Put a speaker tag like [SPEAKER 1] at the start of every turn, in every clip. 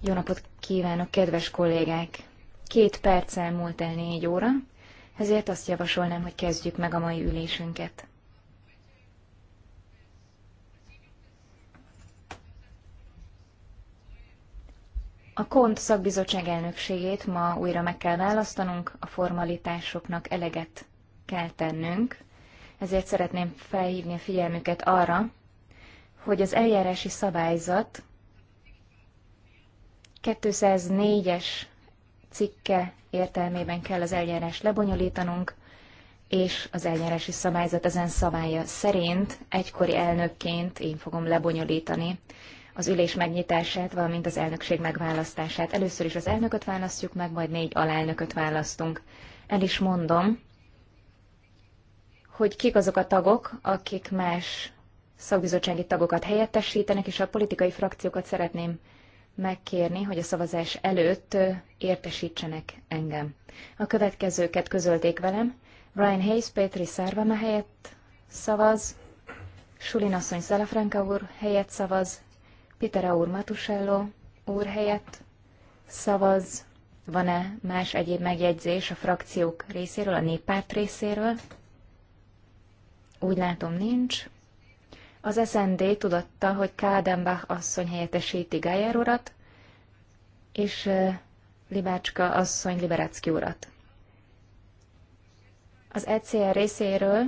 [SPEAKER 1] Jó napot kívánok, kedves kollégák! Két perccel múlt el négy óra, ezért azt javasolnám, hogy kezdjük meg a mai ülésünket. A KONT szakbizottság elnökségét ma újra meg kell választanunk, a formalitásoknak eleget kell tennünk ezért szeretném felhívni a figyelmüket arra, hogy az eljárási szabályzat 204-es cikke értelmében kell az eljárást lebonyolítanunk, és az eljárási szabályzat ezen szabálya szerint egykori elnökként én fogom lebonyolítani az ülés megnyitását, valamint az elnökség megválasztását. Először is az elnököt választjuk meg, majd négy alelnököt választunk. El is mondom, hogy kik azok a tagok, akik más szakbizottsági tagokat helyettesítenek, és a politikai frakciókat szeretném megkérni, hogy a szavazás előtt értesítsenek engem. A következőket közölték velem. Ryan Hayes, Petri Szárvama helyett szavaz, Sulin asszony Zalafranka úr helyett szavaz, Peter úr Matusello úr helyett szavaz, van-e más egyéb megjegyzés a frakciók részéről, a néppárt részéről? Úgy látom, nincs. Az SND tudatta, hogy Kádenbach asszony helyettesíti Gájer urat, és Libácska asszony Liberecki urat. Az ECR részéről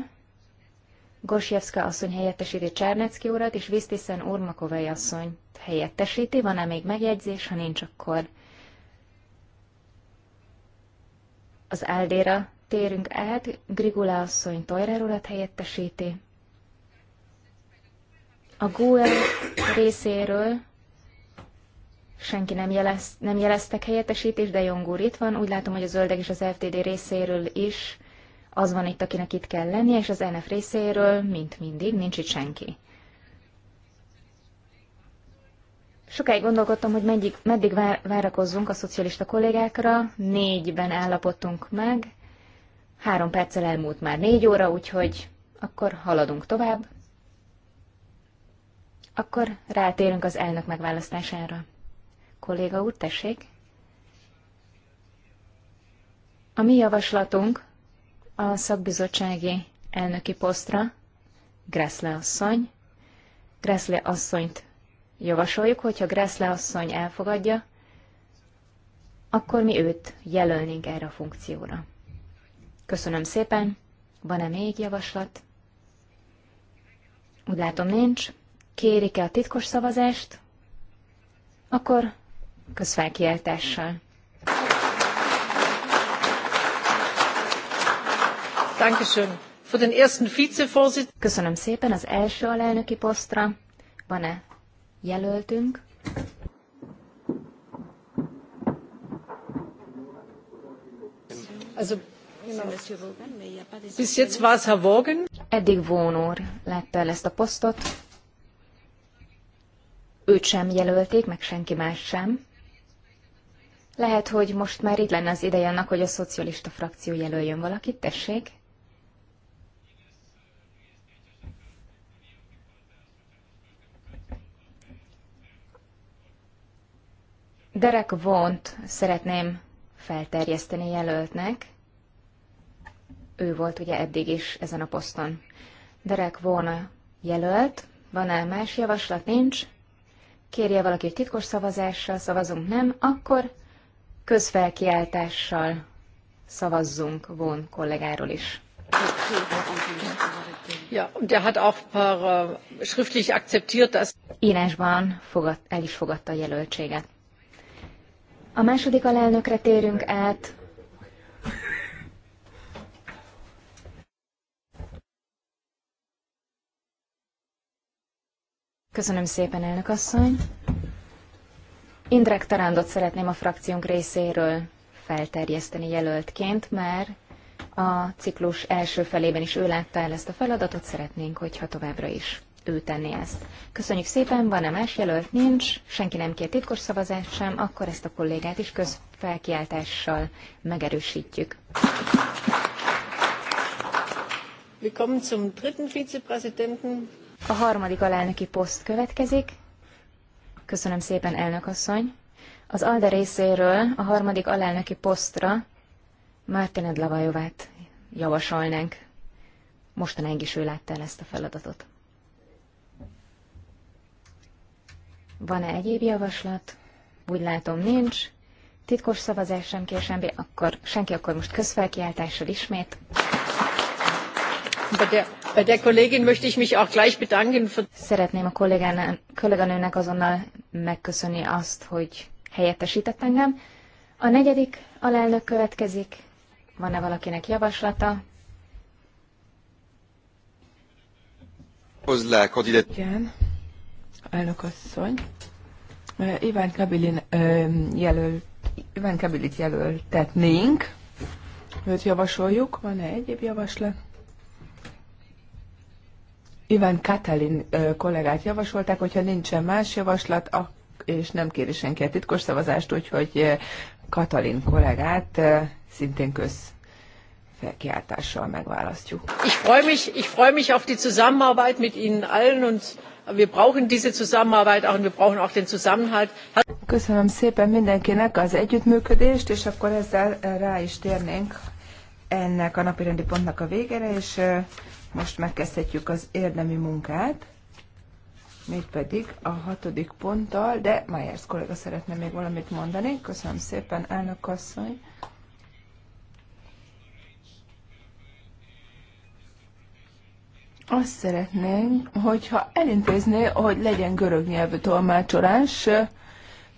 [SPEAKER 1] Gosjevska asszony helyettesíti Csárnecki urat, és Visztiszen Urmakovai asszony helyettesíti. Van-e még megjegyzés? Ha nincs, akkor az áldéra térünk át, Grigula asszony tojrerulat helyettesíti. A GUE részéről senki nem, jelez, nem jeleztek helyettesítést, de Jong úr itt van. Úgy látom, hogy a zöldek és az FTD részéről is az van itt, akinek itt kell lennie, és az NF részéről, mint mindig, nincs itt senki. Sokáig gondolkodtam, hogy meddig, meddig várakozzunk a szocialista kollégákra, négyben állapodtunk meg, Három perccel elmúlt már négy óra, úgyhogy akkor haladunk tovább. Akkor rátérünk az elnök megválasztására. Kolléga úr, tessék! A mi javaslatunk a szakbizottsági elnöki posztra Gressle asszony. Gressle asszonyt javasoljuk, hogyha Gressle asszony elfogadja, akkor mi őt jelölnénk erre a funkcióra. Köszönöm szépen. Van-e még javaslat? Úgy látom nincs. Kérik-e a titkos szavazást? Akkor közfelkiáltással. Köszönöm szépen az első alelnöki posztra. Van-e jelöltünk? Also Bis jetzt war es Herr Wogen. Eddig Vón úr lett el ezt a posztot. Őt sem jelölték, meg senki más sem. Lehet, hogy most már itt lenne az ideje annak, hogy a szocialista frakció jelöljön valakit, tessék. Derek Vont szeretném felterjeszteni jelöltnek ő volt ugye eddig is ezen a poszton. Derek volna jelölt, van-e más javaslat? Nincs. Kérje valaki titkos szavazással, szavazunk nem, akkor közfelkiáltással szavazzunk von kollégáról is. Ja, und er hat
[SPEAKER 2] auch per, uh, äh, schriftlich akzeptiert,
[SPEAKER 1] dass Írásban fogad, el is fogadta a jelöltséget. A második alelnökre térünk át, Köszönöm szépen, elnök asszony. Indrek Tarándot szeretném a frakciónk részéről felterjeszteni jelöltként, mert a ciklus első felében is ő látta el ezt a feladatot, szeretnénk, hogyha továbbra is ő tenni ezt. Köszönjük szépen, van-e más jelölt? Nincs, senki nem kér titkos szavazást sem, akkor ezt a kollégát is közfelkiáltással megerősítjük.
[SPEAKER 2] Willkommen zum dritten Vizepräsidenten
[SPEAKER 1] a harmadik alelnöki poszt következik. Köszönöm szépen, elnök asszony. Az ALDE részéről a harmadik alelnöki posztra Mártined Lavajovát javasolnánk. Mostanáig is ő látta el ezt a feladatot. Van-e egyéb javaslat? Úgy látom, nincs. Titkos szavazás sem kér semmi, akkor senki, akkor most közfelkiáltással ismét. Bei der Kollegin möchte ich mich auch gleich bedanken. Szeretném a kolléganőnek azonnal megköszönni azt, hogy helyettesített engem. A negyedik alelnök következik. Van-e valakinek javaslata?
[SPEAKER 3] Igen,
[SPEAKER 4] elnök asszony. Eh, Iván Kabilin eh, jelölt, Iván Kabilit jelöltetnénk. Őt javasoljuk. Van-e egyéb javaslat? Iván Katalin kollégát javasolták, hogyha nincsen más javaslat, és nem kéri senki a titkos szavazást, úgyhogy Katalin kollégát szintén köz felkiáltással megválasztjuk.
[SPEAKER 2] Ich freue mich, ich freue mich auf die Zusammenarbeit mit Ihnen allen und wir brauchen diese Zusammenarbeit auch und wir brauchen auch den Zusammenhalt.
[SPEAKER 4] Köszönöm szépen mindenkinek az együttműködést, és akkor ezzel rá is térnénk ennek a napirendi pontnak a végére, és most megkezdhetjük az érdemi munkát, mégpedig a hatodik ponttal, de Myers kollega szeretne még valamit mondani. Köszönöm szépen, elnök asszony. Azt szeretnénk, hogyha elintézné, hogy legyen görög nyelvű tolmácsolás,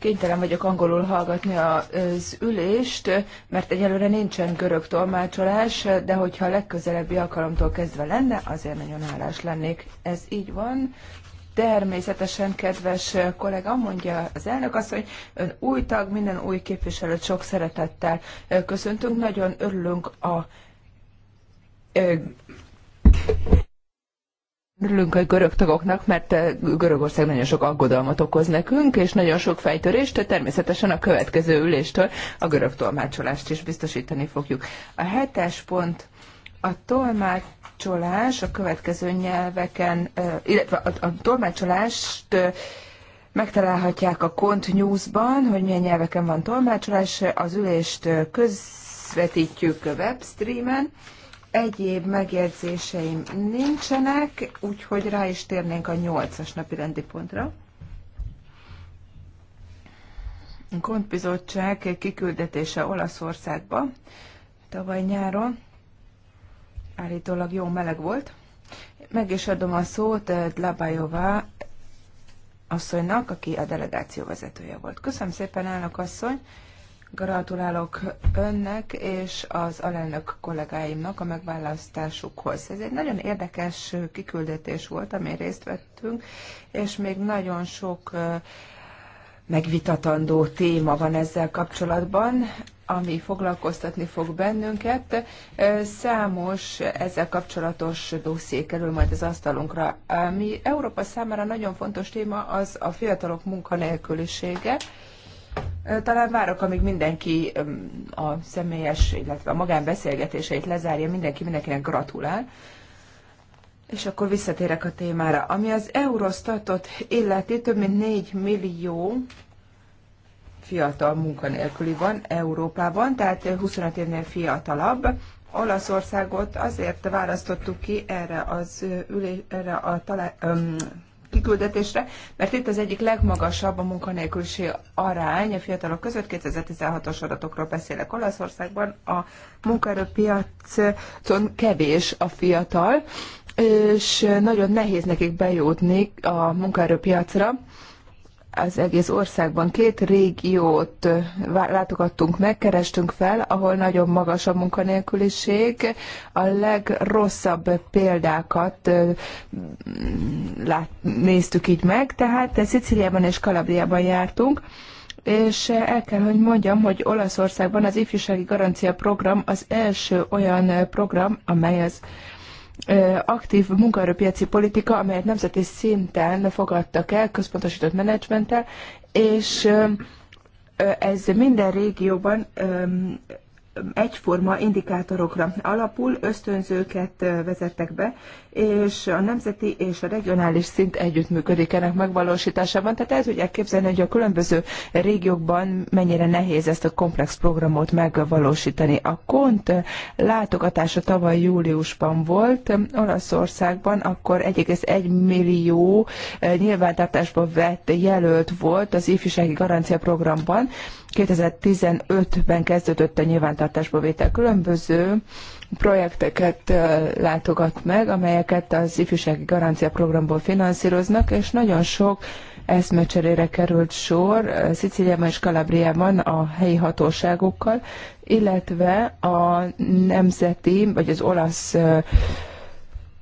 [SPEAKER 4] kénytelen vagyok angolul hallgatni az ülést, mert egyelőre nincsen görög tolmácsolás, de hogyha a legközelebbi alkalomtól kezdve lenne, azért nagyon hálás lennék. Ez így van. Természetesen, kedves kollega, mondja az elnök azt, hogy ön új tag, minden új képviselőt sok szeretettel köszöntünk. Nagyon örülünk a Örülünk a görög tagoknak, mert eh, Görögország nagyon sok aggodalmat okoz nekünk, és nagyon sok fejtörést, természetesen a következő üléstől a görög tolmácsolást is biztosítani fogjuk. A hetes pont a tolmácsolás a következő nyelveken, eh, illetve a, a tolmácsolást eh, megtalálhatják a Kont News-ban, hogy milyen nyelveken van tolmácsolás, az ülést közvetítjük webstreamen, Egyéb megjegyzéseim nincsenek, úgyhogy rá is térnénk a nyolcas napi rendi pontra. A Kontbizottság kiküldetése Olaszországba tavaly nyáron. Állítólag jó meleg volt. Meg is adom a szót eh, Dlabajová asszonynak, aki a delegáció vezetője volt. Köszönöm szépen, elnök asszony! Gratulálok önnek és az alelnök kollégáimnak a megválasztásukhoz. Ez egy nagyon érdekes kiküldetés volt, amin részt vettünk, és még nagyon sok megvitatandó téma van ezzel kapcsolatban, ami foglalkoztatni fog bennünket. Számos ezzel kapcsolatos dosszié kerül majd az asztalunkra. Mi Európa számára nagyon fontos téma, az a fiatalok munkanélkülisége. Talán várok, amíg mindenki a személyes, illetve a magánbeszélgetéseit lezárja, mindenki mindenkinek gratulál. És akkor visszatérek a témára. Ami az Eurostatot illeti, több mint 4 millió fiatal munkanélküli van Európában, tehát 25 évnél fiatalabb. Olaszországot azért választottuk ki erre az ülé, erre a talál, öm, kiküldetésre, mert itt az egyik legmagasabb a munkanélküliség arány a fiatalok között. 2016-os adatokról beszélek Olaszországban. A munkaerőpiacon kevés a fiatal, és nagyon nehéz nekik bejutni a munkaerőpiacra az egész országban. Két régiót látogattunk meg, kerestünk fel, ahol nagyon magas a munkanélküliség. A legrosszabb példákat lát, néztük így meg, tehát Sziciliában és Kalabriában jártunk, és el kell, hogy mondjam, hogy Olaszországban az ifjúsági garancia program az első olyan program, amely az aktív munkaerőpiaci politika, amelyet nemzeti szinten fogadtak el, központosított menedzsmenttel, és ez minden régióban egyforma indikátorokra alapul, ösztönzőket vezettek be, és a nemzeti és a regionális szint együttműködik ennek megvalósításában. Tehát ez ugye képzelni, hogy a különböző régiókban mennyire nehéz ezt a komplex programot megvalósítani. A KONT látogatása tavaly júliusban volt Olaszországban, akkor 1,1 millió nyilvántartásba vett jelölt volt az ifjúsági garancia programban, 2015-ben kezdődött a nyilvántartásba vétel. Különböző projekteket látogat meg, amelyeket az ifjúsági garancia programból finanszíroznak, és nagyon sok eszmecserére került sor Szicíliában és Kalabriában a helyi hatóságokkal, illetve a nemzeti, vagy az olasz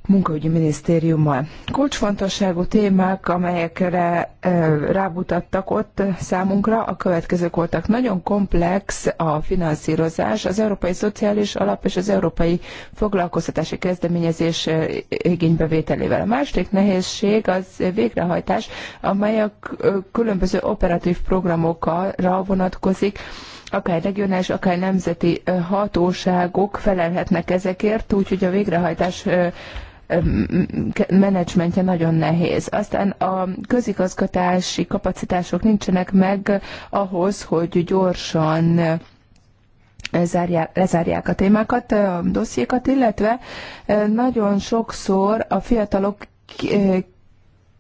[SPEAKER 4] munkaügyi minisztériummal. Kulcsfontosságú témák, amelyekre rábutattak ott számunkra, a következők voltak. Nagyon komplex a finanszírozás, az Európai Szociális Alap és az Európai Foglalkoztatási Kezdeményezés igénybevételével. A második nehézség az végrehajtás, amely a különböző operatív programokra vonatkozik, akár regionális, akár nemzeti hatóságok felelhetnek ezekért, úgyhogy a végrehajtás menedzsmentje nagyon nehéz. Aztán a közigazgatási kapacitások nincsenek meg ahhoz, hogy gyorsan eh, lezárják a témákat, eh, a dossziékat, illetve eh, nagyon sokszor a fiatalok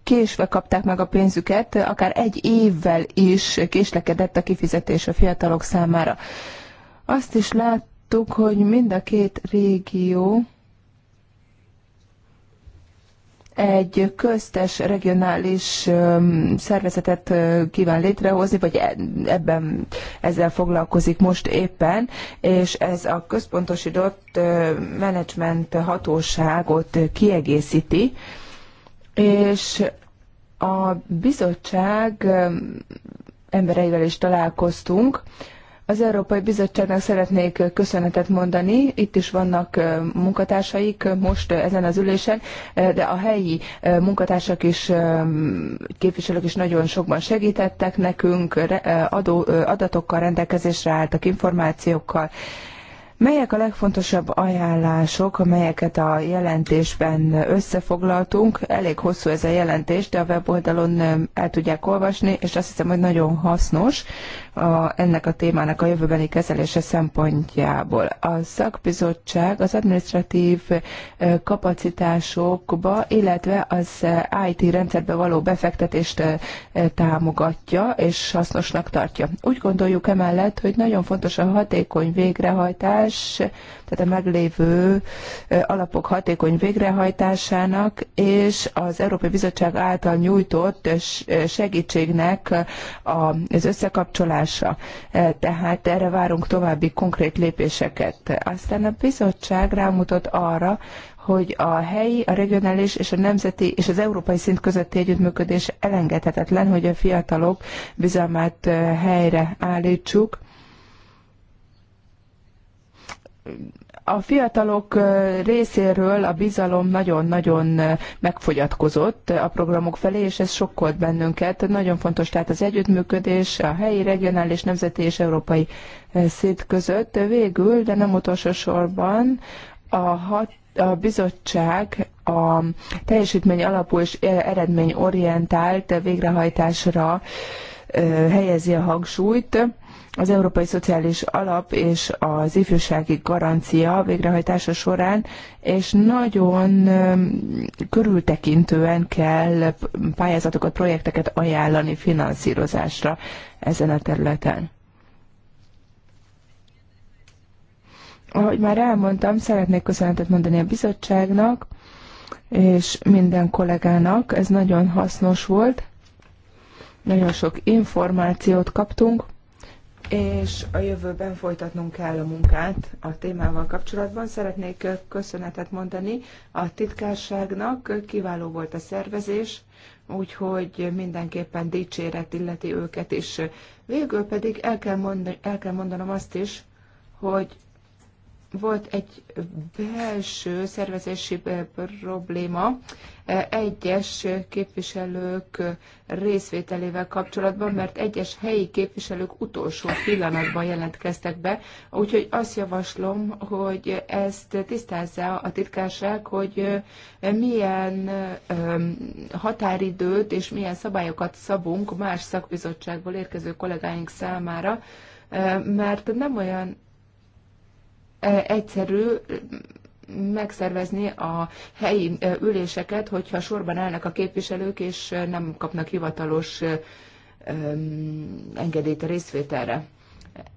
[SPEAKER 4] késve kapták meg a pénzüket, akár egy évvel is késlekedett a kifizetés a fiatalok számára. Azt is láttuk, hogy mind a két régió egy köztes regionális szervezetet kíván létrehozni, vagy e, ebben ezzel foglalkozik most éppen, és ez a központosított menedzsment hatóságot kiegészíti, és a bizottság embereivel is találkoztunk, az Európai Bizottságnak szeretnék köszönetet mondani. Itt is vannak munkatársaik most ezen az ülésen, de a helyi munkatársak is, képviselők is nagyon sokban segítettek nekünk, adó, adatokkal rendelkezésre álltak, információkkal Melyek a legfontosabb ajánlások, amelyeket a jelentésben összefoglaltunk? Elég hosszú ez a jelentés, de a weboldalon el tudják olvasni, és azt hiszem, hogy nagyon hasznos a, ennek a témának a jövőbeni kezelése szempontjából. A szakbizottság az administratív kapacitásokba, illetve az IT rendszerbe való befektetést támogatja és hasznosnak tartja. Úgy gondoljuk emellett, hogy nagyon fontos a hatékony végrehajtás, végrehajtás, tehát a meglévő alapok hatékony végrehajtásának és az Európai Bizottság által nyújtott segítségnek az összekapcsolása. Tehát erre várunk további konkrét lépéseket. Aztán a bizottság rámutat arra, hogy a helyi, a regionális és a nemzeti és az európai szint közötti együttműködés elengedhetetlen, hogy a fiatalok bizalmát helyre állítsuk a fiatalok részéről a bizalom nagyon-nagyon megfogyatkozott a programok felé, és ez sokkolt bennünket. Nagyon fontos tehát az együttműködés a helyi, regionális, nemzeti és európai szint között. Végül, de nem utolsó sorban, a hat a bizottság a teljesítmény alapú és eredményorientált végrehajtásra helyezi a hangsúlyt az Európai Szociális Alap és az ifjúsági garancia végrehajtása során, és nagyon körültekintően kell pályázatokat, projekteket ajánlani finanszírozásra ezen a területen. Ahogy már elmondtam, szeretnék köszönetet mondani a bizottságnak és minden kollégának. Ez nagyon hasznos volt. Nagyon sok információt kaptunk és a jövőben folytatnunk kell a munkát a témával kapcsolatban. Szeretnék köszönetet mondani a titkárságnak, kiváló volt a szervezés, úgyhogy mindenképpen dicséret illeti őket is. Végül pedig el kell, mondani, el kell mondanom azt is, hogy volt egy belső szervezési eh, probléma, egyes képviselők részvételével kapcsolatban, mert egyes helyi képviselők utolsó pillanatban jelentkeztek be, úgyhogy azt javaslom, hogy ezt tisztázza a titkárság, hogy eh, milyen ehm, határidőt és milyen szabályokat szabunk más szakbizottságból érkező kollégáink számára, eh, mert nem olyan eh, egyszerű megszervezni a helyi üléseket, hogyha sorban állnak a képviselők, és nem kapnak hivatalos engedélyt a részvételre.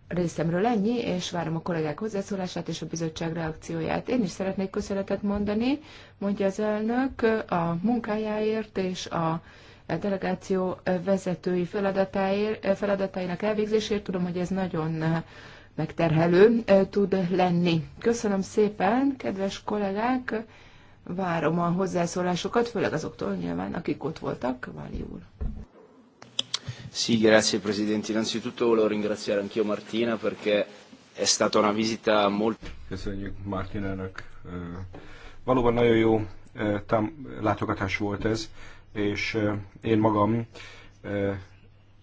[SPEAKER 4] Részemről ennyi, és várom a kollégák hozzászólását és a bizottság reakcióját. Én is szeretnék köszönetet mondani, mondja az elnök, a munkájáért és a delegáció vezetői feladatáért, feladatainak elvégzésért. Tudom, hogy ez nagyon megterhelő tud lenni. Köszönöm szépen, kedves kollégák! Várom a hozzászólásokat, főleg azoktól nyilván, akik ott voltak. Váli úr!
[SPEAKER 5] Sì, grazie Presidente. Innanzitutto volevo ringraziare anch'io Martina perché
[SPEAKER 3] è stata una visita molto... Köszönjük Martinának. Valóban nagyon jó látogatás volt ez, és én magam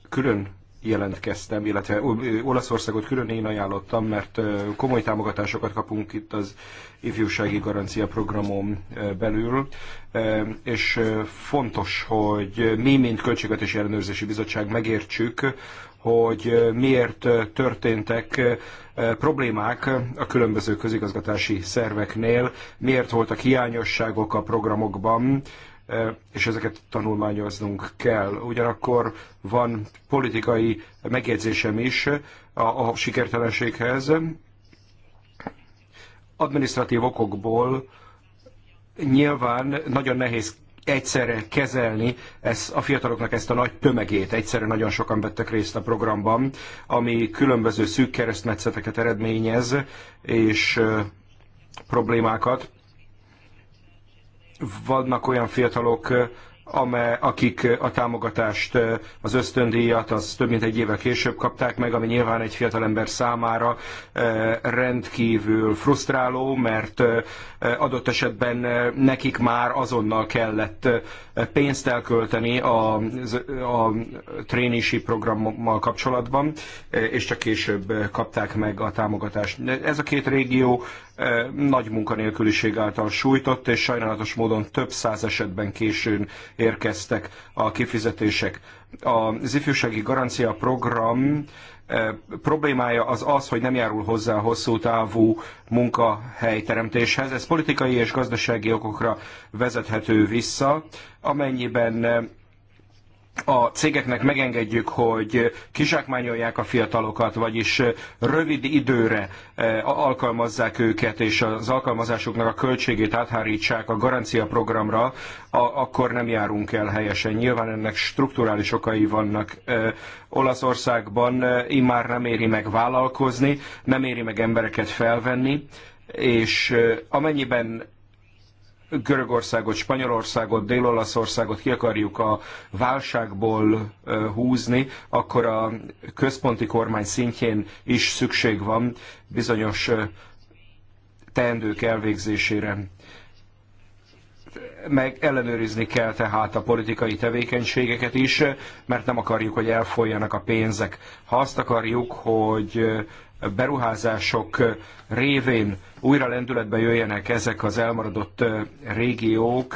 [SPEAKER 3] külön jelentkeztem, illetve Olaszországot külön én ajánlottam, mert komoly támogatásokat kapunk itt az ifjúsági garancia programom belül, és fontos, hogy mi, mint Költségvetési Ellenőrzési Bizottság megértsük, hogy miért történtek problémák a különböző közigazgatási szerveknél, miért voltak hiányosságok a programokban, és ezeket tanulmányoznunk kell. Ugyanakkor van politikai megjegyzésem is a, a sikertelenséghez. Administratív okokból nyilván nagyon nehéz egyszerre kezelni ez, a fiataloknak ezt a nagy tömegét. Egyszerre nagyon sokan vettek részt a programban, ami különböző szűk keresztmetszeteket eredményez, és problémákat vannak olyan fiatalok, amely, akik a támogatást, az ösztöndíjat, az több mint egy évvel később kapták meg, ami nyilván egy fiatalember számára rendkívül frusztráló, mert adott esetben nekik már azonnal kellett pénzt elkölteni a, a traineeship programmal kapcsolatban, és csak később kapták meg a támogatást. Ez a két régió eh, nagy munkanélküliség által sújtott, és sajnálatos módon több száz esetben későn érkeztek a kifizetések. Az ifjúsági garancia program problémája az az, hogy nem járul hozzá a hosszú távú munkahelyteremtéshez. Ez politikai és gazdasági okokra vezethető vissza, amennyiben a cégeknek megengedjük, hogy kizsákmányolják a fiatalokat, vagyis rövid időre eh, alkalmazzák őket, és az alkalmazásuknak a költségét áthárítsák a garancia programra, akkor nem járunk el helyesen. Nyilván ennek strukturális okai vannak. Eh, Olaszországban eh, immár nem éri meg vállalkozni, nem éri meg embereket felvenni, és amennyiben Görögországot, Spanyolországot, Dél-Olaszországot ki akarjuk a válságból húzni, akkor a központi kormány szintjén is szükség van bizonyos teendők elvégzésére. Meg ellenőrizni kell tehát a politikai tevékenységeket is, mert nem akarjuk, hogy elfolyjanak a pénzek. Ha azt akarjuk, hogy beruházások révén újra lendületbe jöjjenek ezek az elmaradott régiók,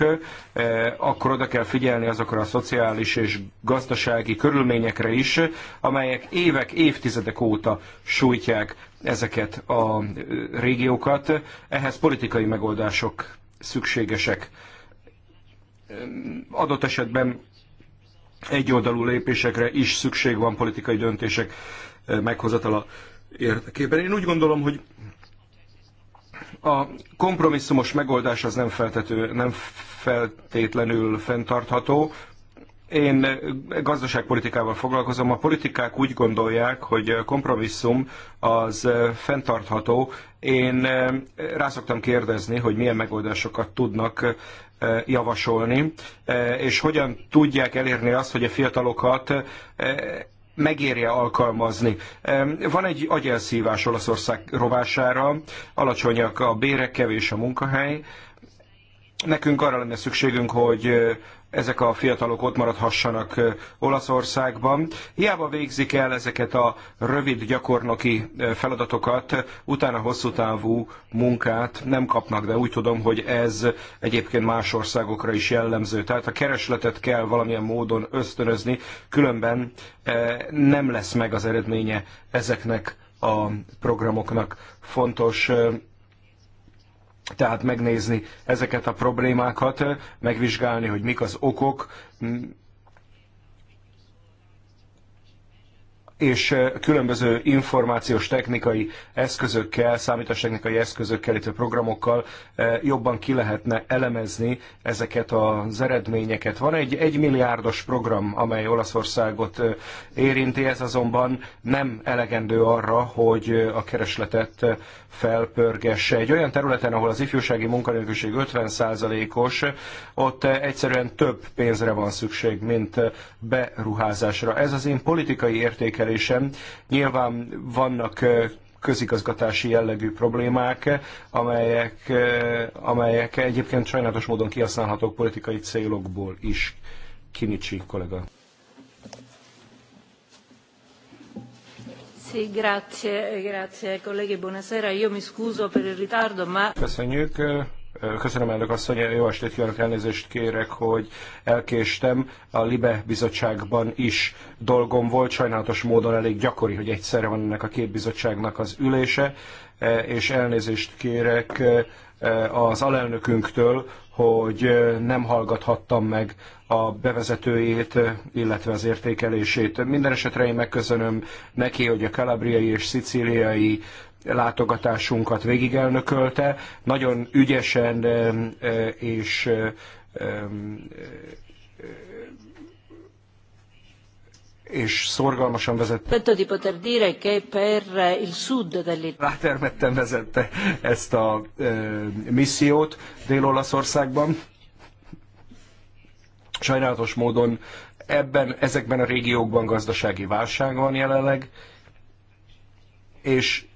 [SPEAKER 3] akkor oda kell figyelni azokra a szociális és gazdasági körülményekre is, amelyek évek, évtizedek óta sújtják ezeket a régiókat. Ehhez politikai megoldások szükségesek. Adott esetben egyoldalú lépésekre is szükség van politikai döntések meghozatala érdekében. Én úgy gondolom, hogy a kompromisszumos megoldás az nem, feltető, nem feltétlenül fenntartható. Én gazdaságpolitikával foglalkozom, a politikák úgy gondolják, hogy a kompromisszum az fenntartható. Én rá szoktam kérdezni, hogy milyen megoldásokat tudnak javasolni, és hogyan tudják elérni azt, hogy a fiatalokat megérje alkalmazni. Van egy agyelszívás Olaszország rovására, alacsonyak a bérek, kevés a munkahely. Nekünk arra lenne szükségünk, hogy ezek a fiatalok ott maradhassanak Olaszországban. Hiába végzik el ezeket a rövid gyakornoki feladatokat, utána hosszú távú munkát nem kapnak, de úgy tudom, hogy ez egyébként más országokra is jellemző. Tehát a keresletet kell valamilyen módon ösztönözni, különben nem lesz meg az eredménye ezeknek a programoknak. Fontos tehát megnézni ezeket a problémákat, megvizsgálni, hogy mik az okok, és különböző információs technikai eszközökkel, technikai eszközökkel, illetve programokkal jobban ki lehetne elemezni ezeket az eredményeket. Van egy egymilliárdos program, amely Olaszországot érinti, ez azonban nem elegendő arra, hogy a keresletet felpörgesse. Egy olyan területen, ahol az ifjúsági munkanélküliség 50%-os, ott egyszerűen több pénzre van szükség, mint beruházásra. Ez az én politikai értékelésem. Nyilván vannak közigazgatási jellegű problémák, amelyek, amelyek egyébként sajnálatos módon kihasználhatók politikai célokból is. Kinicsi kollega.
[SPEAKER 1] Sì, grazie, grazie colleghi, buonasera. Io mi scuso per il ritardo, ma...
[SPEAKER 3] Köszönjük. Köszönöm elnök asszony, jó estét kívánok, elnézést kérek, hogy elkéstem. A LIBE bizottságban is dolgom volt, sajnálatos módon elég gyakori, hogy egyszerre van ennek a két bizottságnak az ülése, és elnézést kérek Eh, az alelnökünktől, hogy eh, nem hallgathattam meg a bevezetőjét, eh, illetve az értékelését. Minden esetre én megköszönöm neki, hogy a kalabriai és szicíliai látogatásunkat végigelnökölte. Nagyon ügyesen és és szorgalmasan vezette. Rátermetten vezette ezt a e, missziót Dél-Olaszországban. Sajnálatos módon ebben, ezekben a régiókban gazdasági válság van jelenleg, és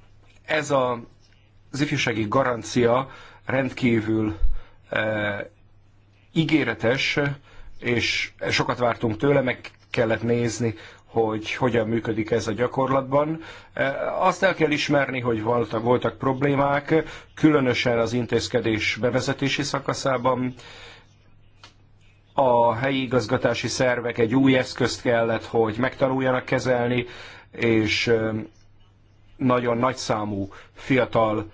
[SPEAKER 3] ez a, az ifjúsági garancia rendkívül e, ígéretes, és sokat vártunk tőle, meg kellett nézni, hogy hogyan működik ez a gyakorlatban. E, azt el kell ismerni, hogy voltak, voltak problémák, különösen az intézkedés bevezetési szakaszában. A helyi igazgatási szervek egy új eszközt kellett, hogy megtanuljanak kezelni, és e, nagyon nagyszámú fiatal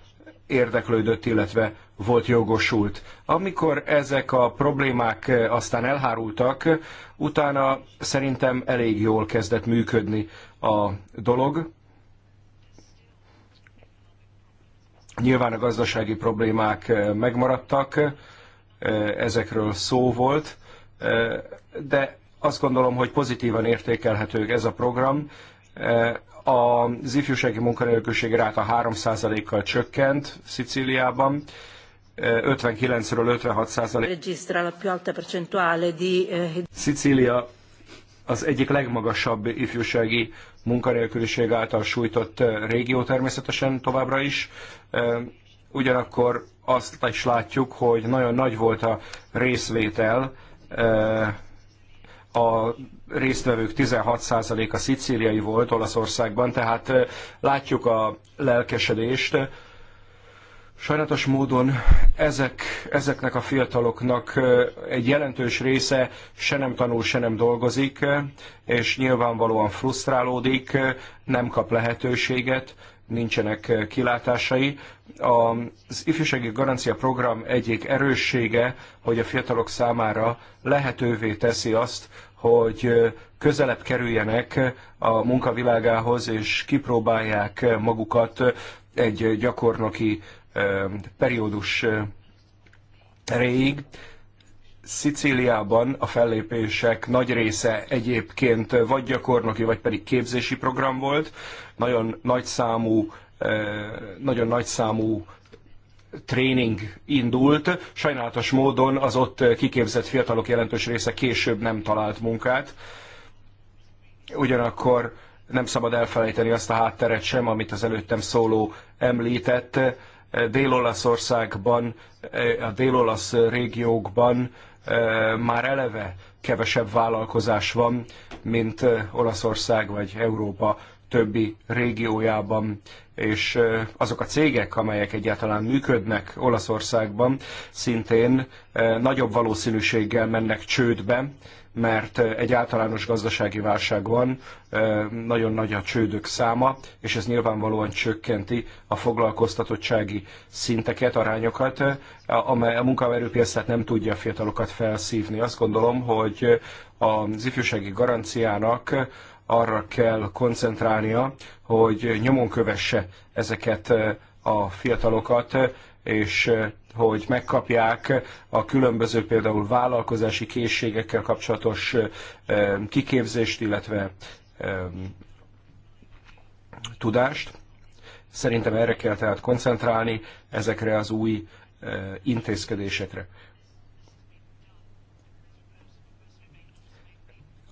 [SPEAKER 3] érdeklődött, illetve volt jogosult. Amikor ezek a problémák eh, aztán elhárultak, utána szerintem elég jól kezdett működni a dolog. Nyilván a gazdasági problémák eh, megmaradtak, eh, ezekről szó volt, de azt gondolom, hogy pozitívan értékelhető ez a program. Az ifjúsági munkanélküliség ráta 3%-kal csökkent Szicíliában, 59-ről 56 százalék. Szicília az egyik legmagasabb ifjúsági munkanélküliség által sújtott eh, régió természetesen továbbra is. Eh, ugyanakkor azt is látjuk, hogy nagyon nagy volt a részvétel, eh, a résztvevők 16%-a szicíliai volt Olaszországban, tehát látjuk a lelkesedést, Sajnálatos módon ezek, ezeknek a fiataloknak egy jelentős része se nem tanul, se nem dolgozik, és nyilvánvalóan frusztrálódik, nem kap lehetőséget, nincsenek kilátásai. Az ifjúsági garancia program egyik erőssége, hogy a fiatalok számára lehetővé teszi azt, hogy közelebb kerüljenek a munkavilágához, és kipróbálják magukat egy gyakornoki periódus erejéig. Szicíliában a fellépések nagy része egyébként vagy gyakornoki, vagy pedig képzési program volt. Nagyon nagy számú, nagyon nagy számú tréning indult. Sajnálatos módon az ott kiképzett fiatalok jelentős része később nem talált munkát. Ugyanakkor nem szabad elfelejteni azt a hátteret sem, amit az előttem szóló említett Dél-Olaszországban, eh, a dél-olasz régiókban eh, már eleve kevesebb vállalkozás van, mint eh, Olaszország vagy Európa többi régiójában, és azok a cégek, amelyek egyáltalán működnek Olaszországban, szintén nagyobb valószínűséggel mennek csődbe, mert egy általános gazdasági válság van, nagyon nagy a csődök száma, és ez nyilvánvalóan csökkenti a foglalkoztatottsági szinteket, arányokat, amely a munkaerőpiac nem tudja a fiatalokat felszívni. Azt gondolom, hogy az ifjúsági garanciának arra kell koncentrálnia, hogy nyomon kövesse ezeket a fiatalokat, és eh, hogy megkapják a különböző például vállalkozási készségekkel kapcsolatos eh, kiképzést, illetve tudást. Szerintem erre kell tehát koncentrálni, ezekre az új eh, intézkedésekre.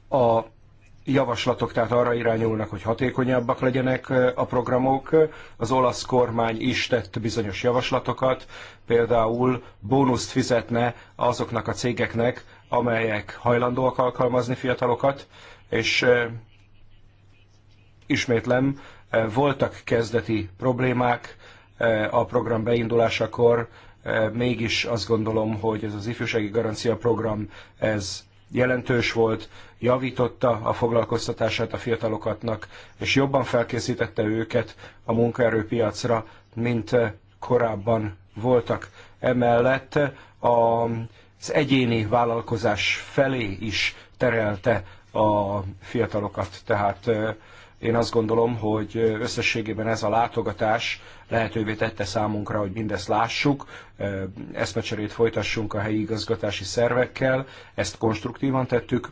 [SPEAKER 3] A javaslatok tehát arra irányulnak, hogy hatékonyabbak legyenek a programok. Az olasz kormány is tett bizonyos javaslatokat, például bónuszt fizetne azoknak a cégeknek, amelyek hajlandóak alkalmazni fiatalokat, és ismétlem, voltak kezdeti problémák a program beindulásakor, mégis azt gondolom, hogy ez az ifjúsági garancia program, ez jelentős volt, javította a foglalkoztatását a fiatalokatnak, és jobban felkészítette őket a munkaerőpiacra, mint eh, korábban voltak. Emellett eh, az egyéni vállalkozás felé is terelte a fiatalokat, tehát eh, én azt gondolom, hogy összességében ez a látogatás lehetővé tette számunkra, hogy mindezt lássuk, eszmecserét folytassunk a helyi igazgatási szervekkel, ezt konstruktívan tettük,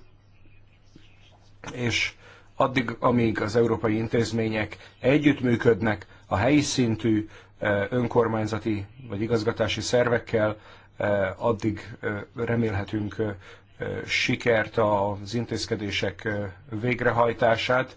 [SPEAKER 3] és addig, amíg az európai intézmények együttműködnek a helyi szintű önkormányzati vagy igazgatási szervekkel, addig remélhetünk sikert az intézkedések végrehajtását.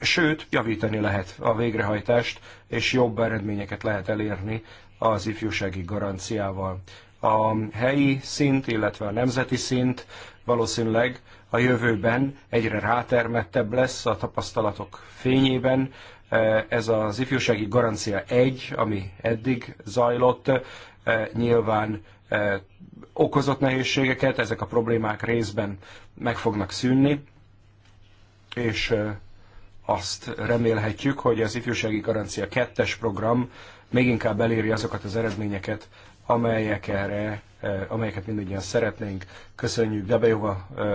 [SPEAKER 3] Sőt, javítani lehet a végrehajtást, és jobb eredményeket lehet elérni az ifjúsági garanciával. A helyi szint, illetve a nemzeti szint valószínűleg a jövőben egyre rátermettebb lesz a tapasztalatok fényében. E, ez az ifjúsági garancia egy, ami eddig zajlott, e, nyilván e, okozott nehézségeket, ezek a problémák részben meg fognak szűnni, és azt remélhetjük, hogy az ifjúsági garancia kettes program még inkább eléri azokat az eredményeket, amelyek erre, eh, amelyeket mindannyian szeretnénk. Köszönjük Debejova eh,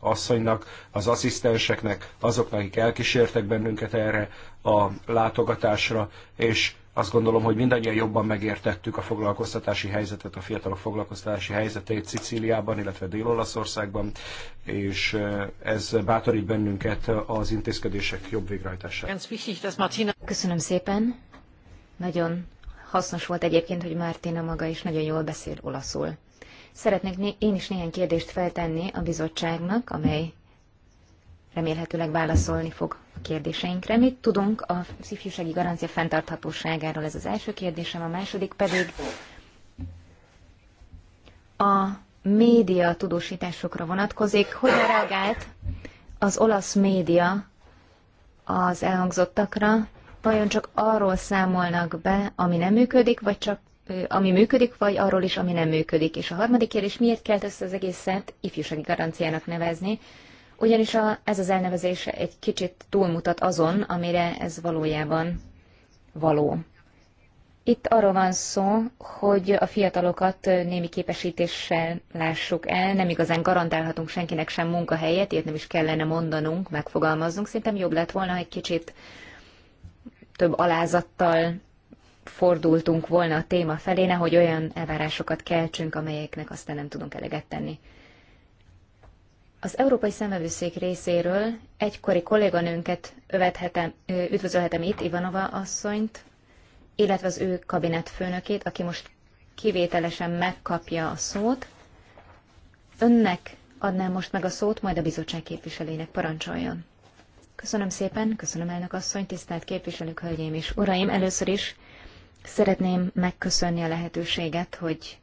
[SPEAKER 3] asszonynak, az asszisztenseknek, azoknak, akik elkísértek bennünket erre a látogatásra, és azt gondolom, hogy mindannyian jobban megértettük a foglalkoztatási helyzetet, a fiatalok foglalkoztatási helyzetét Szicíliában, illetve Dél-Olaszországban, és ez bátorít bennünket az intézkedések jobb végrehajtására.
[SPEAKER 1] Köszönöm szépen. Nagyon hasznos volt egyébként, hogy Martina maga is nagyon jól beszél olaszul. Szeretnék én is néhány kérdést feltenni a bizottságnak, amely remélhetőleg válaszolni fog a kérdéseinkre. Mit tudunk a ifjúsági garancia fenntarthatóságáról? Ez az első kérdésem, a második pedig a média tudósításokra vonatkozik. Hogyan reagált az olasz média az elhangzottakra? Vajon csak arról számolnak be, ami nem működik, vagy csak ami működik, vagy arról is, ami nem működik. És a harmadik kérdés, miért kell ezt az egészet ifjúsági garanciának nevezni? ugyanis a, ez az elnevezése egy kicsit túlmutat azon, amire ez valójában való. Itt arról van szó, hogy a fiatalokat némi képesítéssel lássuk el, nem igazán garantálhatunk senkinek sem munkahelyet, ilyet nem is kellene mondanunk, megfogalmaznunk. Szerintem jobb lett volna, ha egy kicsit több alázattal fordultunk volna a téma felé, nehogy olyan elvárásokat keltsünk, amelyeknek aztán nem tudunk eleget tenni. Az Európai Szemevőszék részéről egykori kolléganőnket övethetem, üdvözölhetem itt, Ivanova asszonyt, illetve az ő kabinetfőnökét, aki most kivételesen megkapja a szót. Önnek adnám most meg a szót, majd a bizottság képviselőinek parancsoljon. Köszönöm szépen, köszönöm elnök asszony, tisztelt képviselők, hölgyeim és uraim. Először is szeretném megköszönni a lehetőséget, hogy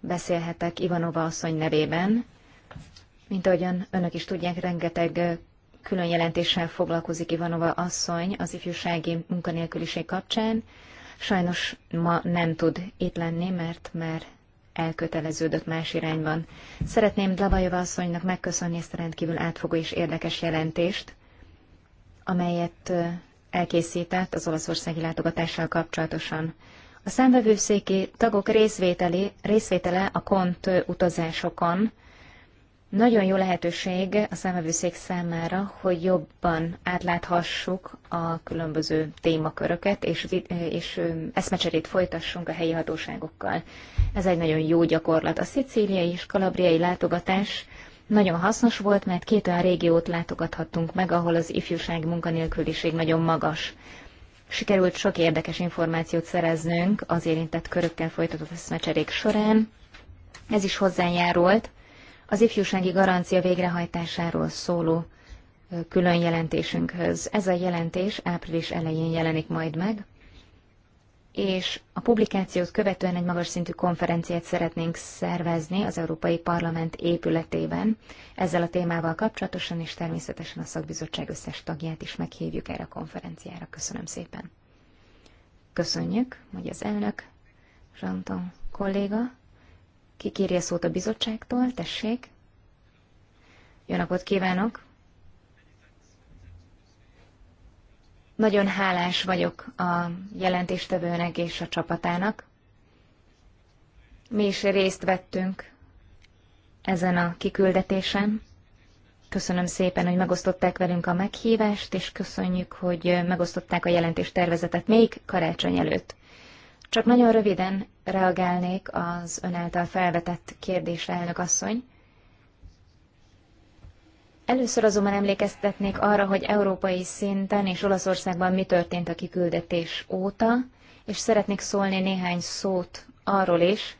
[SPEAKER 1] beszélhetek Ivanova asszony nevében, mint ahogyan önök is tudják, rengeteg külön jelentéssel foglalkozik Ivanova asszony az ifjúsági munkanélküliség kapcsán. Sajnos ma nem tud itt lenni, mert már elköteleződött más irányban. Szeretném Dlabajova asszonynak megköszönni ezt a rendkívül átfogó és érdekes jelentést, amelyet elkészített az olaszországi látogatással kapcsolatosan. A számvevőszéki tagok részvételi, részvétele a kont utazásokon nagyon jó lehetőség a számvevőszék számára, hogy jobban átláthassuk a különböző témaköröket, és, és eszmecserét folytassunk a helyi hatóságokkal. Ez egy nagyon jó gyakorlat. A szicíliai és kalabriai látogatás nagyon hasznos volt, mert két olyan régiót látogathattunk meg, ahol az ifjúság munkanélküliség nagyon magas. Sikerült sok érdekes információt szereznünk az érintett körökkel folytatott eszmecserék során. Ez is hozzájárult az ifjúsági garancia végrehajtásáról szóló külön jelentésünkhöz. Ez a jelentés április elején jelenik majd meg, és a publikációt követően egy magas szintű konferenciát szeretnénk szervezni az Európai Parlament épületében. Ezzel a témával kapcsolatosan, és természetesen a szakbizottság összes tagját is meghívjuk erre a konferenciára. Köszönöm szépen. Köszönjük, hogy az elnök, Zsanton kolléga. Ki kérje szót a bizottságtól? Tessék. Jó napot kívánok! Nagyon hálás vagyok a jelentéstevőnek és a csapatának. Mi is részt vettünk ezen a kiküldetésen. Köszönöm szépen, hogy megosztották velünk a meghívást, és köszönjük, hogy megosztották a jelentéstervezetet. még karácsony előtt. Csak nagyon röviden reagálnék az ön által felvetett kérdésre, elnök asszony. Először azonban emlékeztetnék arra, hogy európai szinten és Olaszországban mi történt a kiküldetés óta, és szeretnék szólni néhány szót arról is,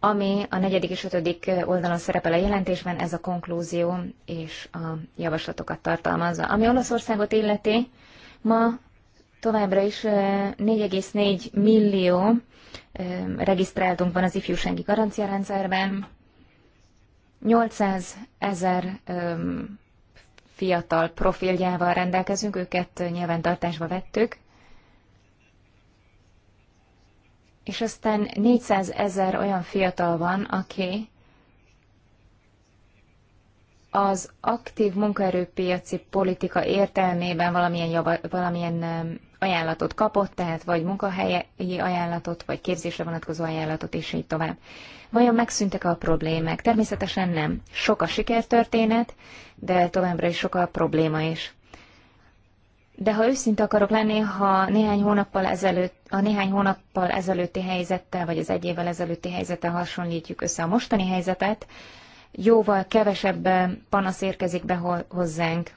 [SPEAKER 1] ami a negyedik és ötödik oldalon szerepel a jelentésben, ez a konklúzió és a javaslatokat tartalmazza. Ami Olaszországot illeti, Ma továbbra is 4,4 millió regisztráltunk van az ifjúsági garanciarendszerben, 800 ezer fiatal profiljával rendelkezünk, őket nyilvántartásba vettük, és aztán 400 ezer olyan fiatal van, aki az aktív munkaerőpiaci politika értelmében valamilyen, java, valamilyen um, ajánlatot kapott, tehát vagy munkahelyi ajánlatot, vagy képzésre vonatkozó ajánlatot, és így tovább. Vajon megszűntek a problémák? Természetesen nem. Sok a sikertörténet, de továbbra is sok a probléma is. De ha őszinte akarok lenni, ha néhány hónappal ezelőtt, a néhány hónappal ezelőtti helyzettel, vagy az egy évvel ezelőtti helyzettel hasonlítjuk össze a mostani helyzetet, jóval kevesebb panasz érkezik be hozzánk,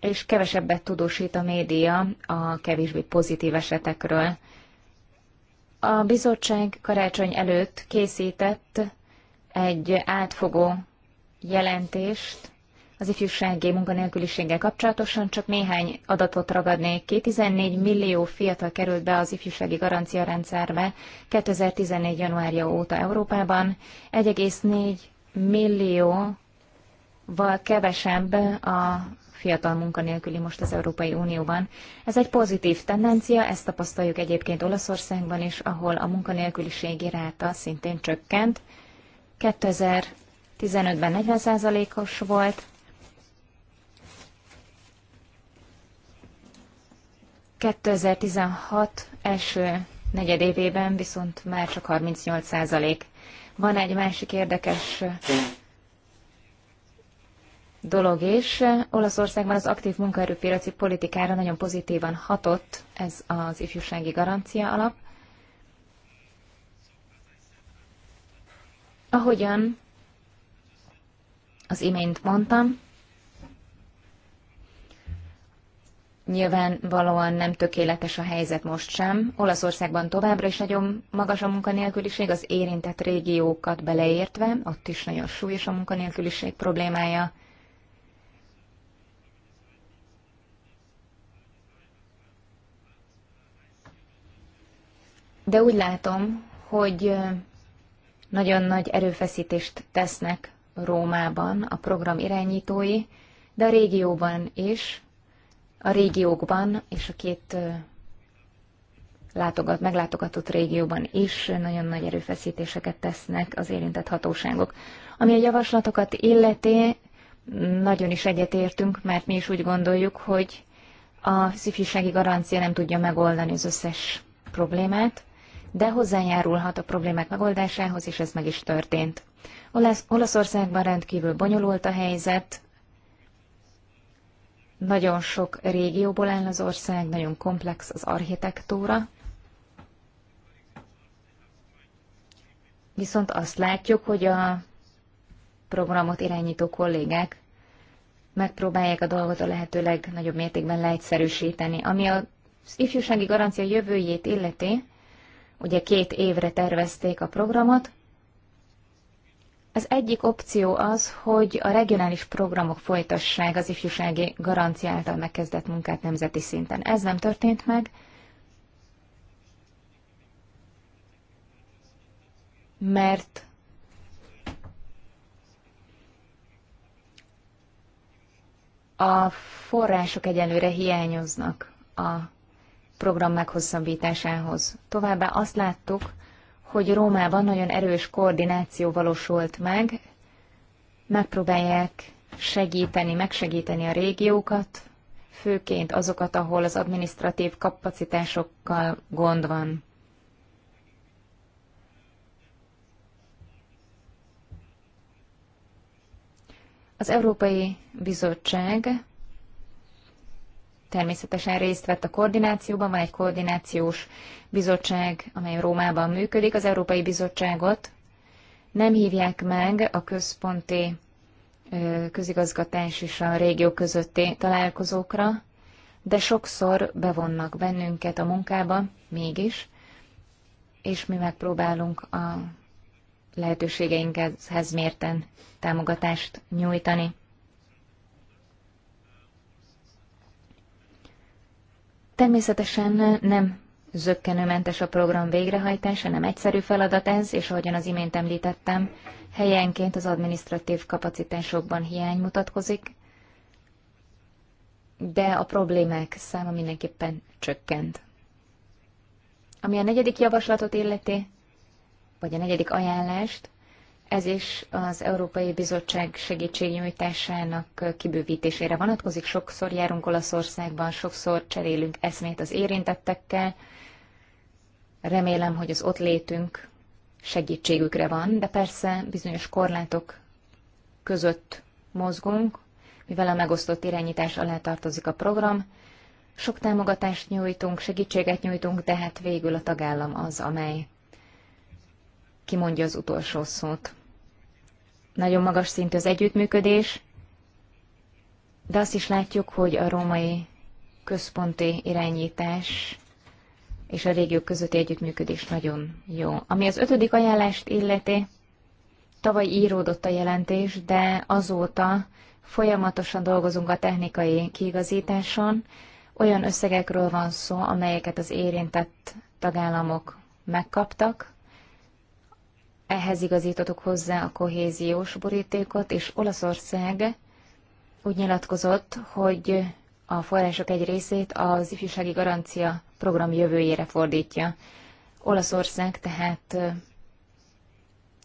[SPEAKER 1] és kevesebbet tudósít a média a kevésbé pozitív esetekről. A bizottság karácsony előtt készített egy átfogó jelentést az ifjúsági munkanélküliséggel kapcsolatosan csak néhány adatot ragadnék ki. 14 millió fiatal került be az ifjúsági garancia rendszerbe 2014. januárja óta Európában. 1,4 val kevesebb a fiatal munkanélküli most az Európai Unióban. Ez egy pozitív tendencia, ezt tapasztaljuk egyébként Olaszországban is, ahol a munkanélküliségi ráta szintén csökkent. 2015-ben 40%-os volt, 2016 első negyedévében viszont már csak 38 százalék. Van egy másik érdekes dolog is. Olaszországban az aktív munkaerőpiraci politikára nagyon pozitívan hatott ez az ifjúsági garancia alap. Ahogyan az imént mondtam, valóan nem tökéletes a helyzet most sem. Olaszországban továbbra is nagyon magas a munkanélküliség, az érintett régiókat beleértve, ott is nagyon súlyos a munkanélküliség problémája. De úgy látom, hogy nagyon nagy erőfeszítést tesznek Rómában a program irányítói, de a régióban is a régiókban és a két látogat, meglátogatott régióban is nagyon nagy erőfeszítéseket tesznek az érintett hatóságok. Ami a javaslatokat illeti, nagyon is egyetértünk, mert mi is úgy gondoljuk, hogy a ifjúsági garancia nem tudja megoldani az összes problémát, de hozzájárulhat a problémák megoldásához, és ez meg is történt. Olasz, Olaszországban rendkívül bonyolult a helyzet, nagyon sok régióból áll az ország, nagyon komplex az architektúra. Viszont azt látjuk, hogy a programot irányító kollégák megpróbálják a dolgot a lehető legnagyobb mértékben leegyszerűsíteni. Ami az ifjúsági garancia jövőjét illeti, ugye két évre tervezték a programot, az egyik opció az, hogy a regionális programok folytassák az ifjúsági garancia által megkezdett munkát nemzeti szinten. Ez nem történt meg, mert a források egyelőre hiányoznak a program meghosszabbításához. Továbbá azt láttuk, hogy Rómában nagyon erős koordináció valósult meg, megpróbálják segíteni, megsegíteni a régiókat, főként azokat, ahol az administratív kapacitásokkal gond van. Az Európai Bizottság természetesen részt vett a koordinációban, van egy koordinációs bizottság, amely Rómában működik. Az Európai Bizottságot nem hívják meg a központi közigazgatás és a régió közötti találkozókra, de sokszor bevonnak bennünket a munkába, mégis, és mi megpróbálunk a lehetőségeinkhez mérten támogatást nyújtani. Természetesen nem zöggenőmentes a program végrehajtása, nem egyszerű feladat ez, és ahogyan az imént említettem, helyenként az administratív kapacitásokban hiány mutatkozik, de a problémák száma mindenképpen csökkent. Ami a negyedik javaslatot illeti, vagy a negyedik ajánlást, ez is az Európai Bizottság segítségnyújtásának kibővítésére vonatkozik. Sokszor járunk Olaszországban, sokszor cserélünk eszmét az érintettekkel. Remélem, hogy az ott létünk segítségükre van, de persze bizonyos korlátok között mozgunk, mivel a megosztott irányítás alá tartozik a program. Sok támogatást nyújtunk, segítséget nyújtunk, de hát végül a tagállam az, amely kimondja az utolsó szót nagyon magas szintű az együttműködés, de azt is látjuk, hogy a római központi irányítás és a régiók közötti együttműködés nagyon jó. Ami az ötödik ajánlást illeti, tavaly íródott a jelentés, de azóta folyamatosan dolgozunk a technikai kiigazításon. Olyan összegekről van szó, amelyeket az érintett tagállamok megkaptak, ehhez igazítottuk hozzá a kohéziós borítékot, és Olaszország úgy nyilatkozott, hogy a források egy részét az ifjúsági garancia program jövőjére fordítja. Olaszország tehát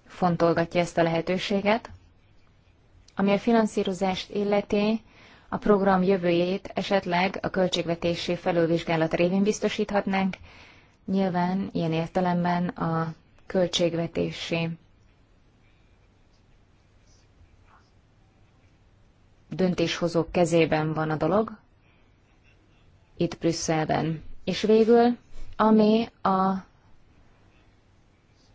[SPEAKER 1] fontolgatja ezt a lehetőséget. Ami a finanszírozást illeti, a program jövőjét esetleg a költségvetési felülvizsgálat révén biztosíthatnánk. Nyilván ilyen értelemben a költségvetésé. Döntéshozók kezében van a dolog, itt Brüsszelben. És végül, ami a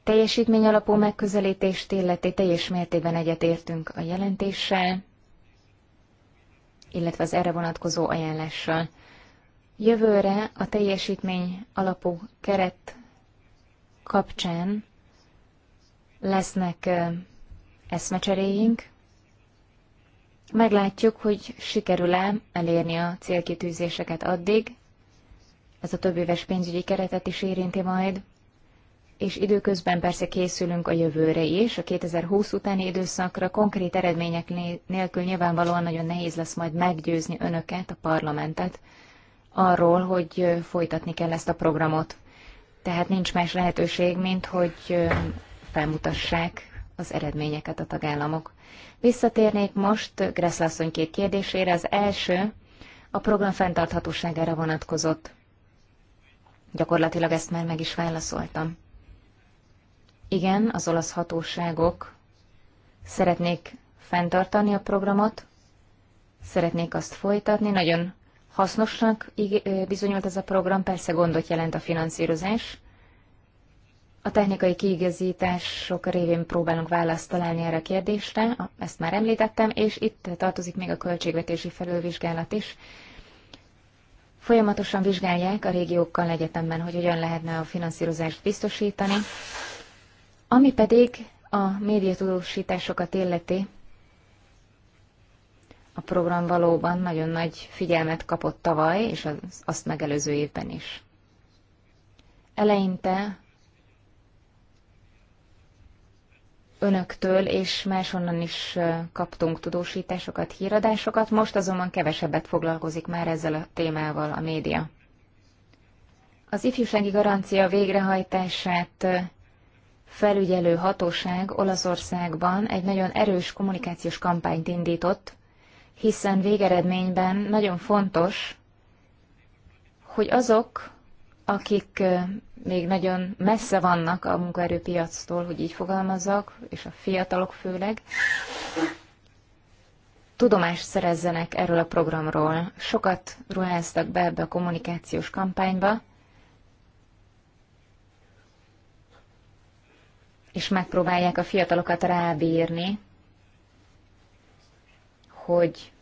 [SPEAKER 1] teljesítmény alapú megközelítést illeti, teljes mértében egyetértünk a jelentéssel, illetve az erre vonatkozó ajánlással. Jövőre a teljesítmény alapú keret kapcsán lesznek eszmecseréink. Meglátjuk, hogy sikerül-e elérni a célkitűzéseket addig. Ez a több éves pénzügyi keretet is érinti majd. És időközben persze készülünk a jövőre is, a 2020 utáni időszakra konkrét eredmények nélkül nyilvánvalóan nagyon nehéz lesz majd meggyőzni önöket, a parlamentet arról, hogy folytatni kell ezt a programot tehát nincs más lehetőség, mint hogy felmutassák az eredményeket a tagállamok. Visszatérnék most Gresszlasszony két kérdésére. Az első a program fenntarthatóságára vonatkozott. Gyakorlatilag ezt már meg is válaszoltam. Igen, az olasz hatóságok szeretnék fenntartani a programot, szeretnék azt folytatni, nagyon Hasznosnak bizonyult ez a program, persze gondot jelent a finanszírozás. A technikai kiigazítások révén próbálunk választ találni erre a kérdésre, ezt már említettem, és itt tartozik még a költségvetési felülvizsgálat is. Folyamatosan vizsgálják a régiókkal egyetemben, hogy hogyan lehetne a finanszírozást biztosítani. Ami pedig a médiatudósításokat illeti, a program valóban nagyon nagy figyelmet kapott tavaly, és az, azt megelőző évben is. Eleinte önöktől és máshonnan is kaptunk tudósításokat, híradásokat, most azonban kevesebbet foglalkozik már ezzel a témával a média. Az ifjúsági garancia végrehajtását felügyelő hatóság Olaszországban egy nagyon erős kommunikációs kampányt indított, hiszen végeredményben nagyon fontos, hogy azok, akik még nagyon messze vannak a munkaerőpiactól, hogy így fogalmazzak, és a fiatalok főleg, tudomást szerezzenek erről a programról. Sokat ruháztak be ebbe a kommunikációs kampányba, és megpróbálják a fiatalokat rábírni hogy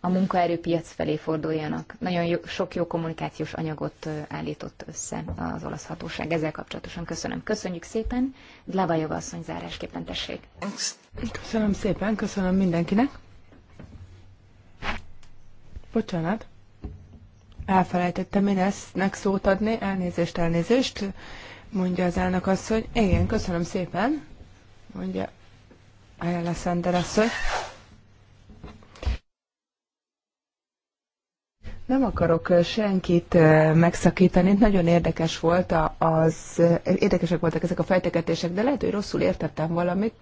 [SPEAKER 1] a munkaerőpiac felé forduljanak. Nagyon jó, sok jó kommunikációs anyagot állított össze az olasz hatóság ezzel kapcsolatosan. Köszönöm. Köszönjük szépen. Dlabajova asszony zárásképpen tessék.
[SPEAKER 4] Köszönöm szépen, köszönöm mindenkinek. Bocsánat. Elfelejtettem én eztnek szót adni. Elnézést, elnézést. Mondja az elnök asszony. Igen, köszönöm szépen. Mondja Ayala Szender asszony. Nem akarok senkit megszakítani, nagyon érdekes volt az, érdekesek voltak ezek a fejtegetések, de lehet, hogy rosszul értettem valamit.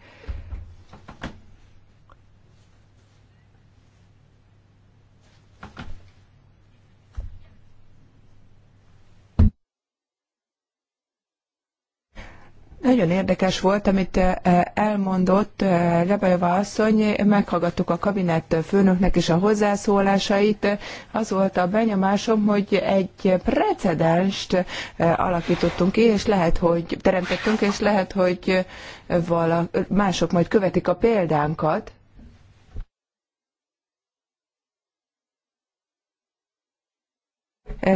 [SPEAKER 4] Nagyon érdekes volt, amit eh, elmondott Lebajova eh, asszony, meghallgattuk a kabinett főnöknek is a hozzászólásait. Az volt a benyomásom, hogy egy precedenst eh, alakítottunk ki, és lehet, hogy teremtettünk, és lehet, hogy vala, mások majd követik a példánkat,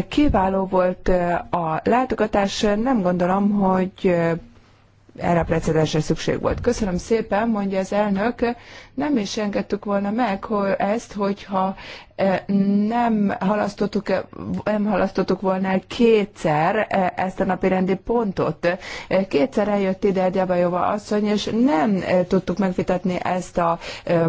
[SPEAKER 4] Kiváló volt a látogatás, nem gondolom, hogy erre a precedensre szükség volt. Köszönöm szépen, mondja az elnök, nem is engedtük volna meg hogy ezt, hogyha eh, nem halasztottuk, eh, nem halasztottuk volna el kétszer eh, ezt a napi rendi pontot. Kétszer eljött ide Gyabajova asszony, és nem tudtuk megvitatni ezt a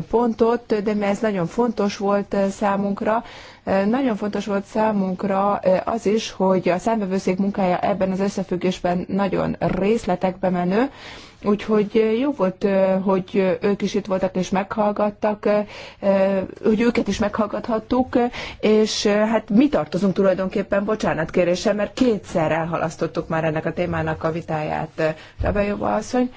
[SPEAKER 4] pontot, de ez nagyon fontos volt számunkra, nagyon fontos volt számunkra az is, hogy a számbevőszék munkája ebben az összefüggésben nagyon részletekbe menő, Úgyhogy jó volt, hogy ők is itt voltak és meghallgattak, hogy őket is meghallgathattuk, és hát mi tartozunk tulajdonképpen bocsánat bocsánatkéréssel, mert kétszer elhalasztottuk már ennek a témának a vitáját. Rebejova asszony.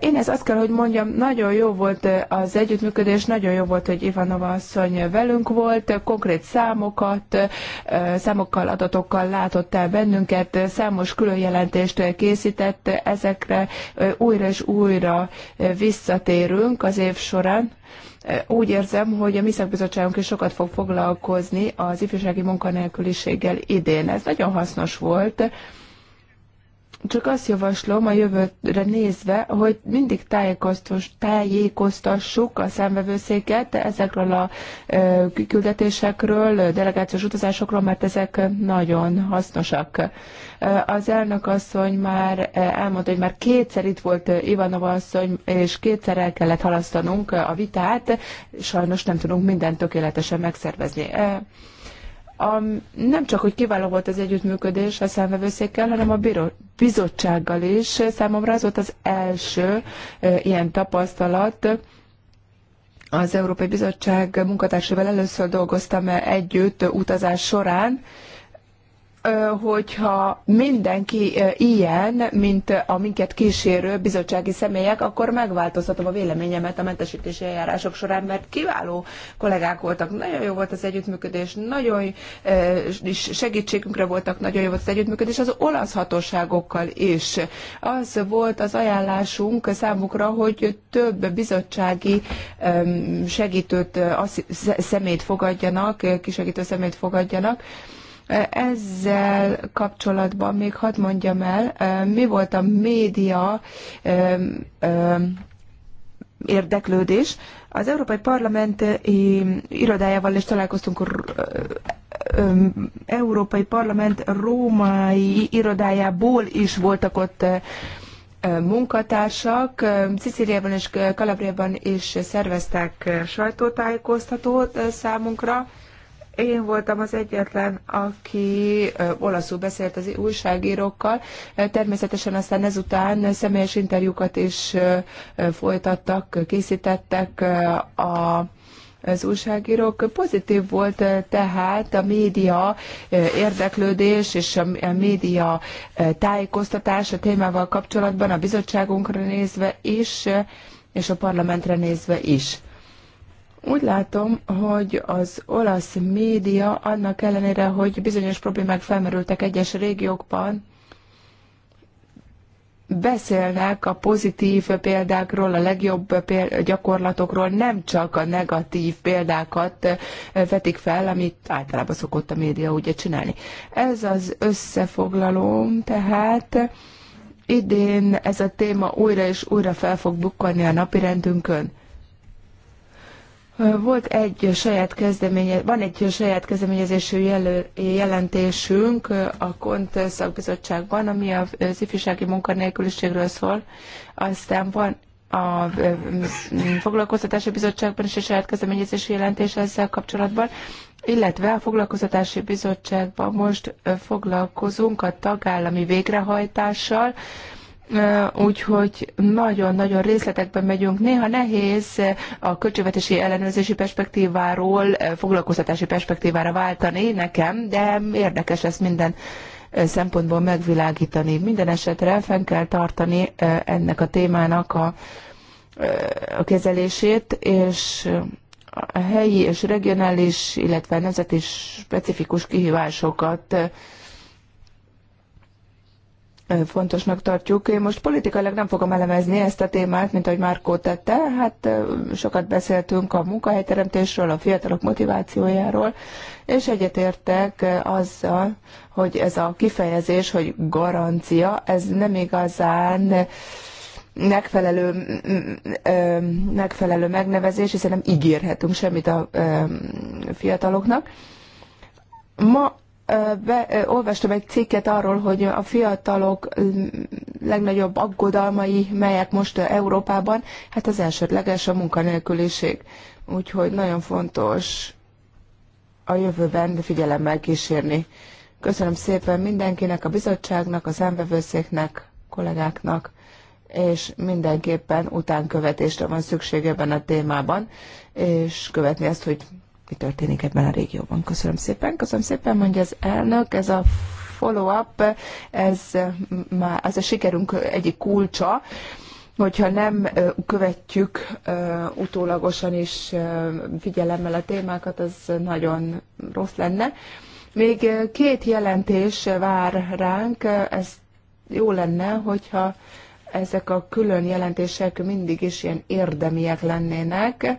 [SPEAKER 4] Én ez azt kell, hogy mondjam, nagyon jó volt az együttműködés, nagyon jó volt, hogy Ivanova asszony velünk volt, konkrét számokat, számokkal, adatokkal látott el bennünket, számos jelentést készített, ezekre újra és újra visszatérünk az év során. Úgy érzem, hogy a mi szakbizottságunk is sokat fog foglalkozni az ifjúsági munkanélküliséggel idén. Ez nagyon hasznos volt csak azt javaslom a jövőre nézve, hogy mindig tájékoztassuk a számvevőszéket ezekről a küldetésekről, delegációs utazásokról, mert ezek nagyon hasznosak. Az elnök asszony már elmondta, hogy már kétszer itt volt Ivanova asszony, és kétszer el kellett halasztanunk a vitát, sajnos nem tudunk mindent tökéletesen megszervezni a, nem csak, hogy kiváló volt az együttműködés a számvevőszékkel, hanem a bíró, bizottsággal is. Számomra az volt az első e, ilyen tapasztalat. Az Európai Bizottság munkatársaival először dolgoztam együtt utazás során, hogyha mindenki ilyen, mint a minket kísérő bizottsági személyek, akkor megváltoztatom a véleményemet a mentesítési eljárások során, mert kiváló kollégák voltak, nagyon jó volt az együttműködés, nagyon is segítségünkre voltak, nagyon jó volt az együttműködés az olasz hatóságokkal is. Az volt az ajánlásunk számukra, hogy több bizottsági segítőt, személyt fogadjanak, kisegítő személyt fogadjanak, ezzel kapcsolatban még hadd mondjam el, mi volt a média érdeklődés. Az Európai Parlament irodájával is találkoztunk Európai Parlament római irodájából is voltak ott munkatársak. Sziciliában és Kalabriában is szerveztek sajtótájékoztatót számunkra én voltam az egyetlen, aki olaszul beszélt az újságírókkal. Természetesen aztán ezután személyes interjúkat is folytattak, készítettek a az újságírók. Pozitív volt tehát a média érdeklődés és a média tájékoztatás a témával kapcsolatban a bizottságunkra nézve is, és a parlamentre nézve is. Úgy látom, hogy az olasz média annak ellenére, hogy bizonyos problémák felmerültek egyes régiókban, beszélnek a pozitív példákról, a legjobb gyakorlatokról, nem csak a negatív példákat eh, vetik fel, amit általában szokott a média ugye csinálni. Ez az összefoglalóm, tehát idén ez a téma újra és újra fel fog bukkanni a napirendünkön. Volt egy saját kezdeménye, van egy saját kezdeményezésű jelentésünk a KONT szakbizottságban, ami az ifjúsági munkanélküliségről szól. Aztán van a Foglalkoztatási Bizottságban is egy saját kezdeményezési jelentés ezzel kapcsolatban, illetve a Foglalkoztatási Bizottságban most foglalkozunk a tagállami végrehajtással, úgyhogy nagyon-nagyon részletekben megyünk. Néha nehéz a költségvetési ellenőrzési perspektíváról foglalkoztatási perspektívára váltani nekem, de érdekes lesz minden szempontból megvilágítani. Minden esetre fenn kell tartani ennek a témának a, a kezelését, és a helyi és regionális, illetve nemzeti specifikus kihívásokat fontosnak tartjuk. Én most politikailag nem fogom elemezni ezt a témát, mint ahogy Márkó tette. Hát sokat beszéltünk a munkahelyteremtésről, a fiatalok motivációjáról, és egyetértek azzal, hogy ez a kifejezés, hogy garancia, ez nem igazán megfelelő, megfelelő megnevezés, hiszen nem ígérhetünk semmit a fiataloknak. Ma be, olvastam egy cikket arról, hogy a fiatalok legnagyobb aggodalmai, melyek most Európában, hát az elsődleges a munkanélküliség. Úgyhogy nagyon fontos a jövőben figyelemmel kísérni. Köszönöm szépen mindenkinek, a bizottságnak, az embervőszéknek, kollégáknak, és mindenképpen utánkövetésre van szükség ebben a témában, és követni ezt, hogy mi történik ebben a régióban. Köszönöm szépen, köszönöm szépen, mondja az elnök, ez a follow-up, ez, már, ez a sikerünk egyik kulcsa, hogyha nem követjük utólagosan is figyelemmel a témákat, az nagyon rossz lenne. Még két jelentés vár ránk, ez jó lenne, hogyha ezek a külön jelentések mindig is ilyen érdemiek lennének,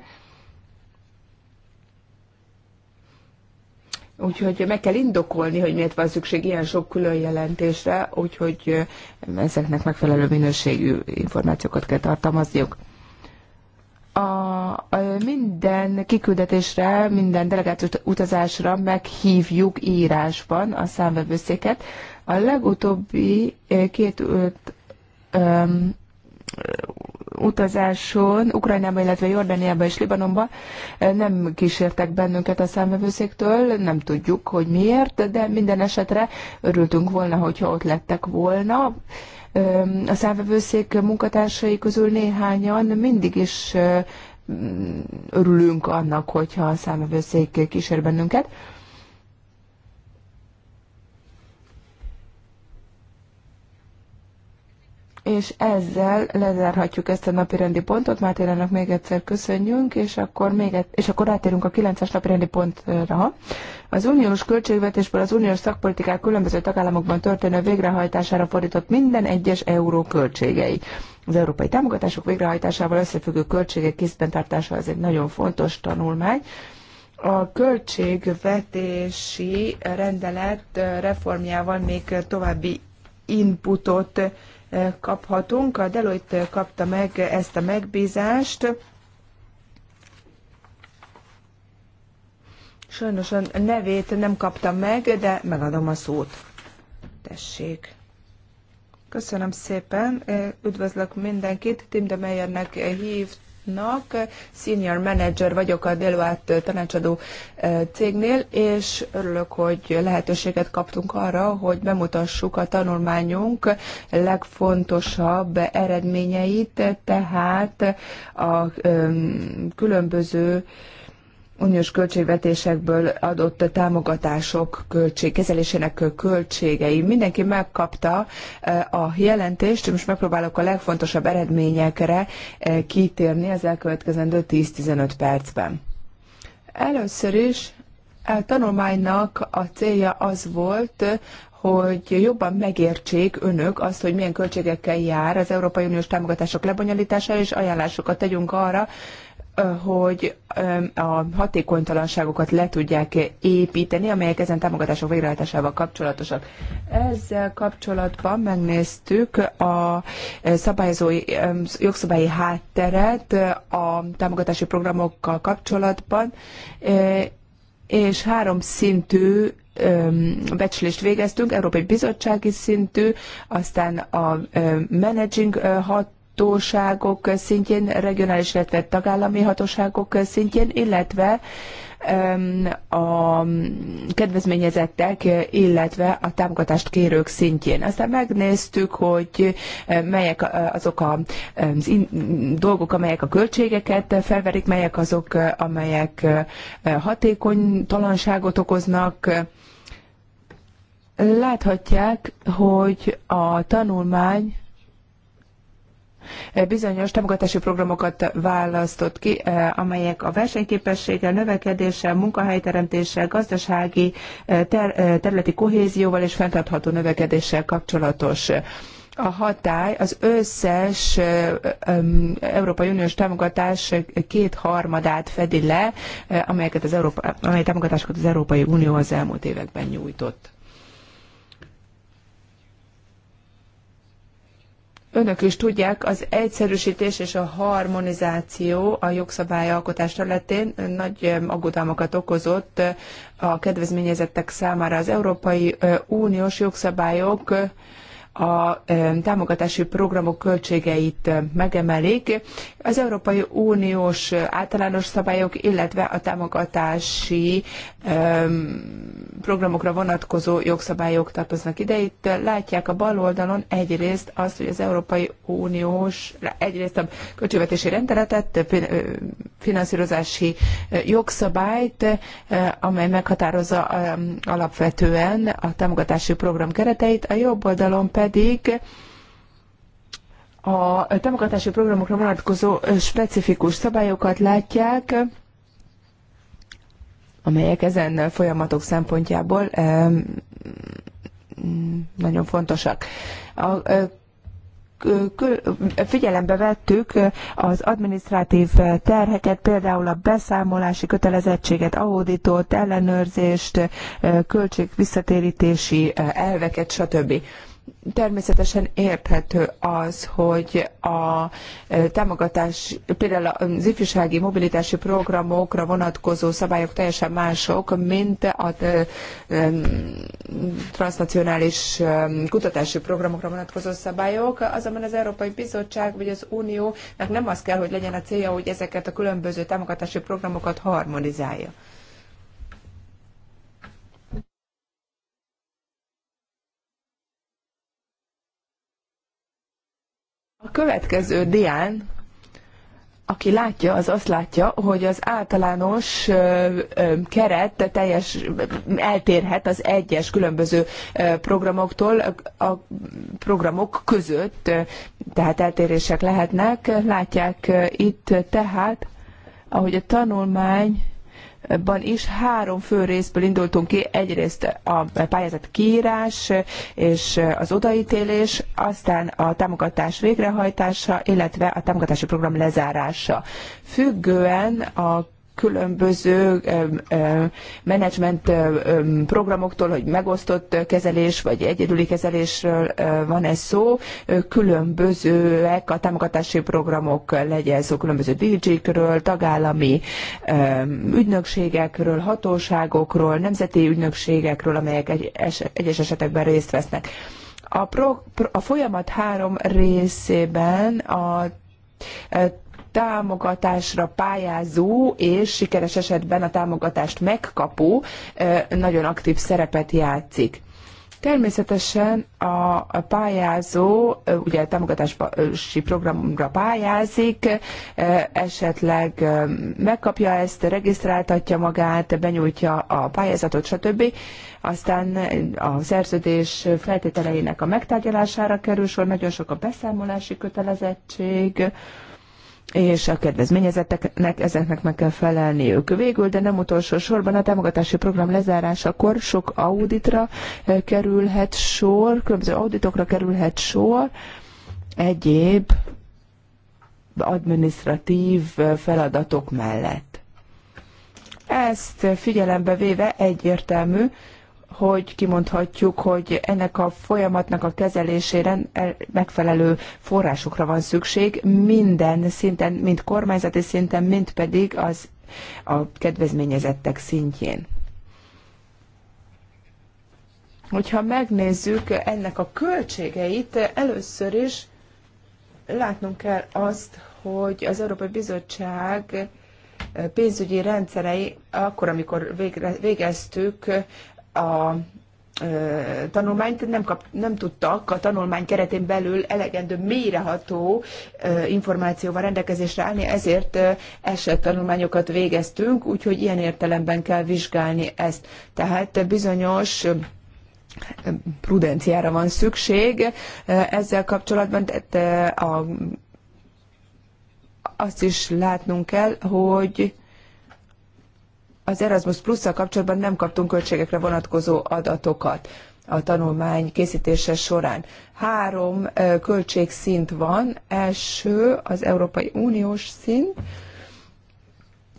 [SPEAKER 4] Úgyhogy meg kell indokolni, hogy miért van szükség ilyen sok külön jelentésre, úgyhogy eh, ezeknek megfelelő minőségű információkat kell tartalmazniuk. A, a minden kiküldetésre, minden delegáció utazásra meghívjuk írásban a számvevőszéket. A legutóbbi eh, két öt, öm, utazáson Ukrajnába, illetve Jordániába és Libanonba nem kísértek bennünket a számvevőszéktől, nem tudjuk, hogy miért, de minden esetre örültünk volna, hogyha ott lettek volna. A számvevőszék munkatársai közül néhányan mindig is örülünk annak, hogyha a számvevőszék kísér bennünket. és ezzel lezárhatjuk ezt a napi rendi pontot. Mátérának még egyszer köszönjünk, és akkor, még egy, és akkor átérünk a 9-es napi rendi pontra. Az uniós költségvetésből az uniós szakpolitikák különböző tagállamokban történő végrehajtására fordított minden egyes euró költségei. Az európai támogatások végrehajtásával összefüggő költségek készben tartása egy nagyon fontos tanulmány. A költségvetési rendelet reformjával még további inputot kaphatunk. A Deloitte kapta meg ezt a megbízást. Sajnos a nevét nem kaptam meg, de megadom a szót. Tessék. Köszönöm szépen, üdvözlök mindenkit, Tim de Meyernek hívt nak senior manager vagyok a Deloitte tanácsadó e, cégnél, és örülök, hogy lehetőséget kaptunk arra, hogy bemutassuk a tanulmányunk legfontosabb eredményeit, tehát a e, különböző uniós költségvetésekből adott támogatások költség, kezelésének költségei. Mindenki megkapta eh, a jelentést, most megpróbálok a legfontosabb eredményekre eh, kitérni az elkövetkezendő 10-15 percben. Először is a tanulmánynak a célja az volt, hogy jobban megértsék önök azt, hogy milyen költségekkel jár az Európai Uniós támogatások lebonyolítása, és ajánlásokat tegyünk arra, hogy a hatékonytalanságokat le tudják építeni, amelyek ezen támogatások végrehajtásával kapcsolatosak. Ezzel kapcsolatban megnéztük a szabályozói, jogszabályi hátteret a támogatási programokkal kapcsolatban, e, és három szintű becslést végeztünk, Európai Bizottsági szintű, aztán a managing eh, hat hatóságok szintjén, regionális, illetve tagállami hatóságok szintjén, illetve a kedvezményezettek, illetve a támogatást kérők szintjén. Aztán megnéztük, hogy melyek azok a az in, dolgok, amelyek a költségeket felverik, melyek azok, amelyek hatékony talanságot okoznak. Láthatják, hogy a tanulmány bizonyos támogatási programokat választott ki, eh, amelyek a versenyképességgel, növekedéssel, munkahelyteremtéssel, gazdasági eh, ter- eh, területi kohézióval és fenntartható növekedéssel kapcsolatos a hatály az összes Európai Uniós támogatás kétharmadát fedi le, amelyeket az Európa, amely támogatásokat az Európai Unió az elmúlt években nyújtott. önök is tudják, az egyszerűsítés és a harmonizáció a jogszabályalkotás területén nagy aggodalmakat okozott a kedvezményezettek számára. Az Európai Uniós jogszabályok a támogatási programok költségeit megemelik. Az Európai Uniós általános szabályok, illetve a támogatási programokra vonatkozó jogszabályok tartoznak ide. Itt látják a bal oldalon egyrészt azt, hogy az Európai Uniós, egyrészt a költségvetési rendeletet, finanszírozási jogszabályt, amely meghatározza alapvetően a támogatási program kereteit, a jobb oldalon pedig a támogatási programokra vonatkozó specifikus szabályokat látják, amelyek ezen folyamatok szempontjából nagyon fontosak. A figyelembe vettük az adminisztratív terheket, például a beszámolási kötelezettséget, auditot, ellenőrzést, költség visszatérítési elveket, stb. Természetesen érthető az, hogy a e, támogatás, például az ifjúsági mobilitási programokra vonatkozó szabályok teljesen mások, mint a e, e, transnacionális kutatási programokra vonatkozó szabályok, azonban az Európai Bizottság vagy az Uniónak nem az kell, hogy legyen a célja, hogy ezeket a különböző támogatási programokat harmonizálja. A következő dián, aki látja, az azt látja, hogy az általános keret teljes eltérhet az egyes különböző programoktól, a programok között, tehát eltérések lehetnek. Látják itt tehát, ahogy a tanulmány ban is három fő részből indultunk ki. Egyrészt a pályázat kiírás és az odaítélés, aztán a támogatás végrehajtása, illetve a támogatási program lezárása. Függően a különböző menedzsment programoktól, hogy megosztott kezelés vagy egyedüli kezelésről van ez szó, különbözőek a támogatási programok, legyen szó különböző DG-kről, tagállami ügynökségekről, hatóságokról, nemzeti ügynökségekről, amelyek egy, egyes esetekben részt vesznek. A, pro, a folyamat három részében a támogatásra pályázó és sikeres esetben a támogatást megkapó nagyon aktív szerepet játszik. Természetesen a pályázó ugye a támogatási programra pályázik, esetleg megkapja ezt, regisztráltatja magát, benyújtja a pályázatot, stb. Aztán a szerződés feltételeinek a megtárgyalására kerül sor, nagyon sok a beszámolási kötelezettség, és a kedvezményezetteknek ezeknek meg kell felelniük. Végül, de nem utolsó sorban a támogatási program lezárásakor sok auditra eh, kerülhet sor, különböző auditokra kerülhet sor, egyéb administratív eh, feladatok mellett. Ezt figyelembe véve egyértelmű, hogy kimondhatjuk, hogy ennek a folyamatnak a kezelésére megfelelő forrásokra van szükség minden szinten, mind kormányzati szinten, mind pedig az a kedvezményezettek szintjén. Hogyha megnézzük ennek a költségeit, először is látnunk kell azt, hogy az Európai Bizottság pénzügyi rendszerei, akkor, amikor végre, végeztük a tanulmányt nem, kap, nem tudtak a tanulmány keretén belül elegendő mélyreható információval rendelkezésre állni, ezért tanulmányokat végeztünk, úgyhogy ilyen értelemben kell vizsgálni ezt. Tehát bizonyos prudenciára van szükség ezzel kapcsolatban, tehát a, azt is látnunk kell, hogy az Erasmus plus kapcsolatban nem kaptunk költségekre vonatkozó adatokat a tanulmány készítése során. Három költségszint van. Első az Európai Uniós szint,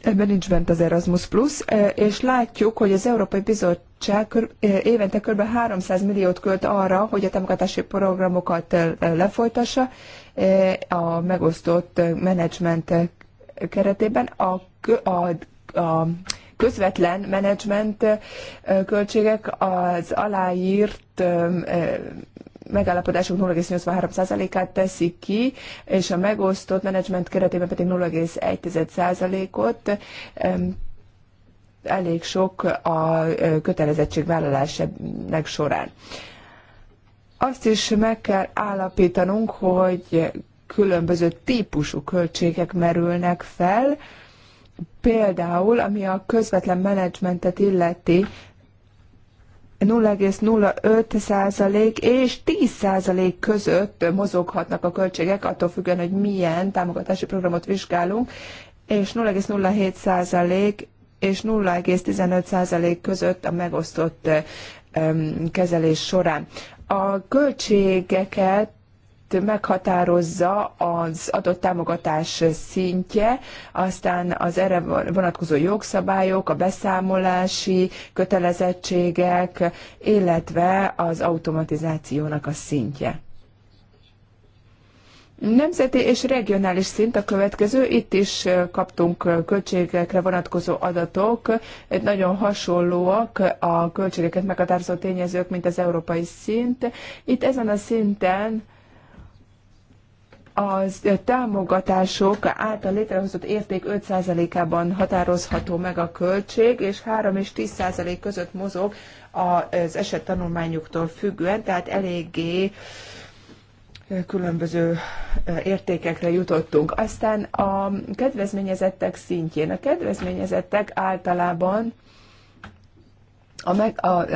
[SPEAKER 4] ebben nincs bent az Erasmus Plus, és látjuk, hogy az Európai Bizottság évente kb. 300 milliót költ arra, hogy a támogatási programokat lefolytassa a megosztott menedzsment keretében. A, a, a közvetlen menedzsment költségek az aláírt megállapodások 0,83%-át teszik ki, és a megosztott menedzsment keretében pedig 0,1%-ot elég sok a kötelezettségvállalás ennek során. Azt is meg kell állapítanunk, hogy különböző típusú költségek merülnek fel, Például, ami a közvetlen menedzsmentet illeti, 0,05% és 10% között mozoghatnak a költségek, attól függően, hogy milyen támogatási programot vizsgálunk, és 0,07% és 0,15% között a megosztott kezelés során. A költségeket meghatározza az adott támogatás szintje, aztán az erre vonatkozó jogszabályok, a beszámolási kötelezettségek, illetve az automatizációnak a szintje. Nemzeti és regionális szint a következő. Itt is kaptunk költségekre vonatkozó adatok. Nagyon hasonlóak a költségeket meghatározó tényezők, mint az európai szint. Itt ezen a szinten az támogatások által létrehozott érték 5%-ában határozható meg a költség, és 3 és 10% között mozog az eset tanulmányuktól függően, tehát eléggé különböző értékekre jutottunk. Aztán a kedvezményezettek szintjén. A kedvezményezettek általában a, meg, a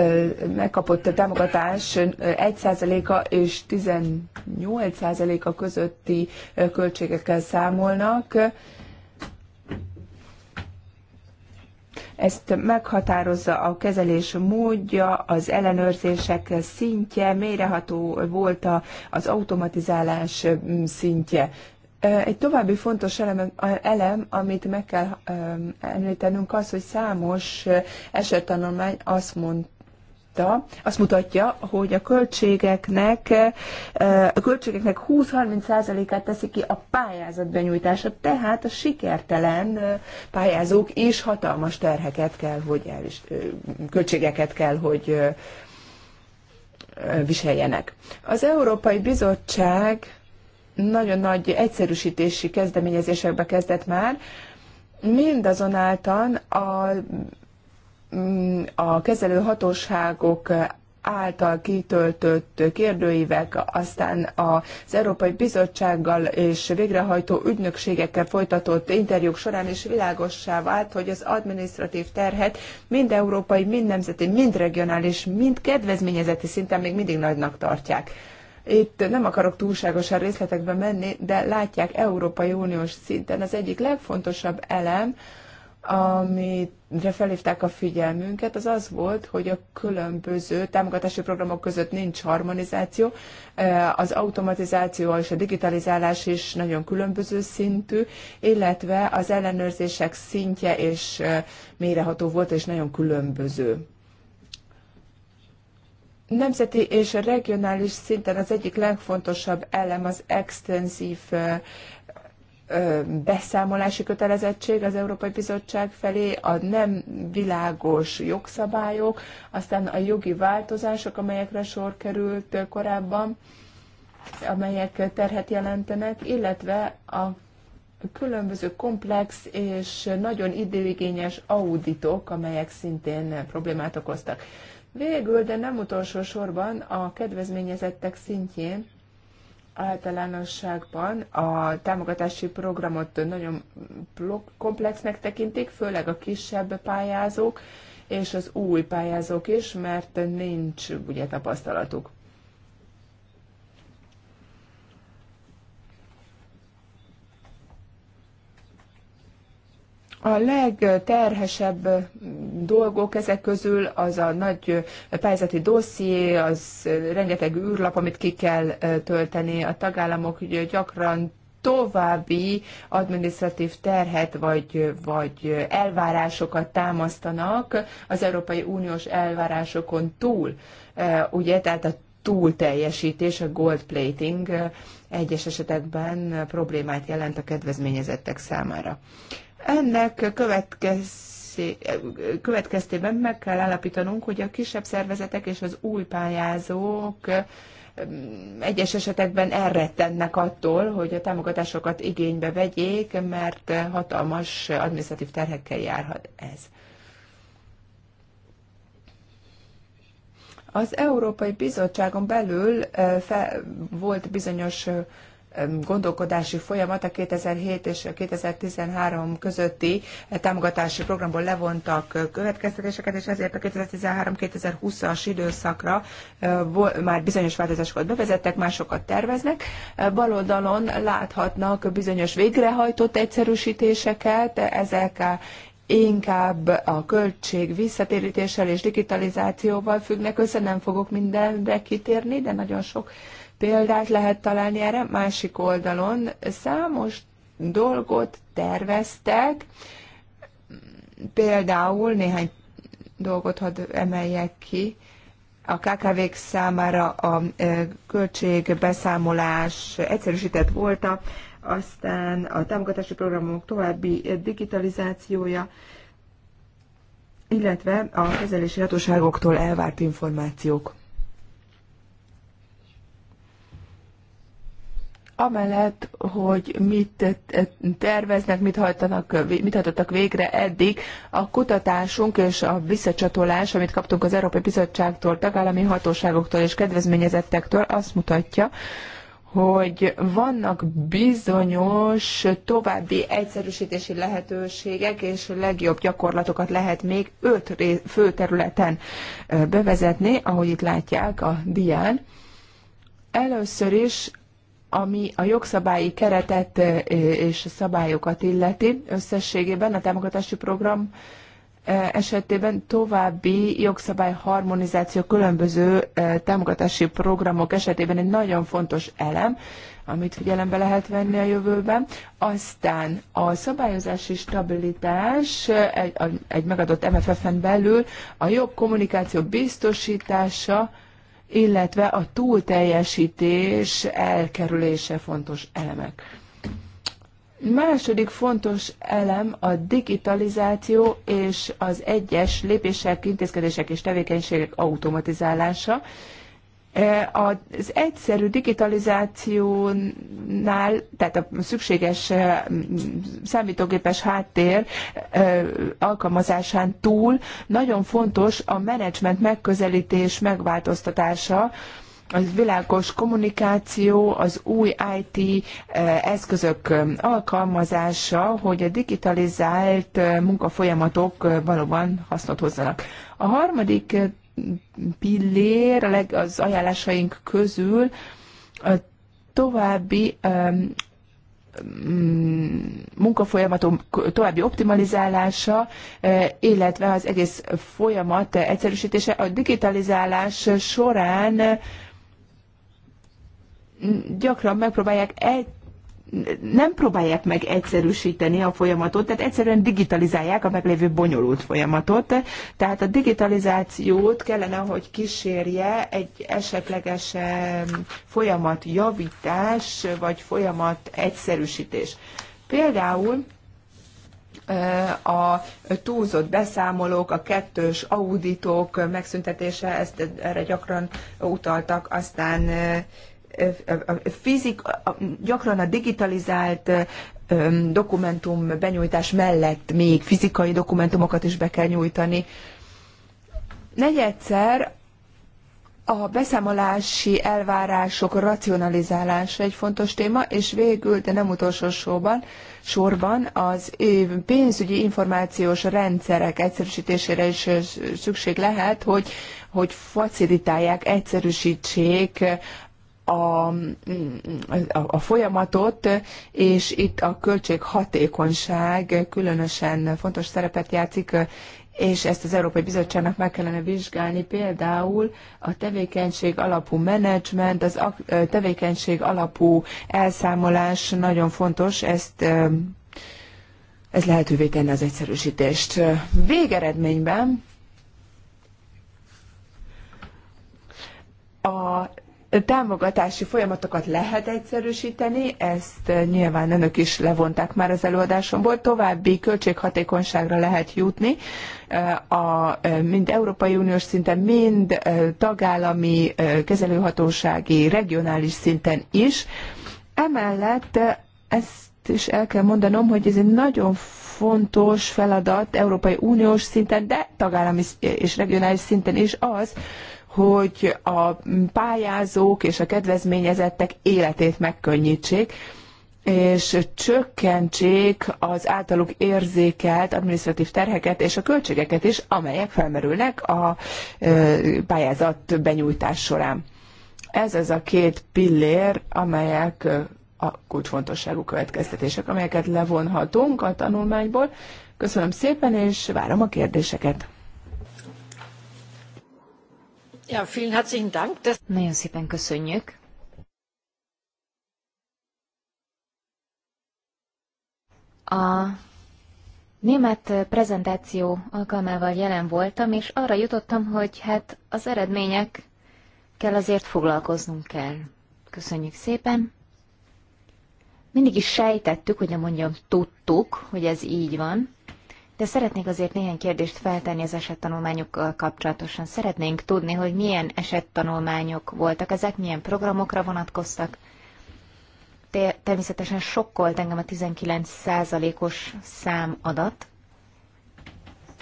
[SPEAKER 4] megkapott támogatás 1%-a és 18%-a közötti költségekkel számolnak. Ezt meghatározza a kezelés módja, az ellenőrzések szintje, mélyreható volt az automatizálás szintje. Egy további fontos elem, elem, amit meg kell említenünk, az, hogy számos esettanulmány azt mondta, azt mutatja, hogy a költségeknek, a költségeknek 20-30%-át teszi ki a pályázat benyújtása, tehát a sikertelen pályázók is hatalmas terheket kell, hogy el, költségeket kell, hogy viseljenek. Az Európai Bizottság nagyon nagy egyszerűsítési kezdeményezésekbe kezdett már, mindazonáltal a, mm, a kezelő hatóságok által kitöltött kérdőívek, aztán az Európai Bizottsággal és végrehajtó ügynökségekkel folytatott interjúk során is világossá vált, hogy az administratív terhet mind európai, mind nemzeti, mind regionális, mind kedvezményezeti szinten még mindig nagynak tartják itt nem akarok túlságosan részletekbe menni, de látják Európai Uniós szinten az egyik legfontosabb elem, amire felhívták a figyelmünket, az az volt, hogy a különböző támogatási programok között nincs harmonizáció, az automatizáció és a digitalizálás is nagyon különböző szintű, illetve az ellenőrzések szintje és eh, méreható volt, és nagyon különböző. Nemzeti és regionális szinten az egyik legfontosabb elem az extenzív beszámolási kötelezettség az Európai Bizottság felé, a nem világos jogszabályok, aztán a jogi változások, amelyekre sor került korábban, amelyek terhet jelentenek, illetve a különböző komplex és nagyon időigényes auditok, amelyek szintén problémát okoztak. Végül, de nem utolsó sorban a kedvezményezettek szintjén általánosságban a támogatási programot nagyon komplexnek tekintik, főleg a kisebb pályázók és az új pályázók is, mert nincs ugye tapasztalatuk. A legterhesebb dolgok ezek közül az a nagy pályázati dosszié, az rengeteg űrlap, amit ki kell tölteni. A tagállamok gyakran további administratív terhet vagy, vagy elvárásokat támasztanak az Európai Uniós elvárásokon túl. Ugye, tehát a túlteljesítés, a gold plating egyes esetekben problémát jelent a kedvezményezettek számára. Ennek következtében meg kell állapítanunk, hogy a kisebb szervezetek és az új pályázók egyes esetekben elrettennek attól, hogy a támogatásokat igénybe vegyék, mert hatalmas administratív terhekkel járhat ez. Az Európai Bizottságon belül eh, fel, volt bizonyos eh, gondolkodási folyamat a 2007 és 2013 közötti eh, támogatási programból levontak eh, következtetéseket, és ezért a 2013-2020-as időszakra eh, már bizonyos változásokat bevezettek, másokat terveznek. Baloldalon láthatnak bizonyos végrehajtott egyszerűsítéseket, ezek a inkább a költség visszatérítéssel és digitalizációval függnek össze, nem fogok mindenre kitérni, de nagyon sok példát lehet találni erre. Másik oldalon számos dolgot terveztek, például néhány dolgot hadd emeljek ki, a KKV-k számára a e, költségbeszámolás egyszerűsített volta, aztán a támogatási programok további digitalizációja, illetve a kezelési hatóságoktól elvárt információk. amellett, hogy mit terveznek, mit hajtanak, mit hajtottak végre eddig, a kutatásunk és a visszacsatolás, amit kaptunk az Európai Bizottságtól, tagállami hatóságoktól és kedvezményezettektől, azt mutatja, hogy vannak bizonyos további egyszerűsítési lehetőségek, és legjobb gyakorlatokat lehet még öt fő területen bevezetni, ahogy itt látják a dián. Először is ami a jogszabályi keretet és szabályokat illeti összességében a támogatási program esetében további jogszabály harmonizáció különböző támogatási programok esetében egy nagyon fontos elem, amit figyelembe lehet venni a jövőben. Aztán a szabályozási stabilitás egy, egy megadott MFF-en belül a jobb kommunikáció biztosítása, illetve a túlteljesítés elkerülése fontos elemek. Második fontos elem a digitalizáció és az egyes lépések, intézkedések és tevékenységek automatizálása. Az egyszerű digitalizációnál, tehát a szükséges számítógépes háttér alkalmazásán túl nagyon fontos a menedzsment megközelítés megváltoztatása, az világos kommunikáció, az új IT eszközök alkalmazása, hogy a digitalizált munkafolyamatok valóban hasznot hozzanak. A harmadik pillér a leg, az ajánlásaink közül a további um, munkafolyamatom további optimalizálása, e, illetve az egész folyamat egyszerűsítése. A digitalizálás során gyakran megpróbálják egy nem próbálják meg egyszerűsíteni a folyamatot, tehát egyszerűen digitalizálják a meglévő bonyolult folyamatot. Tehát a digitalizációt kellene, hogy kísérje egy esetleges folyamat javítás, vagy folyamat egyszerűsítés. Például a túlzott beszámolók, a kettős auditok megszüntetése, ezt erre gyakran utaltak, aztán fizik, gyakran a digitalizált dokumentum benyújtás mellett még fizikai dokumentumokat is be kell nyújtani. Negyedszer a beszámolási elvárások racionalizálása egy fontos téma, és végül, de nem utolsó sorban, sorban az pénzügyi információs rendszerek egyszerűsítésére is szükség lehet, hogy, hogy facilitálják, egyszerűsítsék a, a, a folyamatot, és itt a költséghatékonyság különösen fontos szerepet játszik, és ezt az Európai Bizottságnak meg kellene vizsgálni, például a tevékenység alapú menedzsment, az tevékenység alapú elszámolás nagyon fontos, ezt ez lehetővé tenni az egyszerűsítést. Végeredményben támogatási folyamatokat lehet egyszerűsíteni, ezt eh, nyilván önök is levonták már az előadásomból, további költséghatékonyságra lehet jutni, eh, a, eh, mind Európai Uniós szinten, mind tagállami kezelőhatósági, regionális szinten is. Emellett ezt is el kell mondanom, hogy ez egy nagyon fontos feladat Európai Uniós szinten, de tagállami és regionális szinten is az, hogy a pályázók és a kedvezményezettek életét megkönnyítsék, és csökkentsék az általuk érzékelt administratív terheket és a költségeket is, amelyek felmerülnek a pályázat benyújtás során. Ez az a két pillér, amelyek a kulcsfontosságú következtetések, amelyeket levonhatunk a tanulmányból. Köszönöm szépen, és várom a kérdéseket.
[SPEAKER 2] Ja, vielen herzlichen Dank. Das... Nagyon szépen köszönjük.
[SPEAKER 1] A német prezentáció alkalmával jelen voltam, és arra jutottam, hogy hát az eredményekkel azért foglalkoznunk kell. Köszönjük szépen. Mindig is sejtettük, hogy nem mondjam, tudtuk, hogy ez így van de szeretnék azért néhány kérdést feltenni az esettanulmányokkal kapcsolatosan. Szeretnénk tudni, hogy milyen esettanulmányok voltak ezek, milyen programokra vonatkoztak. Természetesen sokkolt engem a 19%-os számadat.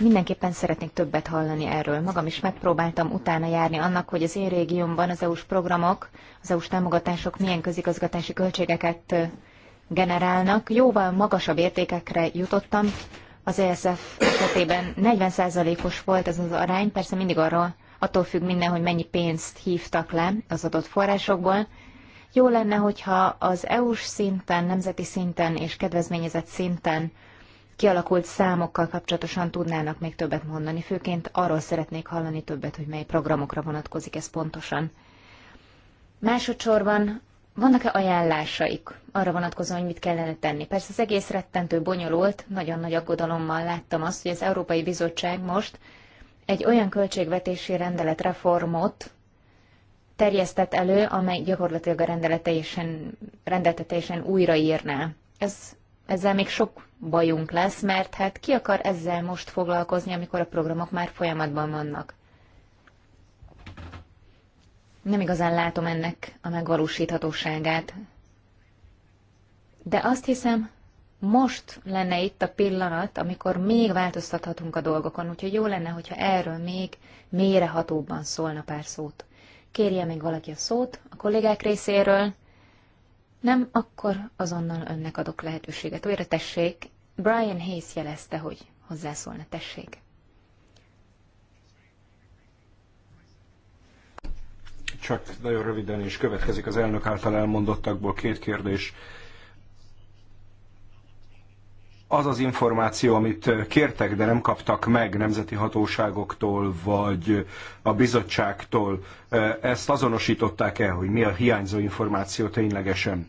[SPEAKER 1] Mindenképpen szeretnék többet hallani erről. Magam is megpróbáltam utána járni annak, hogy az én régiómban az EU-s programok, az EU-s támogatások milyen közigazgatási költségeket generálnak. Jóval magasabb értékekre jutottam, az ESF esetében 40%-os volt ez az arány, persze mindig arról, attól függ minden, hogy mennyi pénzt hívtak le az adott forrásokból. Jó lenne, hogyha az EU-s szinten, nemzeti szinten és kedvezményezett szinten kialakult számokkal kapcsolatosan tudnának még többet mondani. Főként arról szeretnék hallani többet, hogy mely programokra vonatkozik ez pontosan. Másodszorban vannak-e ajánlásaik arra vonatkozóan, hogy mit kellene tenni? Persze az egész rettentő bonyolult, nagyon nagy aggodalommal láttam azt, hogy az Európai Bizottság most egy olyan költségvetési rendeletreformot terjesztett elő, amely gyakorlatilag a rendeltetésen, rendeltetésen újraírná. Ez, ezzel még sok bajunk lesz, mert hát ki akar ezzel most foglalkozni, amikor a programok már folyamatban vannak nem igazán látom ennek a megvalósíthatóságát. De azt hiszem, most lenne itt a pillanat, amikor még változtathatunk a dolgokon, úgyhogy jó lenne, hogyha erről még mélyrehatóbban szólna pár szót. Kérje még valaki a szót a kollégák részéről. Nem, akkor azonnal önnek adok lehetőséget. Újra tessék, Brian Hayes jelezte, hogy hozzászólna, tessék.
[SPEAKER 3] csak nagyon röviden, is következik az elnök által elmondottakból két kérdés. Az az információ, amit kértek, de nem kaptak meg nemzeti hatóságoktól, vagy a bizottságtól, ezt azonosították el, hogy mi a hiányzó információ ténylegesen?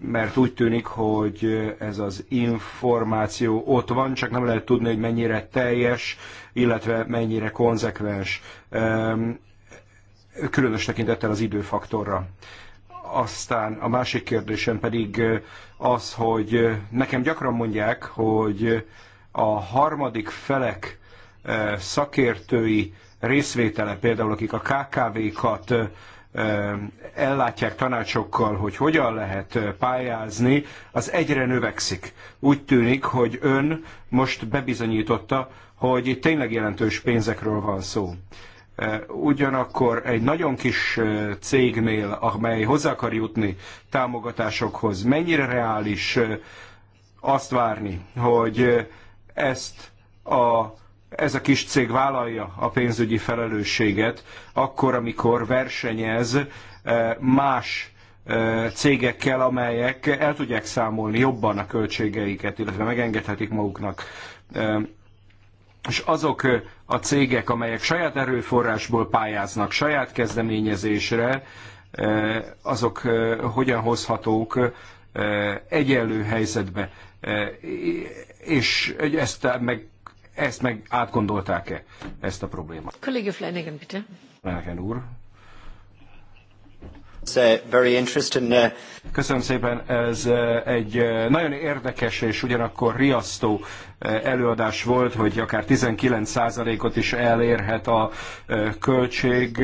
[SPEAKER 3] mert úgy tűnik, hogy ez az információ ott van, csak nem lehet tudni, hogy mennyire teljes, illetve mennyire konzekvens. Ehm, különös tekintettel az időfaktorra. Aztán a másik kérdésem pedig az, hogy nekem gyakran mondják, hogy a harmadik felek eh, szakértői részvétele, például akik a KKV-kat eh, ellátják tanácsokkal, hogy hogyan lehet eh, pályázni, az egyre növekszik. Úgy tűnik, hogy ön most bebizonyította, hogy itt tényleg jelentős pénzekről van szó. Eh, ugyanakkor egy nagyon kis eh, cégnél, amely hozzá akar jutni támogatásokhoz, mennyire reális eh, azt várni, hogy ezt a ez a kis cég vállalja a pénzügyi felelősséget, akkor, amikor versenyez más cégekkel, amelyek el tudják számolni jobban a költségeiket, illetve megengedhetik maguknak és azok a cégek, amelyek saját erőforrásból pályáznak, saját kezdeményezésre, azok hogyan hozhatók egyenlő helyzetbe, és ezt meg, ezt meg átgondolták-e, ezt a problémát?
[SPEAKER 2] Kollégia Flanagan, bitte.
[SPEAKER 3] Flanagan úr. Uh, uh, Köszönöm szépen, ez uh, egy nagyon érdekes és ugyanakkor riasztó előadás volt, hogy akár 19%-ot is elérhet a költség.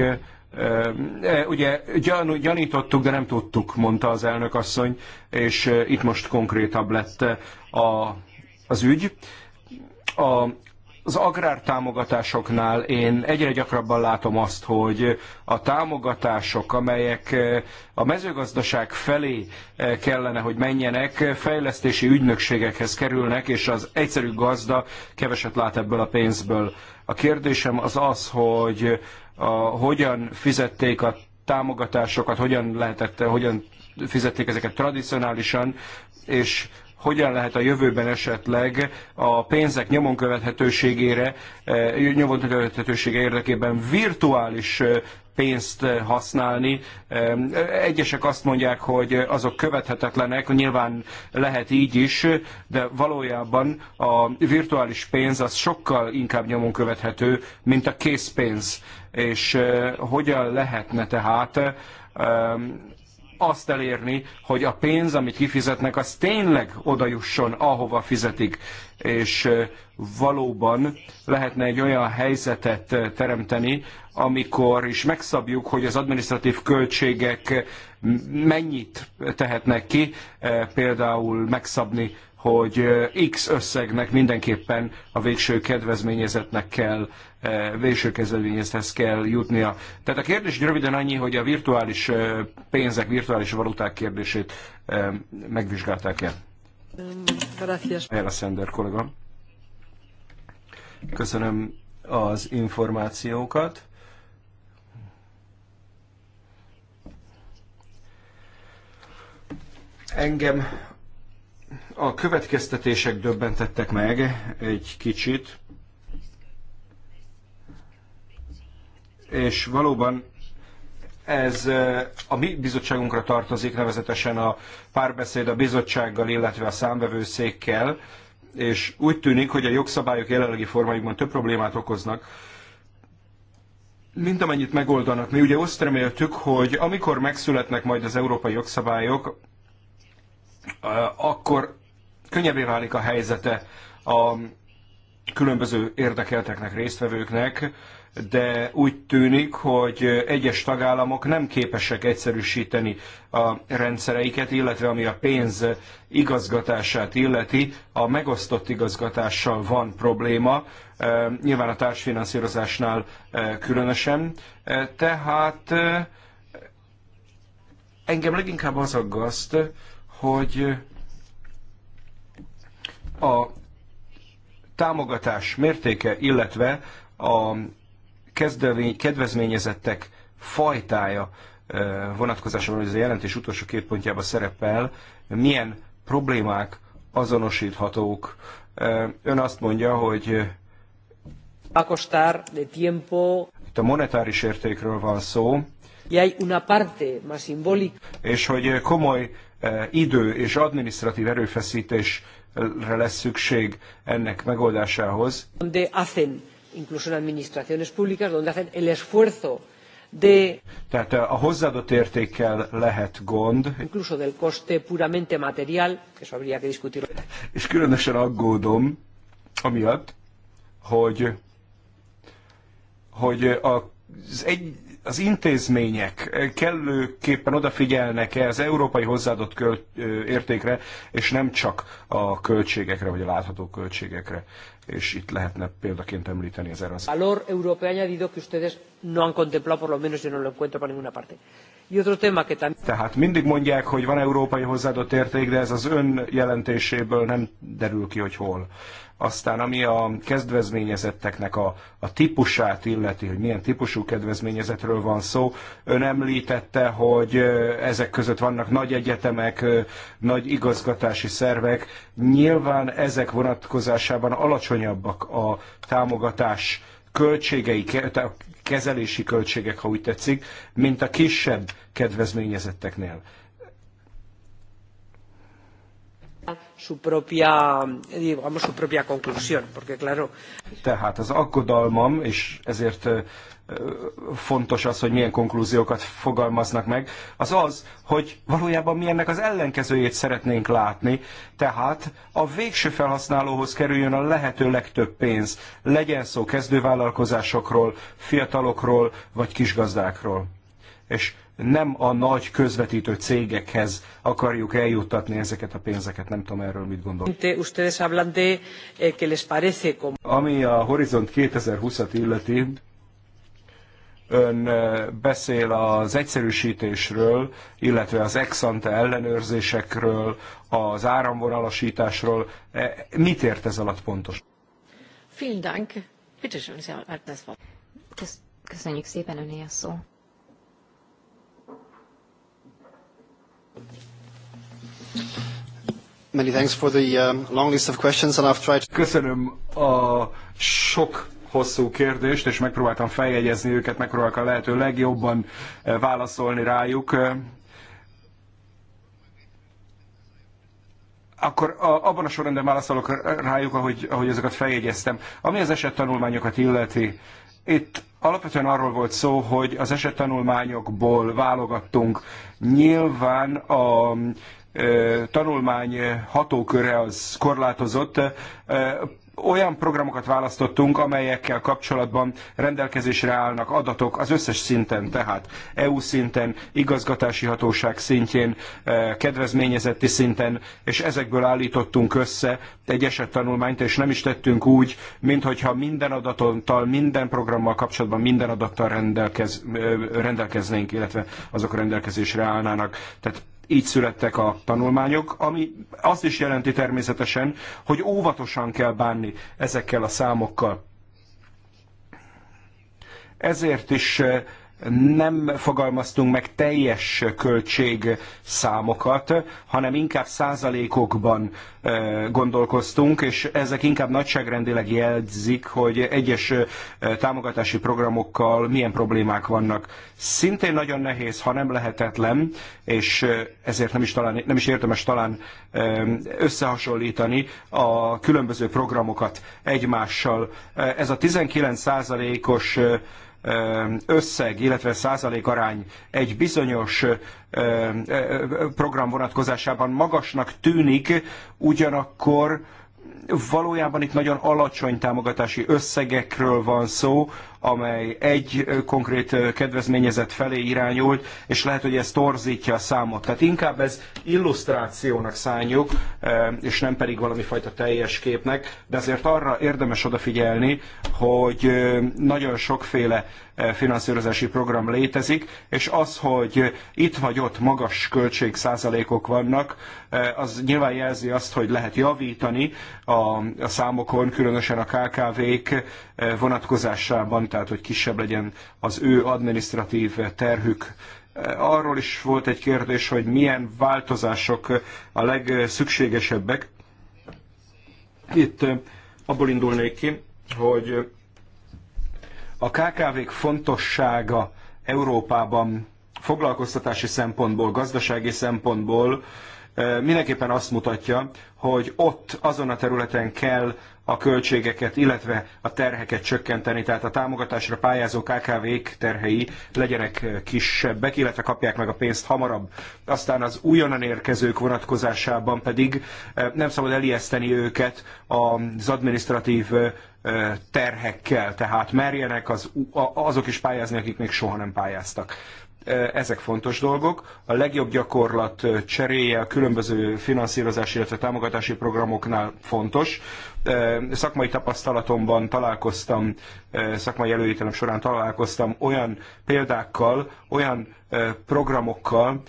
[SPEAKER 3] Ugye gyanítottuk, de nem tudtuk, mondta az elnök asszony, és itt most konkrétabb lett a, az ügy. A az agrártámogatásoknál én egyre gyakrabban látom azt, hogy a támogatások, amelyek eh, a mezőgazdaság felé eh, kellene, hogy menjenek, fejlesztési ügynökségekhez kerülnek, és az egyszerű gazda keveset lát ebből a pénzből. A kérdésem az az, hogy a, hogyan fizették a támogatásokat, hogyan lehetett, hogyan fizették ezeket tradicionálisan, és hogyan lehet a jövőben esetleg a pénzek nyomon követhetőségére, eh, nyomon követhetősége érdekében virtuális eh, pénzt eh, használni. Egyesek azt mondják, hogy azok követhetetlenek, nyilván lehet így is, de valójában a virtuális pénz az sokkal inkább nyomon követhető, mint a készpénz. És hogyan lehetne tehát azt elérni, hogy a pénz, amit kifizetnek, az tényleg jusson, ahova fizetik. És valóban lehetne egy olyan helyzetet teremteni, amikor is megszabjuk, hogy az administratív költségek mennyit tehetnek ki, például megszabni hogy X összegnek mindenképpen a végső kedvezményezetnek kell végső kezdeményezhez kell jutnia. Tehát a kérdés röviden annyi, hogy a virtuális pénzek, virtuális valuták kérdését megvizsgálták-e? Ela Sender kollega. Köszönöm az információkat. Engem a következtetések döbbentettek meg egy kicsit. és valóban ez a mi bizottságunkra tartozik, nevezetesen a párbeszéd a bizottsággal, illetve a számvevőszékkel, és úgy tűnik, hogy a jogszabályok jelenlegi formájukban több problémát okoznak, mint amennyit megoldanak. Mi ugye azt reméltük, hogy amikor megszületnek majd az európai jogszabályok, akkor könnyebbé válik a helyzete a különböző érdekelteknek, résztvevőknek, de úgy tűnik, hogy egyes tagállamok nem képesek egyszerűsíteni a rendszereiket, illetve ami a pénz igazgatását illeti, a megosztott igazgatással van probléma, e, nyilván a társfinanszírozásnál e, különösen. E, tehát engem leginkább az aggaszt, hogy a támogatás mértéke, illetve a kedvezményezettek fajtája vonatkozásában, ez a jelentés utolsó két pontjában szerepel, milyen problémák azonosíthatók. Ön azt mondja, hogy a Itt a monetáris értékről van szó. És hogy komoly idő és adminisztratív erőfeszítésre lesz szükség ennek megoldásához.
[SPEAKER 2] De incluso en administraciones públicas donde hacen el esfuerzo
[SPEAKER 3] de Tehát eh, a hozzáadott értékkel lehet gond. Incluso del coste puramente
[SPEAKER 2] material, que eso habría
[SPEAKER 3] que discutir. És különösen aggódom amiatt, hogy, hogy a, eh, az egy, az intézmények kellőképpen odafigyelnek-e az európai hozzáadott költ, értékre, és nem csak a költségekre, vagy a látható költségekre. És itt lehetne példaként említeni az Erasmus.
[SPEAKER 2] Valor európai añadido que ustedes no han contemplado, por lo menos yo no lo encuentro para ninguna parte.
[SPEAKER 3] Y otro tema que también... Tehát mindig mondják, hogy van európai hozzáadott érték, de ez az ön jelentéséből nem derül ki, hogy hol. Aztán ami a kezdvezményezetteknek a, a típusát illeti, hogy milyen típusú kedvezményezetről van szó, ön említette, hogy ezek között vannak nagy egyetemek, nagy igazgatási szervek. Nyilván ezek vonatkozásában alacsonyabbak a támogatás költségei, kezelési költségek, ha úgy tetszik, mint a kisebb kedvezményezetteknél.
[SPEAKER 2] su propia, digamos, su
[SPEAKER 3] propia conclusión, porque claro... Tehát az aggodalmam, és ezért fontos az, hogy milyen konklúziókat fogalmaznak meg, az az, hogy valójában mi ennek az ellenkezőjét szeretnénk látni, tehát a végső felhasználóhoz kerüljön a lehető legtöbb pénz, legyen szó kezdővállalkozásokról, fiatalokról vagy kisgazdákról. És nem a nagy közvetítő cégekhez akarjuk eljuttatni ezeket a pénzeket. Nem tudom erről mit gondol. Eh, Ami a Horizont 2020-at illeti, ön eh, beszél az egyszerűsítésről, illetve az exante ellenőrzésekről, az áramvonalasításról. Eh, mit ért ez alatt pontos?
[SPEAKER 2] Vielen Dank. Bitte schön, Sie haben das Wort.
[SPEAKER 1] Köszönjük szépen, öné a szó.
[SPEAKER 6] Many thanks for the um, long list of questions, and I've
[SPEAKER 3] tried. Köszönöm a sok hosszú kérdést, és megpróbáltam feljegyezni őket, megpróbálok a lehető legjobban eh, válaszolni rájuk. Eh, akkor a, abban a sorrendben válaszolok rájuk, ahogy, ahogy ezeket feljegyeztem. Ami az esettanulmányokat illeti, itt alapvetően arról volt szó, hogy az esettanulmányokból válogattunk. Nyilván a tanulmány hatóköre az korlátozott, olyan programokat választottunk, amelyekkel kapcsolatban rendelkezésre állnak adatok az összes szinten, tehát EU szinten, igazgatási hatóság szintjén, kedvezményezetti szinten, és ezekből állítottunk össze egy esettanulmányt, és nem is tettünk úgy, minthogyha minden adattal, minden programmal kapcsolatban minden adattal rendelkez, rendelkeznénk, illetve azok rendelkezésre állnának. Tehát így születtek a tanulmányok, ami azt is jelenti természetesen, hogy óvatosan kell bánni ezekkel a számokkal. Ezért is eh, nem fogalmaztunk meg teljes költségszámokat, hanem inkább százalékokban gondolkoztunk, és ezek inkább nagyságrendileg jelzik, hogy egyes támogatási programokkal milyen problémák vannak. Szintén nagyon nehéz, ha nem lehetetlen, és ezért nem is, talán, nem is érdemes talán összehasonlítani a különböző programokat egymással. Ez a 19 százalékos összeg, illetve százalékarány egy bizonyos program vonatkozásában magasnak tűnik, ugyanakkor valójában itt nagyon alacsony támogatási összegekről van szó, amely egy konkrét kedvezményezett felé irányult, és lehet, hogy ez torzítja a számot. Tehát inkább ez illusztrációnak szánjuk, és nem pedig valami fajta teljes képnek, de azért arra érdemes odafigyelni, hogy nagyon sokféle finanszírozási program létezik, és az, hogy itt vagy ott magas költségszázalékok vannak, az nyilván jelzi azt, hogy lehet javítani a, számokon, különösen a KKV-k vonatkozásában tehát hogy kisebb legyen az ő administratív terhük. Arról is volt egy kérdés, hogy milyen változások a legszükségesebbek. Itt abból indulnék ki, hogy a KKV-k fontossága Európában foglalkoztatási szempontból, gazdasági szempontból mindenképpen azt mutatja, hogy ott azon a területen kell a költségeket, illetve a terheket csökkenteni, tehát a támogatásra pályázó KKV-k terhei legyenek kisebbek, illetve kapják meg a pénzt hamarabb. Aztán az újonnan érkezők vonatkozásában pedig eh, nem szabad elijeszteni őket az adminisztratív eh, terhekkel, tehát merjenek az, azok is pályázni, akik még soha nem pályáztak eh, ezek fontos dolgok. A legjobb gyakorlat cseréje a különböző finanszírozási, illetve támogatási programoknál fontos. Szakmai tapasztalatomban találkoztam, szakmai előítelem során találkoztam olyan példákkal, olyan programokkal,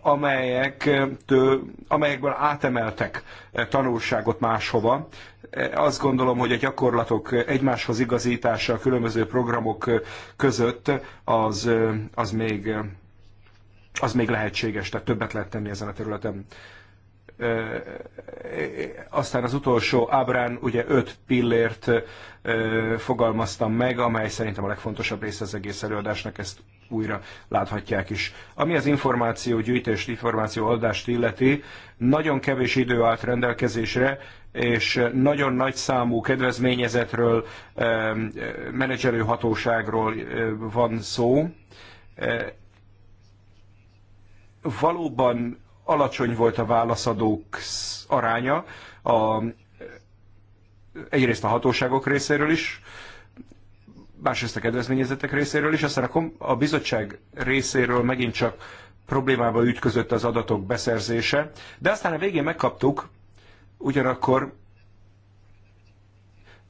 [SPEAKER 3] amelyek, amelyekből átemeltek tanulságot máshova. Azt gondolom, hogy a gyakorlatok egymáshoz igazítása a különböző programok között az, az, még, az még lehetséges, tehát többet lehet tenni ezen a területen aztán az utolsó ábrán ugye öt pillért fogalmaztam meg, amely szerintem a legfontosabb része az egész előadásnak, ezt újra láthatják is. Ami az információ gyűjtést, információ adást illeti, nagyon kevés idő állt rendelkezésre, és nagyon nagy számú kedvezményezetről, menedzselő hatóságról van szó valóban alacsony volt a válaszadók aránya, a, egyrészt a hatóságok részéről is, másrészt a kedvezményezettek részéről is, aztán a, a bizottság részéről megint csak problémába ütközött az adatok beszerzése, de aztán a végén megkaptuk ugyanakkor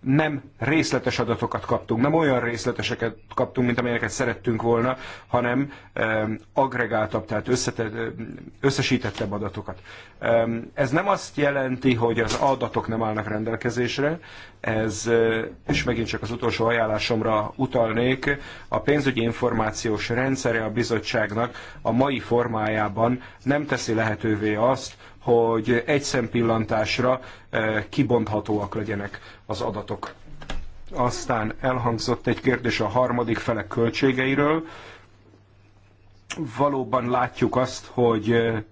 [SPEAKER 3] nem részletes adatokat kaptunk, nem olyan részleteseket kaptunk, mint amelyeket szerettünk volna, hanem agregáltabb, tehát összetett, összesítettebb adatokat. ez nem azt jelenti, hogy az adatok nem állnak rendelkezésre, ez, és megint csak az utolsó ajánlásomra utalnék, a pénzügyi információs rendszere a bizottságnak a mai formájában nem teszi lehetővé azt, hogy egy szempillantásra eh, kibonthatóak legyenek az adatok. Aztán elhangzott egy kérdés a harmadik felek költségeiről. Valóban látjuk azt, hogy eh,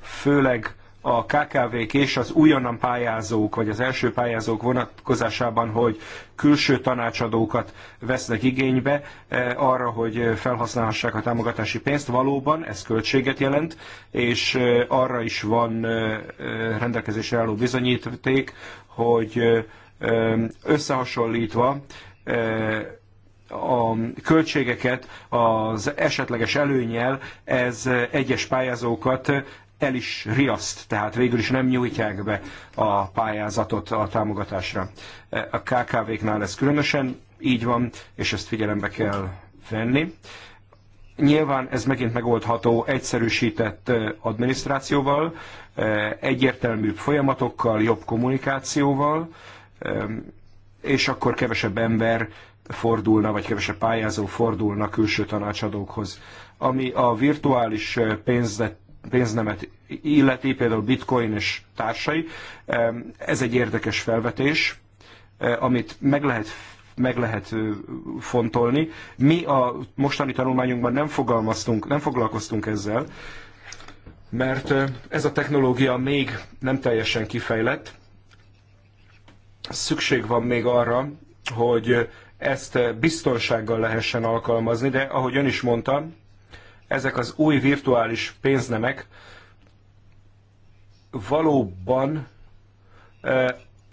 [SPEAKER 3] főleg a KKV-k és az újonnan pályázók, vagy az első pályázók vonatkozásában, hogy külső tanácsadókat vesznek igénybe eh, arra, hogy felhasználhassák a támogatási pénzt. Valóban ez költséget jelent, és eh, arra is van eh, rendelkezésre álló bizonyíték, hogy összehasonlítva a költségeket az esetleges előnyel, ez egyes pályázókat el is riaszt, tehát végül is nem nyújtják be a pályázatot a támogatásra. E, a KKV-knál ez különösen így van, és ezt figyelembe kell venni. Nyilván ez megint megoldható egyszerűsített e, adminisztrációval, e, egyértelműbb folyamatokkal, jobb kommunikációval, és akkor kevesebb ember fordulna, vagy kevesebb pályázó fordulna külső tanácsadókhoz. Ami a virtuális pénzdet pénznemet illeti, például bitcoin és társai. Ez egy érdekes felvetés, eh, amit meg lehet meg lehet fontolni. Mi a mostani tanulmányunkban nem fogalmaztunk, nem foglalkoztunk ezzel, mert ez a technológia még nem teljesen kifejlett. Szükség van még arra, hogy ezt biztonsággal lehessen alkalmazni, de ahogy ön is mondta, ezek az új virtuális pénznemek valóban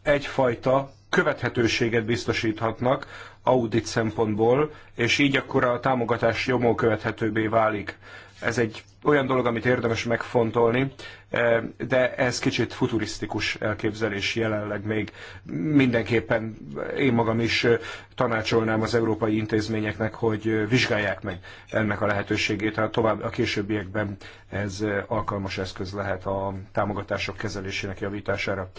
[SPEAKER 3] egyfajta követhetőséget biztosíthatnak audit szempontból, és így akkor a támogatás jomó követhetőbbé válik. Ez egy olyan dolog, amit érdemes megfontolni, eh, de ez kicsit futurisztikus elképzelés jelenleg még. Mindenképpen én magam is eh, tanácsolnám az európai intézményeknek, hogy eh, vizsgálják meg ennek a lehetőségét, hát tovább a későbbiekben ez alkalmas eszköz lehet a támogatások kezelésének javítására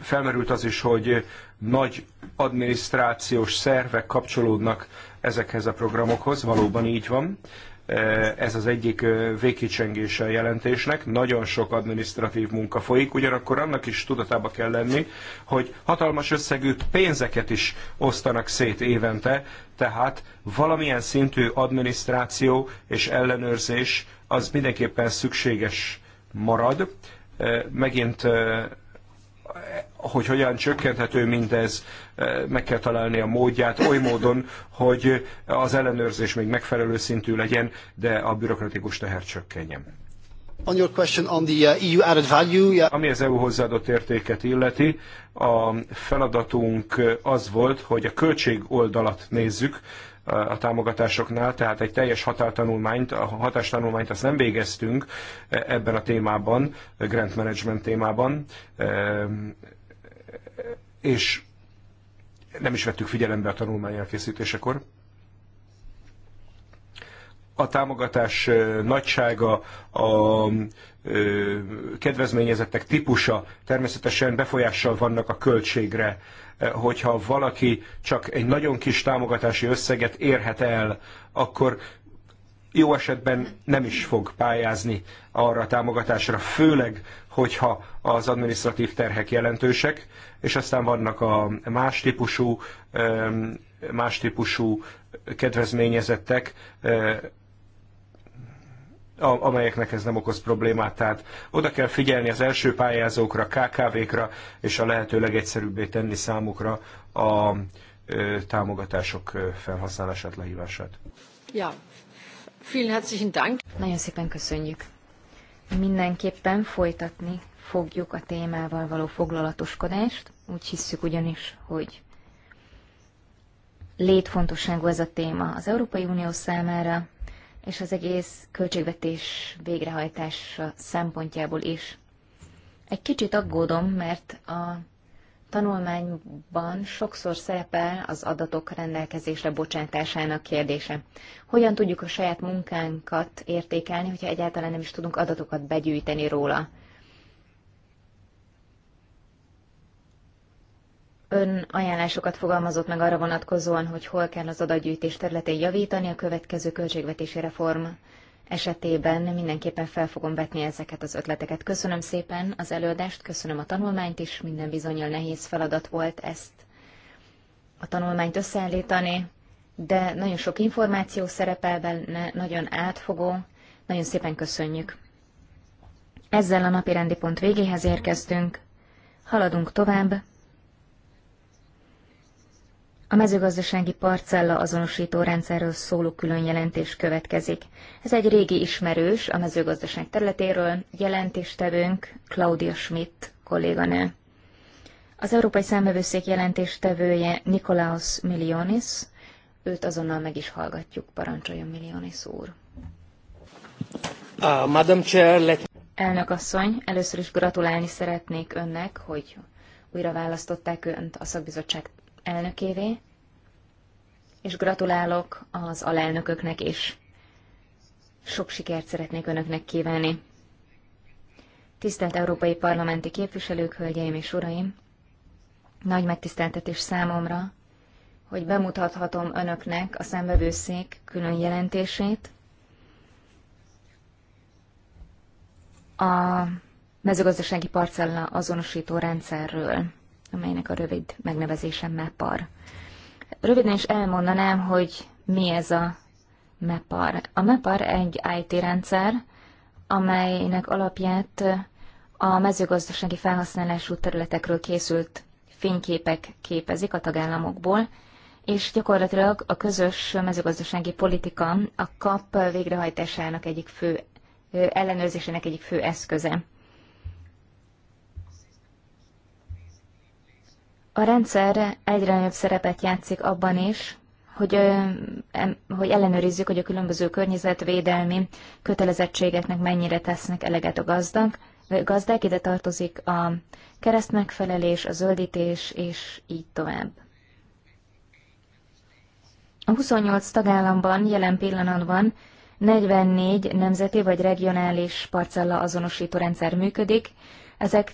[SPEAKER 3] felmerült az is, hogy nagy adminisztrációs szervek kapcsolódnak ezekhez a programokhoz. Valóban így van. E, ez az egyik e, végkicsengése a jelentésnek. Nagyon sok administratív munka folyik, ugyanakkor annak is tudatába kell lenni, hogy hatalmas összegű pénzeket is osztanak szét évente, tehát valamilyen szintű adminisztráció és ellenőrzés az mindenképpen szükséges marad. E, megint hogy hogyan csökkenthető mindez, eh, meg kell találni a módját oly módon, hogy az ellenőrzés még megfelelő szintű legyen, de a bürokratikus teher csökkenjen. On your question on the uh, EU added value, yeah. Ami az EU hozzáadott értéket illeti, a feladatunk az volt, hogy a költség oldalat nézzük, a támogatásoknál, tehát egy teljes határtanulmányt, a hatástanulmányt azt nem végeztünk e, ebben a témában, a grant management témában, e, és nem is vettük figyelembe a tanulmány elkészítésekor. A támogatás e, nagysága, a kedvezményezettek típusa természetesen befolyással vannak a költségre hogyha valaki csak egy nagyon kis támogatási összeget érhet el, akkor jó esetben nem is fog pályázni arra a támogatásra, főleg, hogyha az administratív terhek jelentősek, és aztán vannak a más típusú, más típusú kedvezményezettek, amelyeknek ez nem okoz problémát. Tehát oda kell figyelni az első pályázókra, KKV-kra, és a lehető legegyszerűbbé tenni számukra a támogatások felhasználását, lehívását.
[SPEAKER 1] Ja, vielen herzlichen Dank. Nagyon szépen köszönjük. Mindenképpen folytatni fogjuk a témával való foglalatoskodást. Úgy hisszük ugyanis, hogy létfontosságú ez a téma az Európai Unió számára, és az egész költségvetés végrehajtása szempontjából is. Egy kicsit aggódom, mert a tanulmányban sokszor szerepel az adatok rendelkezésre bocsátásának kérdése. Hogyan tudjuk a saját munkánkat értékelni, hogyha egyáltalán nem is tudunk adatokat begyűjteni róla? Ön ajánlásokat fogalmazott meg arra vonatkozóan, hogy hol kell az adatgyűjtés területén javítani a következő költségvetési reform esetében mindenképpen fel fogom vetni ezeket az ötleteket. Köszönöm szépen az előadást, köszönöm a tanulmányt is, minden bizonyal nehéz feladat volt ezt a tanulmányt összeállítani, de nagyon sok információ szerepel benne, nagyon átfogó, nagyon szépen köszönjük. Ezzel a napi rendi pont végéhez érkeztünk, haladunk tovább. A mezőgazdasági parcella azonosító rendszerről szóló külön jelentés következik. Ez egy régi ismerős a mezőgazdaság területéről, jelentéstevőnk Claudia Schmidt kolléganő. Az Európai Számövőszék jelentéstevője Nikolaos Milionis, őt azonnal meg is hallgatjuk, parancsoljon Milionis úr.
[SPEAKER 2] Uh, Madam Chair, let...
[SPEAKER 1] Elnök asszony, először is gratulálni szeretnék önnek, hogy újra választották önt a szakbizottság elnökévé, és gratulálok az alelnököknek is. Sok sikert szeretnék önöknek kívánni. Tisztelt Európai Parlamenti képviselők, hölgyeim és uraim! Nagy megtiszteltetés számomra, hogy bemutathatom önöknek a szembevőszék külön jelentését. A mezőgazdasági parcella azonosító rendszerről amelynek a rövid megnevezése MEPAR. Röviden is elmondanám, hogy mi ez a MEPAR. A MEPAR egy IT rendszer, amelynek alapját a mezőgazdasági felhasználású területekről készült fényképek képezik a tagállamokból, és gyakorlatilag a közös mezőgazdasági politika a KAP végrehajtásának egyik fő ellenőrzésének egyik fő eszköze. A rendszer egyre nagyobb szerepet játszik abban is, hogy, hogy ellenőrizzük, hogy a különböző környezetvédelmi kötelezettségeknek mennyire tesznek eleget a gazdag, gazdák, ide tartozik a keresztmegfelelés, a zöldítés, és így tovább. A 28 tagállamban jelen pillanatban 44 nemzeti vagy regionális parcella azonosító rendszer működik, ezek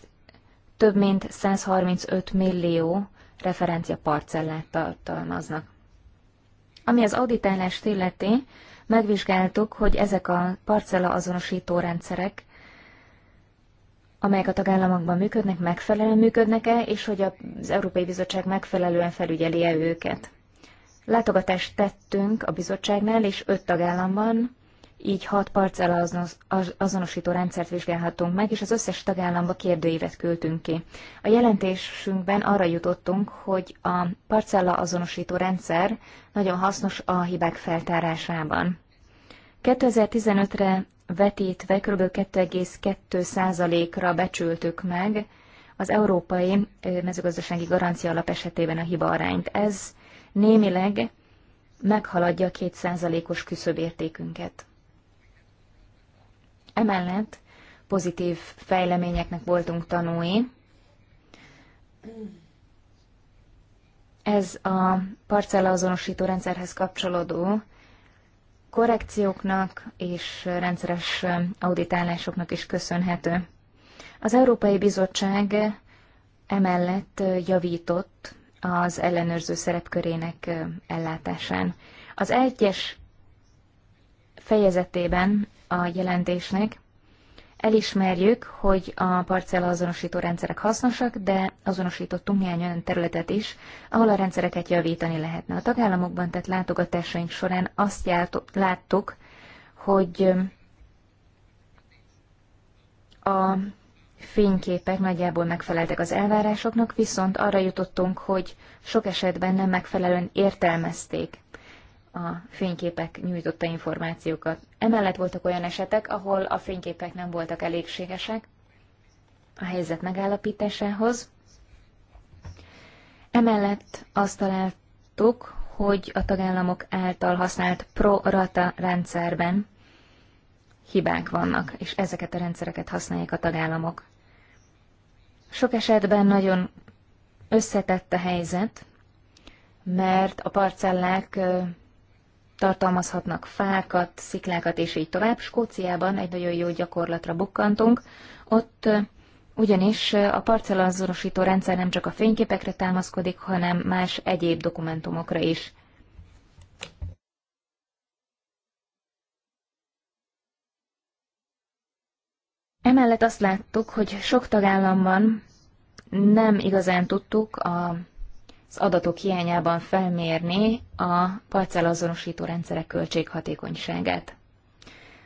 [SPEAKER 1] több mint 135 millió referencia parcellát tartalmaznak. Ami az auditálást illeti, megvizsgáltuk, hogy ezek a parcella azonosító rendszerek, amelyek a tagállamokban működnek, megfelelően működnek-e, és hogy az Európai Bizottság megfelelően felügyeli-e őket. Látogatást tettünk a bizottságnál, és öt tagállamban így hat parcella azonosító rendszert vizsgálhattunk meg, és az összes tagállamba kérdőívet küldtünk ki. A jelentésünkben arra jutottunk, hogy a parcella azonosító rendszer nagyon hasznos a hibák feltárásában. 2015-re vetítve kb. 2,2%-ra becsültük meg az európai mezőgazdasági garancia alap esetében a hiba arányt. Ez némileg meghaladja a 2%-os küszöbértékünket. Emellett pozitív fejleményeknek voltunk tanúi. Ez a azonosító rendszerhez kapcsolódó korrekcióknak és rendszeres auditálásoknak is köszönhető. Az Európai Bizottság emellett javított az ellenőrző szerepkörének ellátásán. Az egyes fejezetében a jelentésnek. Elismerjük, hogy a parcella azonosító rendszerek hasznosak, de azonosítottunk néhány olyan területet is, ahol a rendszereket javítani lehetne. A tagállamokban tett látogatásaink során azt láttuk, hogy a fényképek nagyjából megfeleltek az elvárásoknak, viszont arra jutottunk, hogy sok esetben nem megfelelően értelmezték a fényképek nyújtotta információkat. Emellett voltak olyan esetek, ahol a fényképek nem voltak elégségesek a helyzet megállapításához. Emellett azt találtuk, hogy a tagállamok által használt pro-rata rendszerben hibák vannak, és ezeket a rendszereket használják a tagállamok. Sok esetben nagyon összetett a helyzet, mert a parcellák tartalmazhatnak fákat, sziklákat és így tovább. Skóciában egy nagyon jó gyakorlatra bukkantunk. Ott ugyanis a parcellazonosító rendszer nem csak a fényképekre támaszkodik, hanem más egyéb dokumentumokra is. Emellett azt láttuk, hogy sok tagállamban nem igazán tudtuk a az adatok hiányában felmérni a parcellazonosító rendszerek költséghatékonyságát.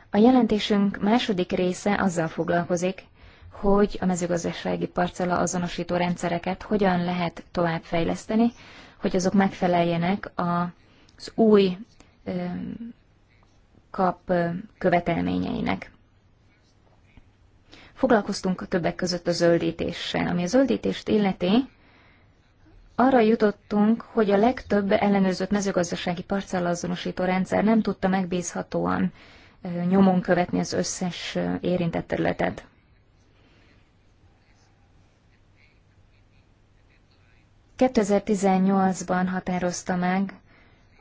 [SPEAKER 1] A jelentésünk második része azzal foglalkozik, hogy a mezőgazdasági parcella azonosító rendszereket hogyan lehet továbbfejleszteni, hogy azok megfeleljenek az új kap követelményeinek. Foglalkoztunk többek között a zöldítéssel. Ami a zöldítést illeti, arra jutottunk, hogy a legtöbb ellenőrzött mezőgazdasági parcellazonosító rendszer nem tudta megbízhatóan nyomon követni az összes érintett területet. ...2018-ban határozta meg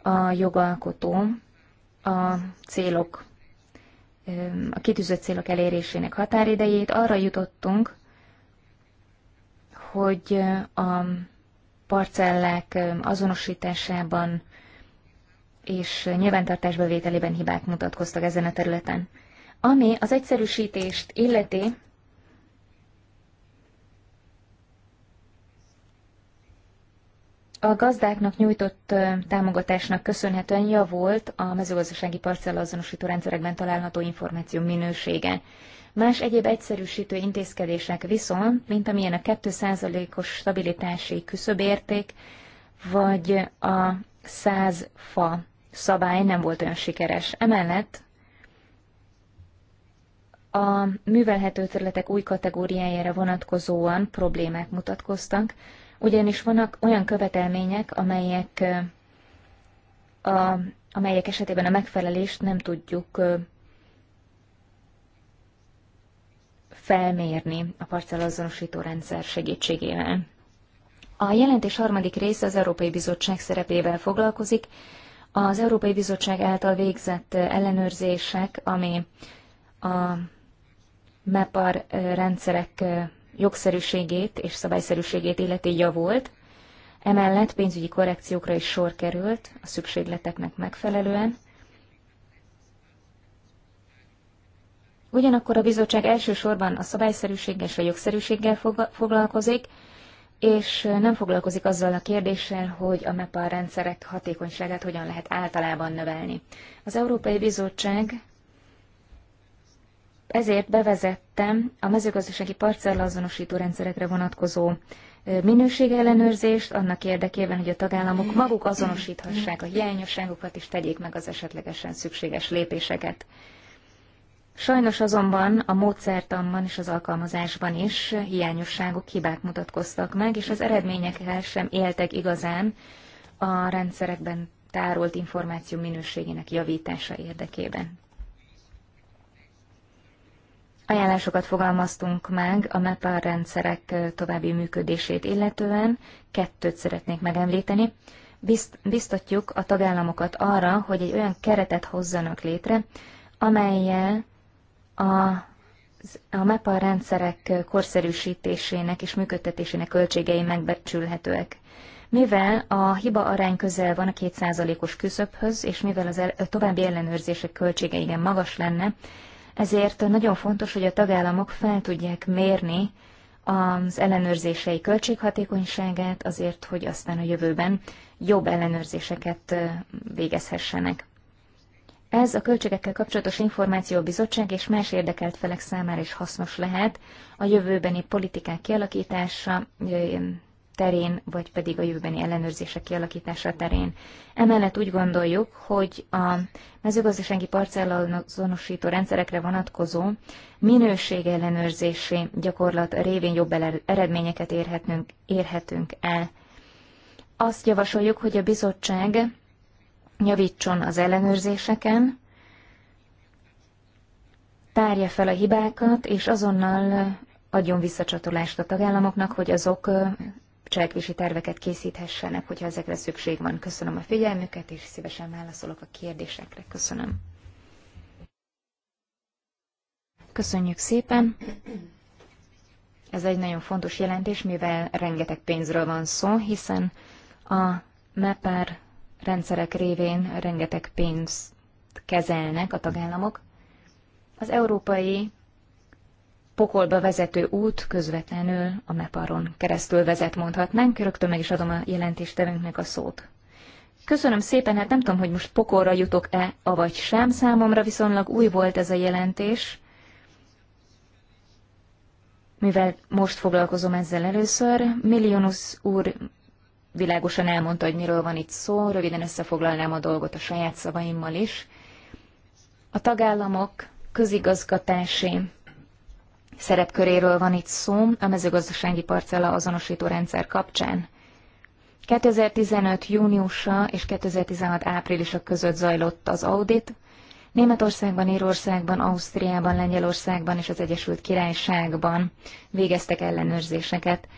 [SPEAKER 1] a jogalkotó a célok, a kitűzött célok elérésének határidejét. Arra jutottunk, hogy a parcellák azonosításában és nyilvántartásbevételében hibák mutatkoztak ezen a területen. Ami az egyszerűsítést illeti, a gazdáknak nyújtott támogatásnak köszönhetően javult a mezőgazdasági parcella azonosító rendszerekben található információ minősége. Más egyéb egyszerűsítő intézkedések viszont, mint amilyen a 2%-os stabilitási küszöbérték, vagy a 100 fa szabály nem volt olyan sikeres. Emellett a művelhető területek új kategóriájára vonatkozóan problémák mutatkoztak, ugyanis vannak olyan követelmények, amelyek, a, amelyek esetében a megfelelést nem tudjuk felmérni a parcellazonosító rendszer segítségével. A jelentés harmadik része az Európai Bizottság szerepével foglalkozik. Az Európai Bizottság által végzett ellenőrzések, ami a MEPAR rendszerek jogszerűségét és szabályszerűségét illeti javult, emellett pénzügyi korrekciókra is sor került a szükségleteknek megfelelően. Ugyanakkor a bizottság elsősorban a szabályszerűséggel és a jogszerűséggel foglalkozik, és nem foglalkozik azzal a kérdéssel, hogy a MEPA rendszerek hatékonyságát hogyan lehet általában növelni. Az Európai Bizottság ezért bevezettem a mezőgazdasági parcellazonosító rendszerekre vonatkozó minőségellenőrzést annak érdekében, hogy a tagállamok maguk azonosíthassák a hiányosságokat és tegyék meg az esetlegesen szükséges lépéseket. Sajnos azonban a módszertanban és az alkalmazásban is hiányosságok, hibák mutatkoztak meg, és az eredményekkel sem éltek igazán a rendszerekben tárolt információ minőségének javítása érdekében. Ajánlásokat fogalmaztunk meg a MEPA rendszerek további működését illetően, kettőt szeretnék megemlíteni. Biztatjuk a tagállamokat arra, hogy egy olyan keretet hozzanak létre, amelyel a a MEPA rendszerek korszerűsítésének és működtetésének költségei megbecsülhetőek. Mivel a hiba arány közel van a 2%-os küszöbhöz, és mivel az el, a további ellenőrzések költsége igen magas lenne, ezért nagyon fontos, hogy a tagállamok fel tudják mérni az ellenőrzései költséghatékonyságát, azért, hogy aztán a jövőben jobb ellenőrzéseket végezhessenek. Ez a költségekkel kapcsolatos információ bizottság és más érdekelt felek számára is hasznos lehet a jövőbeni politikák kialakítása terén, vagy pedig a jövőbeni ellenőrzések kialakítása terén. Emellett úgy gondoljuk, hogy a mezőgazdasági parcellazonosító rendszerekre vonatkozó minőség ellenőrzési gyakorlat révén jobb eredményeket érhetünk, érhetünk el. Azt javasoljuk, hogy a bizottság javítson az ellenőrzéseken, tárja fel a hibákat, és azonnal adjon visszacsatolást a tagállamoknak, hogy azok cselekvési terveket készíthessenek, hogyha ezekre szükség van. Köszönöm a figyelmüket, és szívesen válaszolok a kérdésekre. Köszönöm. Köszönjük szépen! Ez egy nagyon fontos jelentés, mivel rengeteg pénzről van szó, hiszen a MEPER rendszerek révén rengeteg pénzt kezelnek a tagállamok. Az európai pokolba vezető út közvetlenül a MEPARon keresztül vezet, mondhatnánk. Rögtön meg is adom a jelentéstevőnknek a szót. Köszönöm szépen, hát nem tudom, hogy most pokolra jutok-e, avagy sem. Számomra viszonylag új volt ez a jelentés, mivel most foglalkozom ezzel először. Millionus úr világosan elmondta, hogy miről van itt szó, röviden összefoglalnám a dolgot a saját szavaimmal is. A tagállamok közigazgatási szerepköréről van itt szó a mezőgazdasági parcella azonosító rendszer kapcsán. 2015. júniusa és 2016. áprilisa között zajlott az audit. Németországban, Írországban, Ausztriában, Lengyelországban és az Egyesült Királyságban végeztek ellenőrzéseket.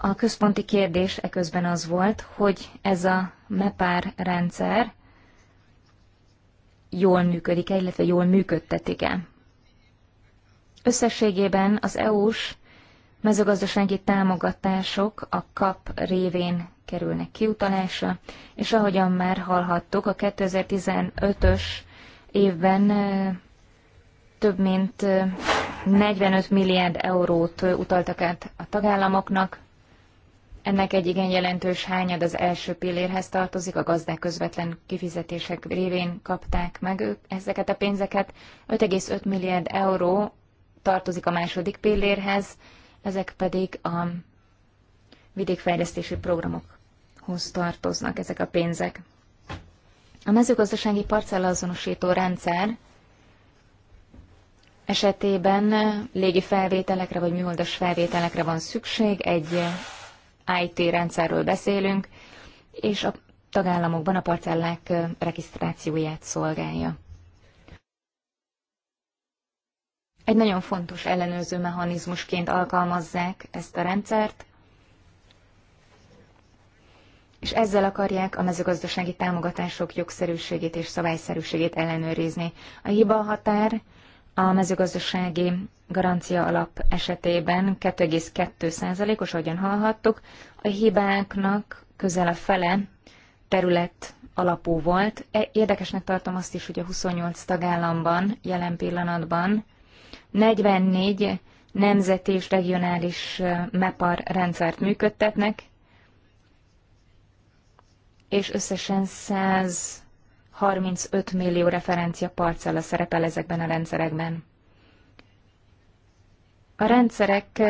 [SPEAKER 1] A központi kérdés eközben az volt, hogy ez a MEPÁR rendszer jól működik-e, illetve jól működtetik-e. Összességében az EU-s mezőgazdasági támogatások a KAP révén kerülnek kiutalásra, és ahogyan már hallhattuk, a 2015-ös évben több mint 45 milliárd eurót utaltak át a tagállamoknak, ennek egy igen jelentős hányad az első pillérhez tartozik, a gazdák közvetlen kifizetések révén kapták meg ők ezeket a pénzeket. 5,5 milliárd euró tartozik a második pillérhez, ezek pedig a vidékfejlesztési programokhoz tartoznak ezek a pénzek. A mezőgazdasági parcellazonosító rendszer esetében légi felvételekre vagy műholdas felvételekre van szükség, egy IT rendszerről beszélünk, és a tagállamokban a parcellák regisztrációját szolgálja. Egy nagyon fontos ellenőrző mechanizmusként alkalmazzák ezt a rendszert, és ezzel akarják a mezőgazdasági támogatások jogszerűségét és szabályszerűségét ellenőrizni. A hiba határ a mezőgazdasági garancia alap esetében 2,2%-os, ahogyan hallhattuk, a hibáknak közel a fele terület alapú volt. E, érdekesnek tartom azt is, hogy a 28 tagállamban jelen pillanatban 44 nemzeti és regionális MEPAR rendszert működtetnek, és összesen 100 35 millió referencia parcella szerepel ezekben a rendszerekben. A rendszerek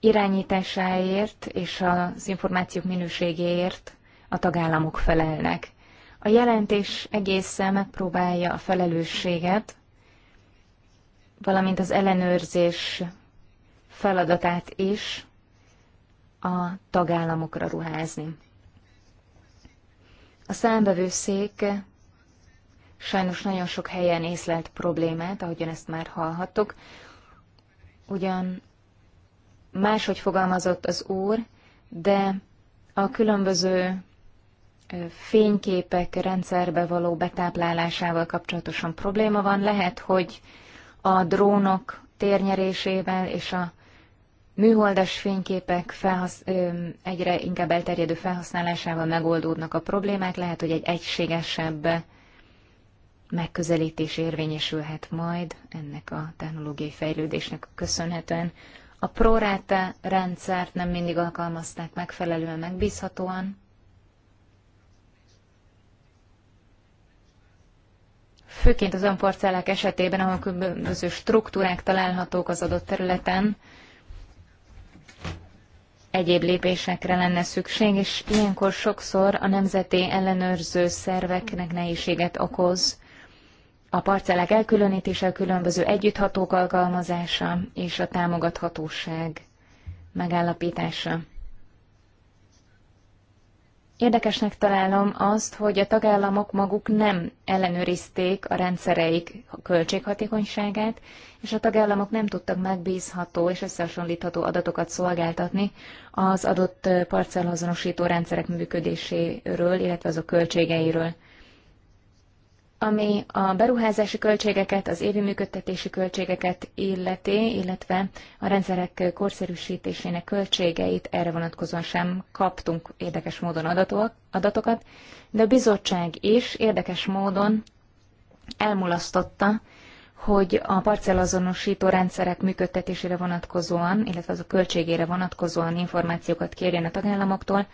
[SPEAKER 1] irányításáért és az információk minőségéért a tagállamok felelnek. A jelentés egészen megpróbálja a felelősséget, valamint az ellenőrzés feladatát is a tagállamokra ruházni. A számbevőszék sajnos nagyon sok helyen észlelt problémát, ahogyan ezt már hallhattuk, ugyan máshogy fogalmazott az úr, de a különböző fényképek rendszerbe való betáplálásával kapcsolatosan probléma van. Lehet, hogy a drónok térnyerésével és a műholdas fényképek felhasz, ö, egyre inkább elterjedő felhasználásával megoldódnak a problémák, lehet, hogy egy egységesebb megközelítés érvényesülhet majd ennek a technológiai fejlődésnek köszönhetően. A proráta rendszert nem mindig alkalmazták megfelelően megbízhatóan. Főként az önporcellák esetében, ahol különböző struktúrák találhatók az adott területen, egyéb lépésekre lenne szükség, és ilyenkor sokszor a nemzeti ellenőrző szerveknek nehézséget okoz a parcelek elkülönítése, a különböző együtthatók alkalmazása és a támogathatóság megállapítása. Érdekesnek találom azt, hogy a tagállamok maguk nem ellenőrizték a rendszereik költséghatékonyságát, és a tagállamok nem tudtak megbízható és összehasonlítható adatokat szolgáltatni az adott parcellazonosító rendszerek működéséről, illetve azok költségeiről ami a beruházási költségeket, az évi működtetési költségeket illeti, illetve a rendszerek korszerűsítésének költségeit erre vonatkozóan sem kaptunk érdekes módon adatokat, de a bizottság is érdekes módon elmulasztotta, hogy a parcellazonosító rendszerek működtetésére vonatkozóan, illetve azok költségére vonatkozóan információkat kérjen a tagállamoktól,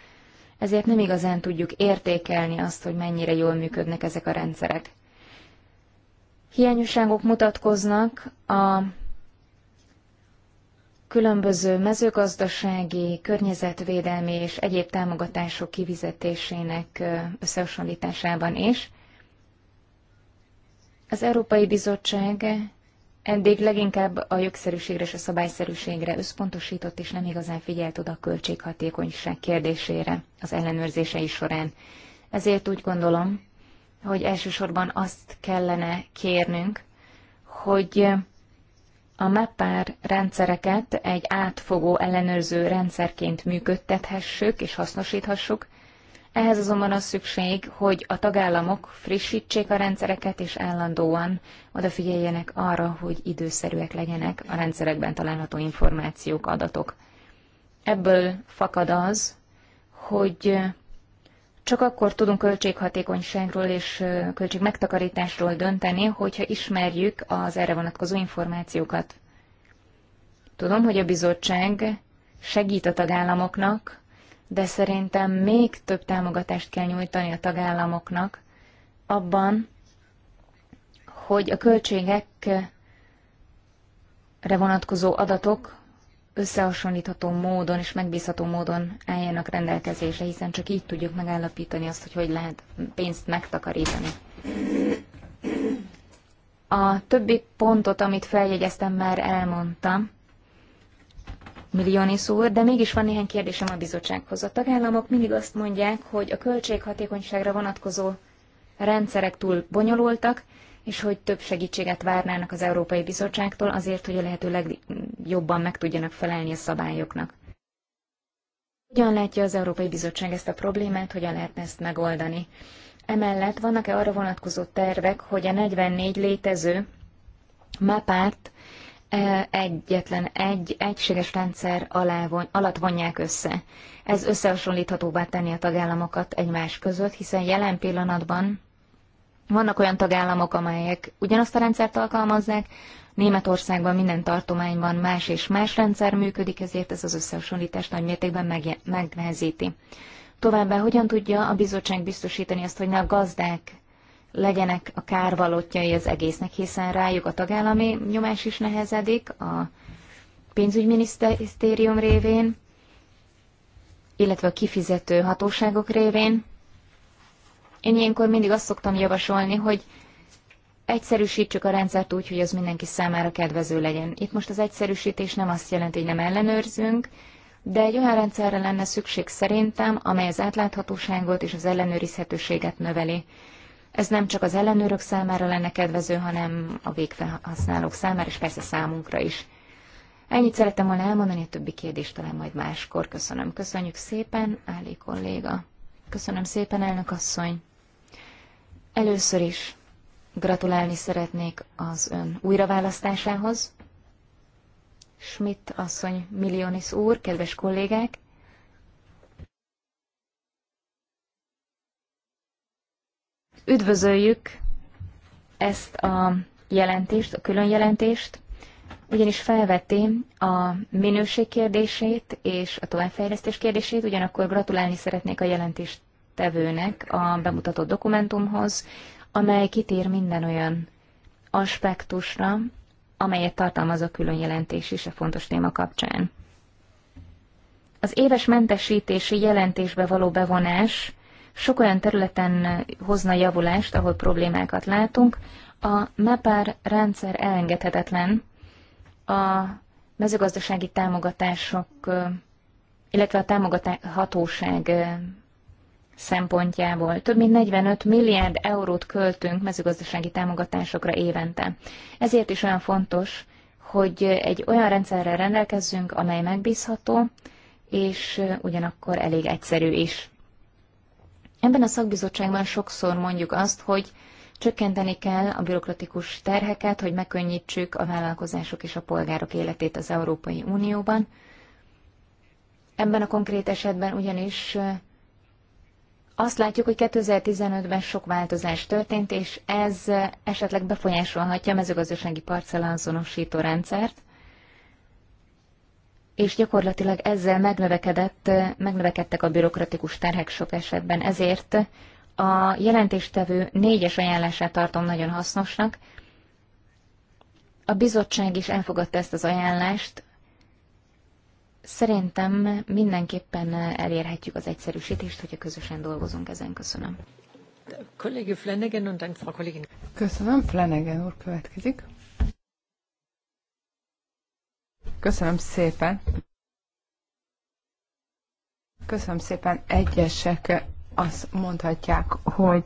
[SPEAKER 1] ezért nem igazán tudjuk értékelni azt, hogy mennyire jól működnek ezek a rendszerek. Hiányosságok mutatkoznak a különböző mezőgazdasági, környezetvédelmi és egyéb támogatások kivizetésének összehasonlításában is. Az Európai Bizottság eddig leginkább a jogszerűségre és a szabályszerűségre összpontosított, és nem igazán figyelt oda a költséghatékonyság kérdésére az ellenőrzései során. Ezért úgy gondolom, hogy elsősorban azt kellene kérnünk, hogy a MEPÁR rendszereket egy átfogó ellenőrző rendszerként működtethessük és hasznosíthassuk, ehhez azonban az szükség, hogy a tagállamok frissítsék a rendszereket, és állandóan odafigyeljenek arra, hogy időszerűek legyenek a rendszerekben található információk, adatok. Ebből fakad az, hogy csak akkor tudunk költséghatékonyságról és költségmegtakarításról dönteni, hogyha ismerjük az erre vonatkozó információkat. Tudom, hogy a bizottság segít a tagállamoknak de szerintem még több támogatást kell nyújtani a tagállamoknak abban, hogy a költségekre vonatkozó adatok összehasonlítható módon és megbízható módon álljanak rendelkezésre, hiszen csak így tudjuk megállapítani azt, hogy hogy lehet pénzt megtakarítani. A többi pontot, amit feljegyeztem, már elmondtam. Milionis úr, de mégis van néhány kérdésem a bizottsághoz. A tagállamok mindig azt mondják, hogy a költséghatékonyságra vonatkozó rendszerek túl bonyolultak, és hogy több segítséget várnának az Európai Bizottságtól azért, hogy a lehető legjobban meg tudjanak felelni a szabályoknak. Hogyan látja az Európai Bizottság ezt a problémát, hogyan lehetne ezt megoldani? Emellett vannak-e arra vonatkozó tervek, hogy a 44 létező mapát E, egyetlen egy egységes rendszer alá von, alatt vonják össze. Ez összehasonlíthatóvá tenni a tagállamokat egymás között, hiszen jelen pillanatban vannak olyan tagállamok, amelyek ugyanazt a rendszert alkalmazzák, Németországban minden tartományban más és más rendszer működik, ezért ez az összehasonlítást nagy mértékben megnehezíti. Továbbá hogyan tudja a bizottság biztosítani azt, hogy ne a gazdák legyenek a kárvalótjai az egésznek, hiszen rájuk a tagállami nyomás is nehezedik a pénzügyminisztérium révén, illetve a kifizető hatóságok révén. Én ilyenkor mindig azt szoktam javasolni, hogy egyszerűsítsük a rendszert úgy, hogy az mindenki számára kedvező legyen. Itt most az egyszerűsítés nem azt jelenti, hogy nem ellenőrzünk, de egy olyan rendszerre lenne szükség szerintem, amely az átláthatóságot és az ellenőrizhetőséget növeli. Ez nem csak az ellenőrök számára lenne kedvező, hanem a végfelhasználók számára, és persze számunkra is. Ennyit szerettem volna elmondani, a többi kérdést talán majd máskor. Köszönöm. Köszönjük szépen, Áli kolléga. Köszönöm szépen, elnök asszony. Először is gratulálni szeretnék az ön újraválasztásához. Schmidt asszony, Millionis úr, kedves kollégák, Üdvözöljük ezt a jelentést, a külön jelentést, ugyanis felveti a minőség kérdését és a továbbfejlesztés kérdését, ugyanakkor gratulálni szeretnék a tevőnek a bemutatott dokumentumhoz, amely kitér minden olyan aspektusra, amelyet tartalmaz a külön jelentés is a fontos téma kapcsán. Az éves mentesítési jelentésbe való bevonás sok olyan területen hozna javulást, ahol problémákat látunk. A MEPAR rendszer elengedhetetlen. A mezőgazdasági támogatások, illetve a támogathatóság szempontjából. Több mint 45 milliárd eurót költünk mezőgazdasági támogatásokra évente. Ezért is olyan fontos, hogy egy olyan rendszerrel rendelkezzünk, amely megbízható, és ugyanakkor elég egyszerű is. Ebben a szakbizottságban sokszor mondjuk azt, hogy csökkenteni kell a bürokratikus terheket, hogy megkönnyítsük a vállalkozások és a polgárok életét az Európai Unióban. Ebben a konkrét esetben ugyanis azt látjuk, hogy 2015-ben sok változás történt, és ez esetleg befolyásolhatja a mezőgazdasági parcellazonosító rendszert és gyakorlatilag ezzel megnövekedett, megnövekedtek a bürokratikus terhek sok esetben. Ezért a jelentéstevő négyes ajánlását tartom nagyon hasznosnak. A bizottság is elfogadta ezt az ajánlást. Szerintem mindenképpen elérhetjük az egyszerűsítést, hogyha közösen dolgozunk ezen. Köszönöm.
[SPEAKER 2] Flanagan, Kollegin.
[SPEAKER 1] Köszönöm, Flanagan úr következik.
[SPEAKER 4] Köszönöm szépen. Köszönöm szépen. Egyesek azt mondhatják, hogy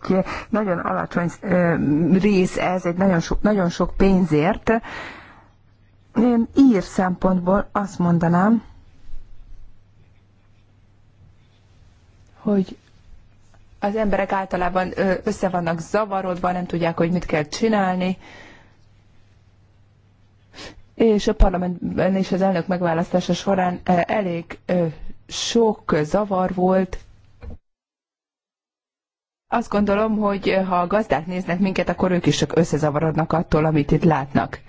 [SPEAKER 4] nagyon alacsony rész ez, egy nagyon sok, nagyon sok pénzért. Én ír szempontból azt mondanám, hogy az emberek általában össze vannak zavarodva, nem tudják, hogy mit kell csinálni és a parlamentben és az elnök megválasztása során eh, elég eh, sok zavar volt, azt gondolom, hogy eh, ha a gazdák néznek minket, akkor ők is csak összezavarodnak attól, amit itt látnak.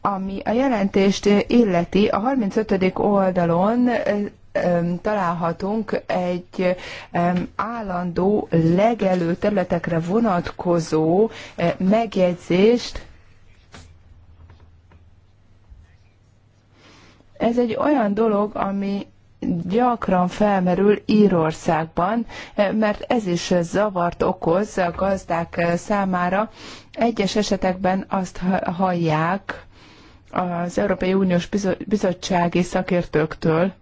[SPEAKER 4] Ami a jelentést illeti, a 35. oldalon találhatunk egy állandó legelő területekre vonatkozó megjegyzést, Ez egy olyan dolog, ami gyakran felmerül Írországban, eh, mert ez is zavart okoz a gazdák eh, számára. Egyes esetekben azt hallják az Európai Uniós Bizottsági Szakértőktől,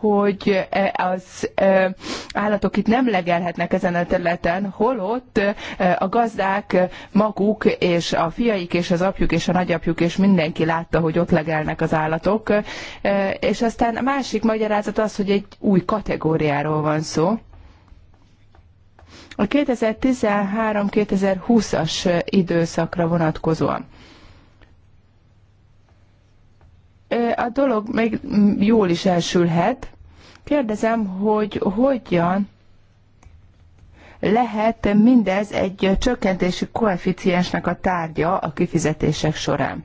[SPEAKER 4] hogy e, az e, állatok itt nem legelhetnek ezen a területen, holott e, a gazdák maguk és a fiaik és az apjuk és a nagyapjuk és mindenki látta, hogy ott legelnek az állatok. És aztán a másik magyarázat az, hogy egy új kategóriáról van szó. A 2013-2020-as időszakra vonatkozóan. a dolog még jól is elsülhet. Kérdezem, hogy hogyan lehet mindez egy csökkentési koeficiensnek a tárgya a kifizetések során.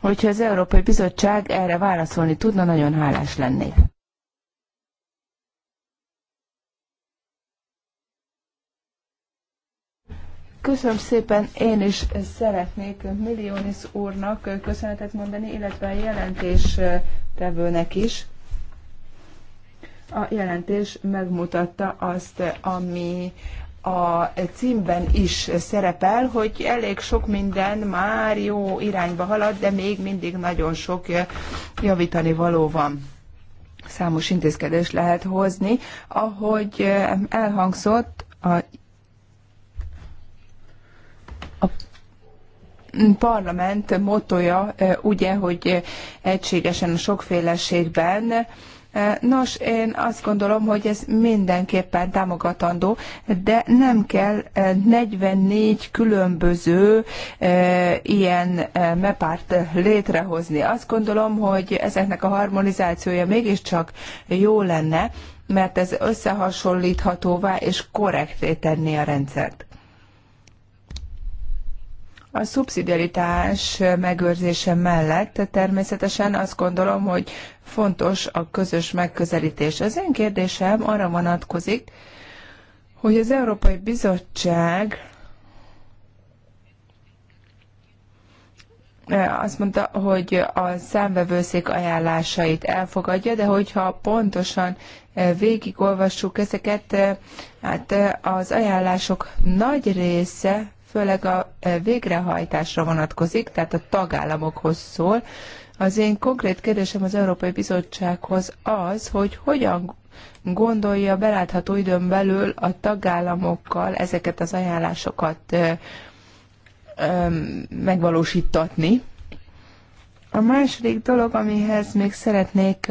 [SPEAKER 4] Hogyha az Európai Bizottság erre válaszolni tudna, nagyon hálás lennék. Köszönöm szépen, én is szeretnék Millionis úrnak köszönetet mondani, illetve a jelentés tevőnek is. A jelentés megmutatta azt, ami a címben is szerepel, hogy elég sok minden már jó irányba halad, de még mindig nagyon sok javítani való van számos intézkedés lehet hozni. Ahogy elhangzott, a parlament motoja ugye, hogy egységesen a sokféleségben, Nos, én azt gondolom, hogy ez mindenképpen támogatandó, de nem kell 44 különböző ilyen mepárt létrehozni. Azt gondolom, hogy ezeknek a harmonizációja mégiscsak jó lenne, mert ez összehasonlíthatóvá és korrekté tenni a rendszert. A szubszidiaritás megőrzése mellett természetesen azt gondolom, hogy fontos a közös megközelítés. Az én kérdésem arra vonatkozik, hogy az Európai Bizottság eh, azt mondta, hogy a számvevőszék ajánlásait elfogadja, de hogyha pontosan eh, végigolvassuk ezeket, eh, hát az ajánlások nagy része főleg a e, végrehajtásra vonatkozik, tehát a tagállamokhoz szól. Az én konkrét kérdésem az Európai Bizottsághoz az, hogy hogyan gondolja belátható időn belül a tagállamokkal ezeket az ajánlásokat e, e, megvalósítatni. A második dolog, amihez még szeretnék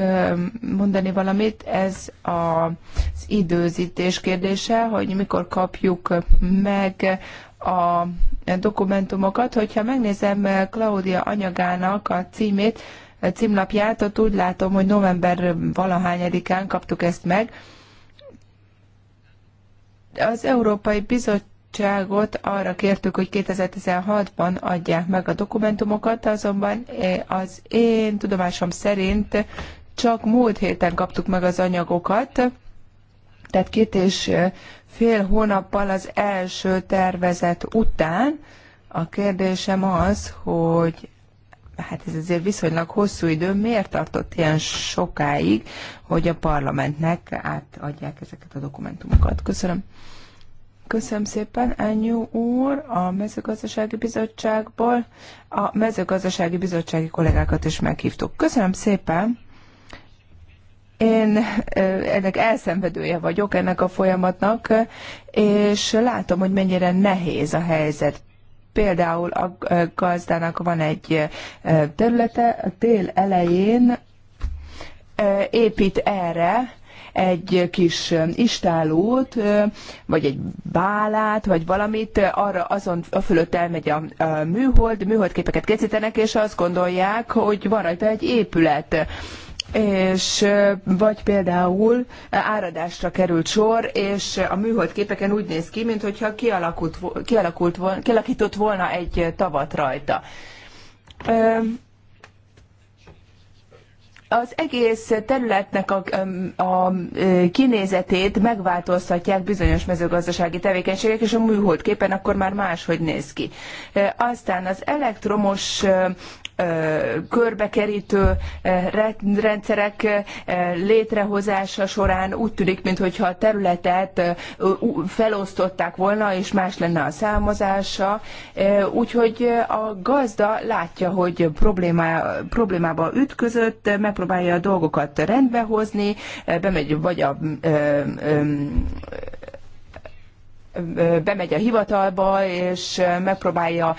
[SPEAKER 4] mondani valamit, ez az időzítés kérdése, hogy mikor kapjuk meg a dokumentumokat. Hogyha megnézem Claudia anyagának a címét, a címlapját, ott úgy látom, hogy november valahányadikán kaptuk ezt meg. Az Európai Bizottságot arra kértük, hogy 2016-ban adják meg a dokumentumokat, azonban eh, az én tudomásom szerint csak múlt héten kaptuk meg az anyagokat, tehát két és eh, fél hónappal az első tervezet után. A kérdésem az, hogy hát ez azért viszonylag hosszú idő, miért tartott ilyen sokáig, hogy a parlamentnek átadják ezeket a dokumentumokat? Köszönöm. Köszönöm szépen, Ennyi úr, a mezőgazdasági bizottságból. A mezőgazdasági bizottsági kollégákat is meghívtuk. Köszönöm szépen. Én ennek elszenvedője vagyok, ennek a folyamatnak, és látom, hogy mennyire nehéz a helyzet. Például a gazdának van egy területe, a tél elején épít erre egy kis istálót, vagy egy bálát, vagy valamit, arra azon a fölött elmegy a, műhold, műholdképeket készítenek, és azt gondolják, hogy van rajta egy épület és vagy például áradásra került sor, és a műhold képeken úgy néz ki, mintha kialakult, kialakult, kialakított volna egy tavat rajta. Az egész területnek a, a, a kinézetét megváltoztatják bizonyos mezőgazdasági tevékenységek, és a műhold képen akkor már máshogy néz ki. Aztán az elektromos körbekerítő rendszerek létrehozása során úgy tűnik, mintha a területet felosztották volna, és más lenne a számozása. Úgyhogy a gazda látja, hogy problémá, problémába ütközött, megpróbálja a dolgokat rendbe hozni, bemegy vagy a bemegy a hivatalba, és megpróbálja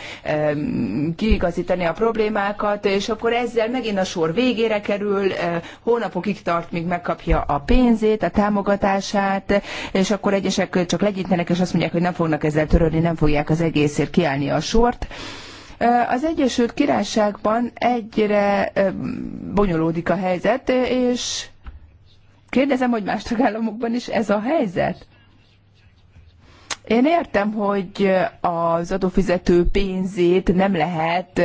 [SPEAKER 4] kiigazítani a problémákat, és akkor ezzel megint a sor végére kerül, hónapokig tart, míg megkapja a pénzét, a támogatását, és akkor egyesek csak legyintenek, és azt mondják, hogy nem fognak ezzel törődni, nem fogják az egészért kiállni a sort. Az Egyesült Királyságban egyre bonyolódik a helyzet, és kérdezem, hogy más tagállamokban is ez a helyzet? Én értem, hogy az adófizető pénzét nem lehet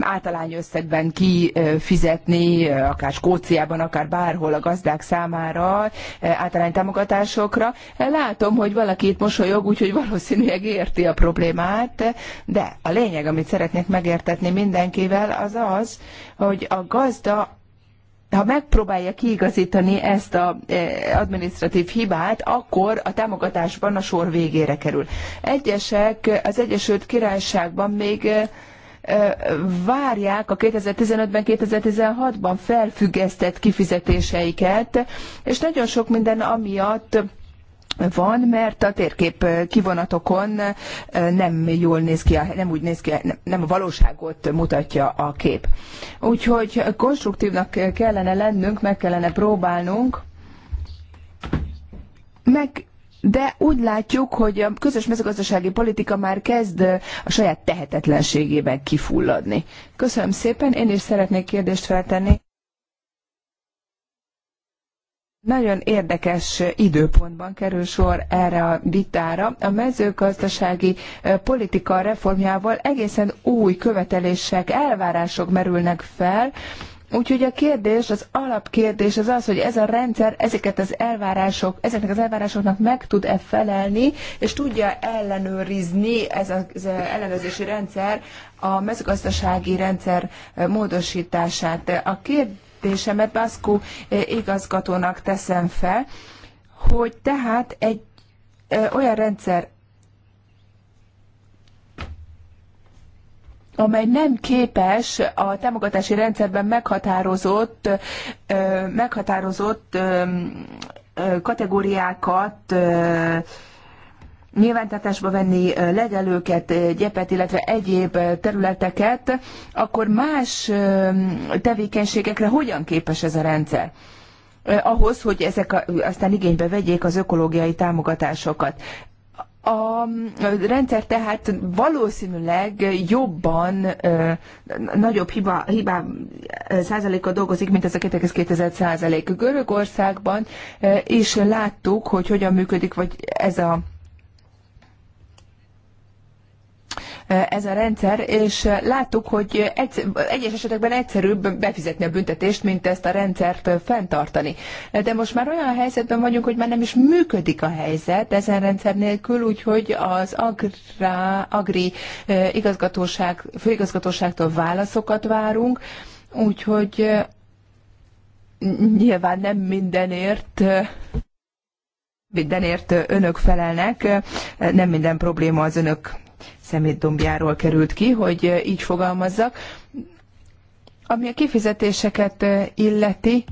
[SPEAKER 4] általány összegben kifizetni, akár Skóciában, akár bárhol a gazdák számára általány támogatásokra. Látom, hogy valaki itt mosolyog, úgyhogy valószínűleg érti a problémát, de a lényeg, amit szeretnék megértetni mindenkivel, az az, hogy a gazda ha megpróbálja kiigazítani ezt az eh, administratív hibát, akkor a támogatásban a sor végére kerül. Egyesek az Egyesült Királyságban még eh, eh, várják a 2015-ben, 2016-ban felfüggesztett kifizetéseiket, és nagyon sok minden amiatt van, mert a térkép kivonatokon nem jól néz ki, nem úgy néz ki, nem a valóságot mutatja a kép. Úgyhogy konstruktívnak kellene lennünk, meg kellene próbálnunk, meg de úgy látjuk, hogy a közös mezőgazdasági politika már kezd a saját tehetetlenségében kifulladni. Köszönöm szépen, én is szeretnék kérdést feltenni. Nagyon érdekes időpontban kerül sor erre a vitára. A mezőgazdasági politika reformjával egészen új követelések, elvárások merülnek fel, Úgyhogy a kérdés, az alapkérdés az az, hogy ez a rendszer ezeket az elvárások, ezeknek az elvárásoknak meg tud-e felelni, és tudja ellenőrizni ez az ellenőrzési rendszer a mezőgazdasági rendszer módosítását. A kérdés kérdésemet Baszkó eh, igazgatónak teszem fel, hogy tehát egy eh, olyan rendszer, amely nem képes a támogatási rendszerben meghatározott, eh, meghatározott kategóriákat nyilvántartásba venni legelőket, gyepet, illetve egyéb területeket, akkor más tevékenységekre hogyan képes ez a rendszer? ahhoz, hogy ezek aztán igénybe vegyék az ökológiai támogatásokat. A rendszer tehát valószínűleg jobban, nagyobb hiba, hibá százaléka dolgozik, mint ez a 2,2 százalék. Görögországban is láttuk, hogy hogyan működik, vagy ez a ez a rendszer, és láttuk, hogy egyes esetekben egyszerűbb befizetni a büntetést, mint ezt a rendszert fenntartani. De most már olyan helyzetben vagyunk, hogy már nem is működik a helyzet ezen rendszer nélkül, úgyhogy az Agri, agri igazgatóság, főigazgatóságtól válaszokat várunk, úgyhogy nyilván nem mindenért mindenért önök felelnek, nem minden probléma az önök szemétdombjáról került ki, hogy így fogalmazzak. Ami a kifizetéseket illeti,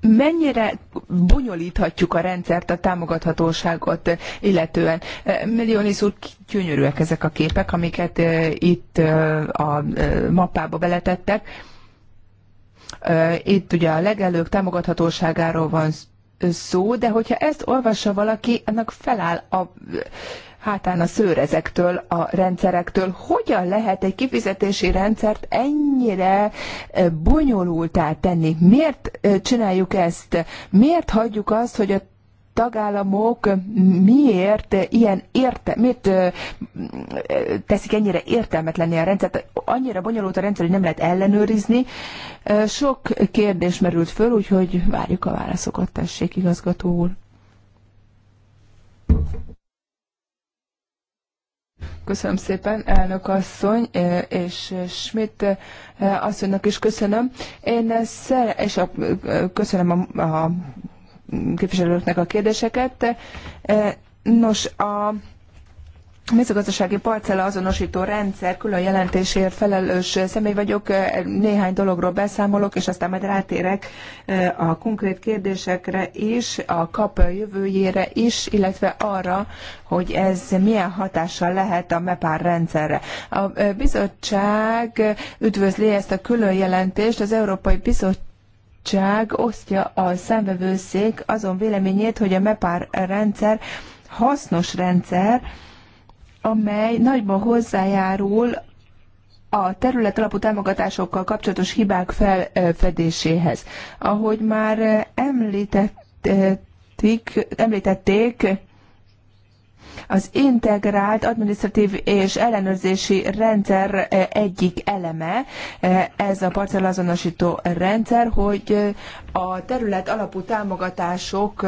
[SPEAKER 4] mennyire bonyolíthatjuk a rendszert, a támogathatóságot illetően. Millionis úr, gyönyörűek ezek a képek, amiket itt a mappába beletettek. Itt ugye a legelők támogathatóságáról van szó, de hogyha ezt olvassa valaki, annak feláll a hátán a szőrezektől, a rendszerektől. Hogyan lehet egy kifizetési rendszert ennyire bonyolultá tenni? Miért csináljuk ezt? Miért hagyjuk azt, hogy a tagállamok miért ilyen érte, miért teszik ennyire értelmetlenné a rendszert, annyira bonyolult a rendszer, hogy nem lehet ellenőrizni. Sok kérdés merült föl, úgyhogy várjuk a válaszokat, tessék, igazgató úr. Köszönöm szépen, elnök asszony, és Schmidt asszonynak is köszönöm. Én szer, és a, köszönöm a, a képviselőknek a kérdéseket. E, nos, a mezőgazdasági parcella azonosító rendszer külön jelentésért felelős személy vagyok, e, néhány dologról beszámolok, és aztán majd rátérek e, a konkrét kérdésekre is, a kap jövőjére is, illetve arra, hogy ez milyen hatással lehet a MEPÁR rendszerre. A bizottság üdvözli ezt a külön jelentést, az Európai Bizottság bizottság osztja a számvevőszék azon véleményét, hogy a MEPAR rendszer hasznos rendszer, amely nagyban hozzájárul a terület alapú támogatásokkal kapcsolatos hibák felfedéséhez. Ahogy már eh, említették, említették az integrált administratív és ellenőrzési rendszer eh, egyik eleme, eh, ez a parcellazonosító rendszer, hogy eh, a terület alapú támogatások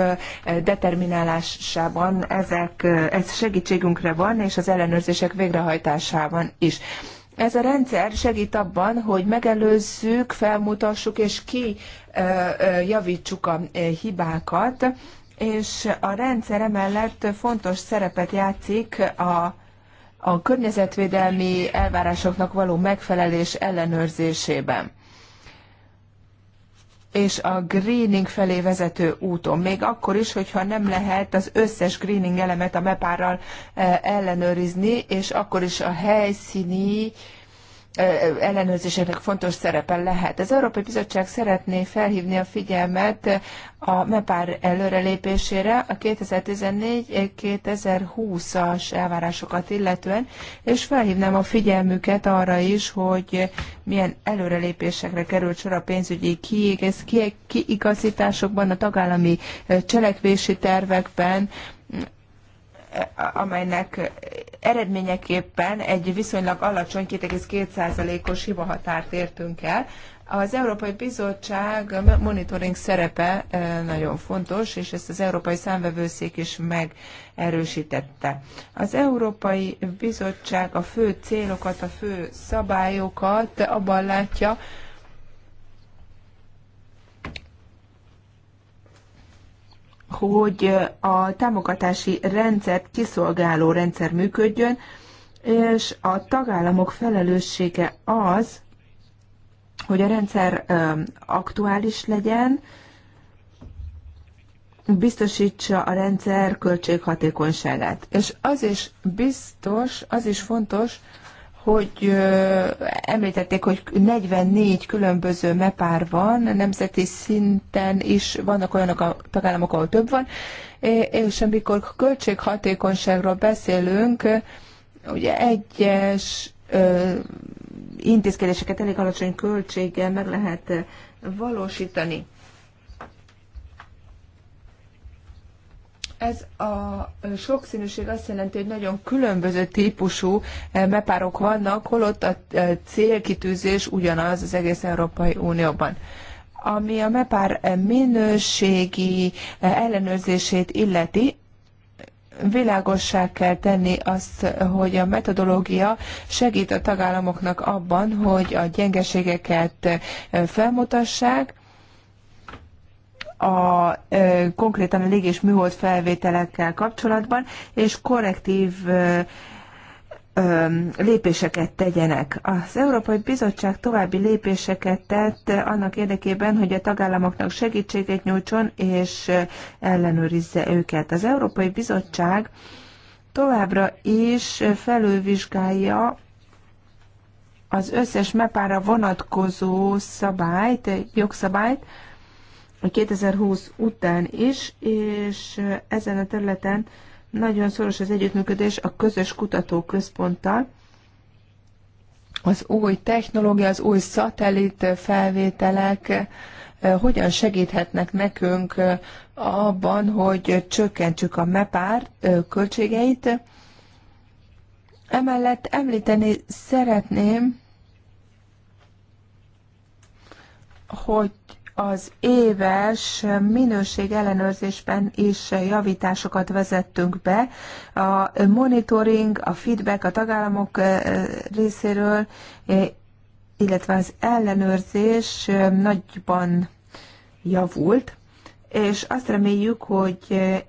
[SPEAKER 4] determinálásában ezek, ez segítségünkre van, és az ellenőrzések végrehajtásában is. Ez a rendszer segít abban, hogy megelőzzük, felmutassuk és kijavítsuk a hibákat, és a rendszer emellett fontos szerepet játszik a, a környezetvédelmi elvárásoknak való megfelelés ellenőrzésében és a greening felé vezető úton, még akkor is, hogyha nem lehet az összes greening elemet a mepárral eh, ellenőrizni, és akkor is a helyszíni ellenőrzéseknek fontos szerepe lehet. Az Európai Bizottság szeretné felhívni a figyelmet a MEPÁR előrelépésére a 2014-2020-as elvárásokat illetően, és felhívnám a figyelmüket arra is, hogy milyen előrelépésekre került sor a pénzügyi kiigazításokban, a tagállami cselekvési tervekben, amelynek eredményeképpen egy viszonylag alacsony 2,2%-os hibahatárt értünk el. Az Európai Bizottság monitoring szerepe eh, nagyon fontos, és ezt az Európai Számvevőszék is megerősítette. Az Európai Bizottság a fő célokat, a fő szabályokat abban látja, hogy a támogatási rendszer kiszolgáló rendszer működjön, és a tagállamok felelőssége az, hogy a rendszer aktuális legyen, biztosítsa a rendszer költséghatékonyságát. És az is biztos, az is fontos, hogy említették, hogy 44 különböző mepár van, nemzeti szinten is vannak olyanok a tagállamok, ahol több van, és amikor költséghatékonyságról beszélünk, ugye egyes intézkedéseket elég alacsony költséggel meg lehet valósítani. Ez a sokszínűség azt jelenti, hogy nagyon különböző típusú eh, mepárok vannak, holott a eh, célkitűzés ugyanaz az egész Európai Unióban ami a MEPÁR eh, minőségi ellenőrzését illeti, világossá kell tenni azt, hogy a metodológia segít a tagállamoknak abban, hogy a gyengeségeket felmutassák, a ö, konkrétan a légés műhold felvételekkel kapcsolatban, és korrektív ö, lépéseket tegyenek. Az Európai Bizottság további lépéseket tett annak érdekében, hogy a tagállamoknak segítséget nyújtson és ellenőrizze őket. Az Európai Bizottság továbbra is felülvizsgálja az összes mepára vonatkozó szabályt, jogszabályt, 2020 után is, és ezen a területen nagyon szoros az együttműködés a közös kutatóközponttal. Az új technológia, az új szatellit felvételek eh, hogyan segíthetnek nekünk eh, abban, hogy csökkentsük a MEPÁR eh, költségeit. Emellett említeni szeretném, hogy az éves minőségellenőrzésben is javításokat vezettünk be. A monitoring, a feedback a tagállamok részéről, illetve az ellenőrzés nagyban javult, és azt reméljük, hogy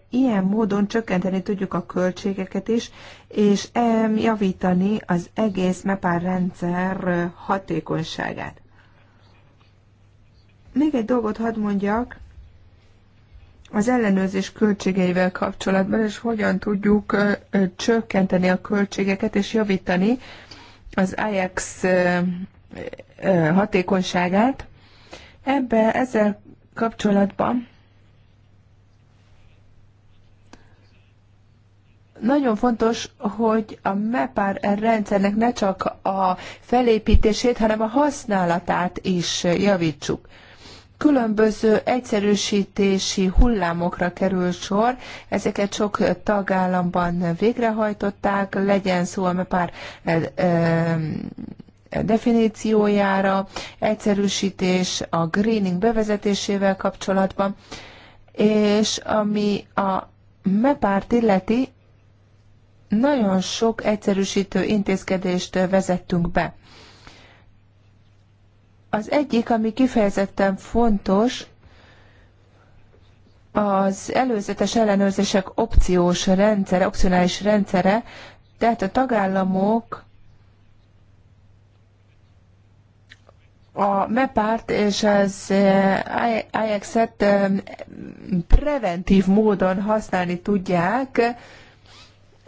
[SPEAKER 4] ilyen módon csökkenteni tudjuk a költségeket is, és javítani az egész mepar rendszer hatékonyságát. Még egy dolgot hadd mondjak az ellenőrzés költségeivel kapcsolatban, és hogyan tudjuk csökkenteni a költségeket és javítani az Ajax hatékonyságát. Ebbe ezzel kapcsolatban nagyon fontos, hogy a MEPAR rendszernek ne csak a felépítését, hanem a használatát is javítsuk különböző egyszerűsítési hullámokra kerül sor, ezeket sok tagállamban végrehajtották, legyen szó mert pár e, e, definíciójára, egyszerűsítés a greening bevezetésével kapcsolatban, és ami a mepárt illeti, nagyon sok egyszerűsítő intézkedést vezettünk be. Az egyik, ami kifejezetten fontos, az előzetes ellenőrzések opciós rendszere, opcionális rendszere, tehát a tagállamok a MEPART és az eh, IX-et eh, preventív módon használni tudják,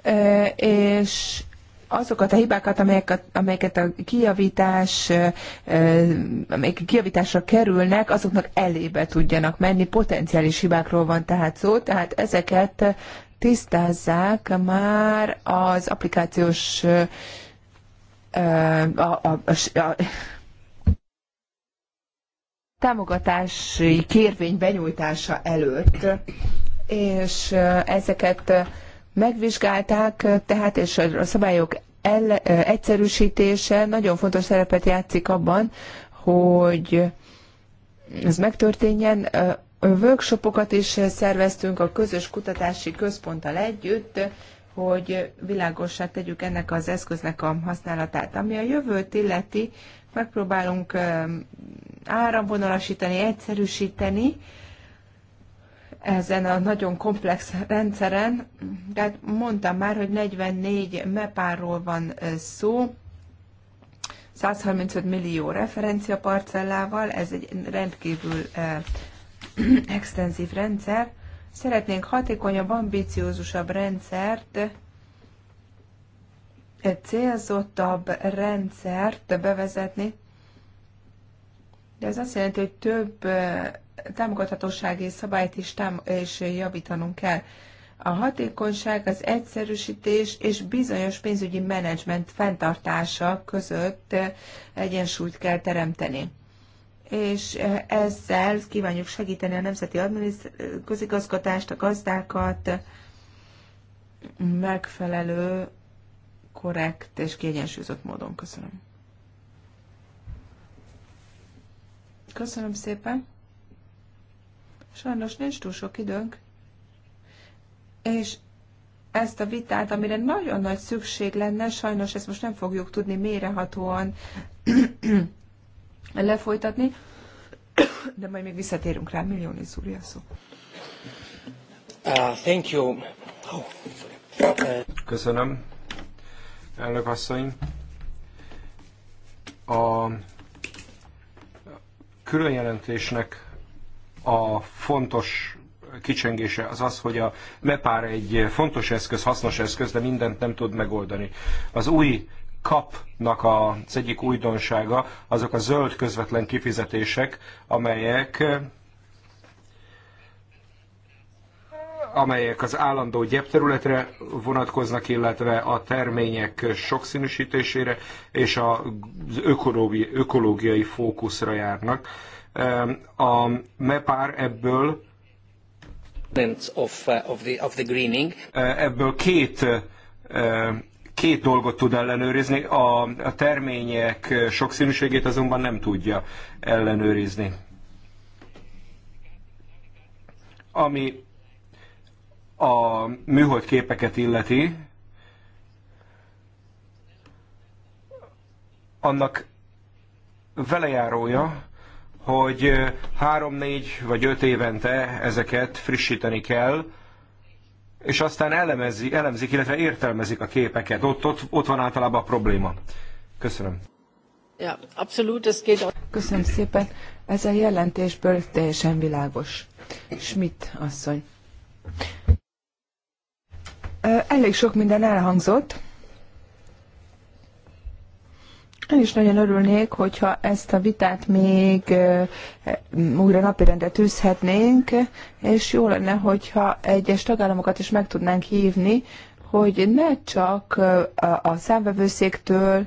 [SPEAKER 4] eh, és azokat a hibákat, amelyeket, amelyeket a kijavítás, amelyek kijavításra kerülnek, azoknak elébe tudjanak menni. Potenciális hibákról van tehát szó, tehát ezeket tisztázzák már az applikációs a, a, a, a támogatási kérvény benyújtása előtt, és ezeket megvizsgálták, tehát és a szabályok el, egyszerűsítése nagyon fontos szerepet játszik abban, hogy ez megtörténjen. Workshopokat is szerveztünk a közös kutatási központtal együtt, hogy világossá tegyük ennek az eszköznek a használatát. Ami a jövőt illeti, megpróbálunk áramvonalasítani, egyszerűsíteni, ezen a nagyon komplex rendszeren. Tehát mondtam már, hogy 44 mepáról van szó, 135 millió referencia parcellával, ez egy rendkívül eh, extenzív rendszer. Szeretnénk hatékonyabb, ambíciózusabb rendszert, egy célzottabb rendszert bevezetni, de ez azt jelenti, hogy több támogathatósági szabályt is, tám- és javítanunk kell. A hatékonyság, az egyszerűsítés és bizonyos pénzügyi menedzsment fenntartása között egyensúlyt kell teremteni. És ezzel kívánjuk segíteni a nemzeti közigazgatást, a gazdákat megfelelő, korrekt és kiegyensúlyozott módon. Köszönöm. Köszönöm szépen. Sajnos nincs túl sok időnk, és ezt a vitát, amire nagyon nagy szükség lenne, sajnos ezt most nem fogjuk tudni mérehatóan lefolytatni, de majd még visszatérünk rá, millióni szúrja szó.
[SPEAKER 2] Uh, thank you. Oh,
[SPEAKER 3] uh. Köszönöm, elnök asszony. A különjelentésnek a fontos kicsengése az az, hogy a MEPÁR egy fontos eszköz, hasznos eszköz, de mindent nem tud megoldani. Az új kapnak az egyik újdonsága azok a zöld közvetlen kifizetések, amelyek amelyek az állandó gyepterületre vonatkoznak, illetve a termények sokszínűsítésére és az ökológiai fókuszra járnak. A MEPÁR ebből
[SPEAKER 5] of of uh, the the greening,
[SPEAKER 3] ebből két két dolgot tud ellenőrizni, a, a termények sokszínűségét azonban nem tudja ellenőrizni. Ami a műhold képeket illeti, annak velejárója, hogy három, négy vagy öt évente ezeket frissíteni kell, és aztán elemezi, elemzik, illetve értelmezik a képeket. Ott, ott, ott van általában a probléma. Köszönöm.
[SPEAKER 4] Ja, abszolút, ez két... Köszönöm szépen. Ez a jelentésből teljesen világos. Schmidt asszony. Elég sok minden elhangzott. Én is nagyon örülnék, hogyha ezt a vitát még újra napirendre tűzhetnénk, és jó lenne, hogyha egyes tagállamokat is meg tudnánk hívni, hogy ne csak a számvevőszéktől,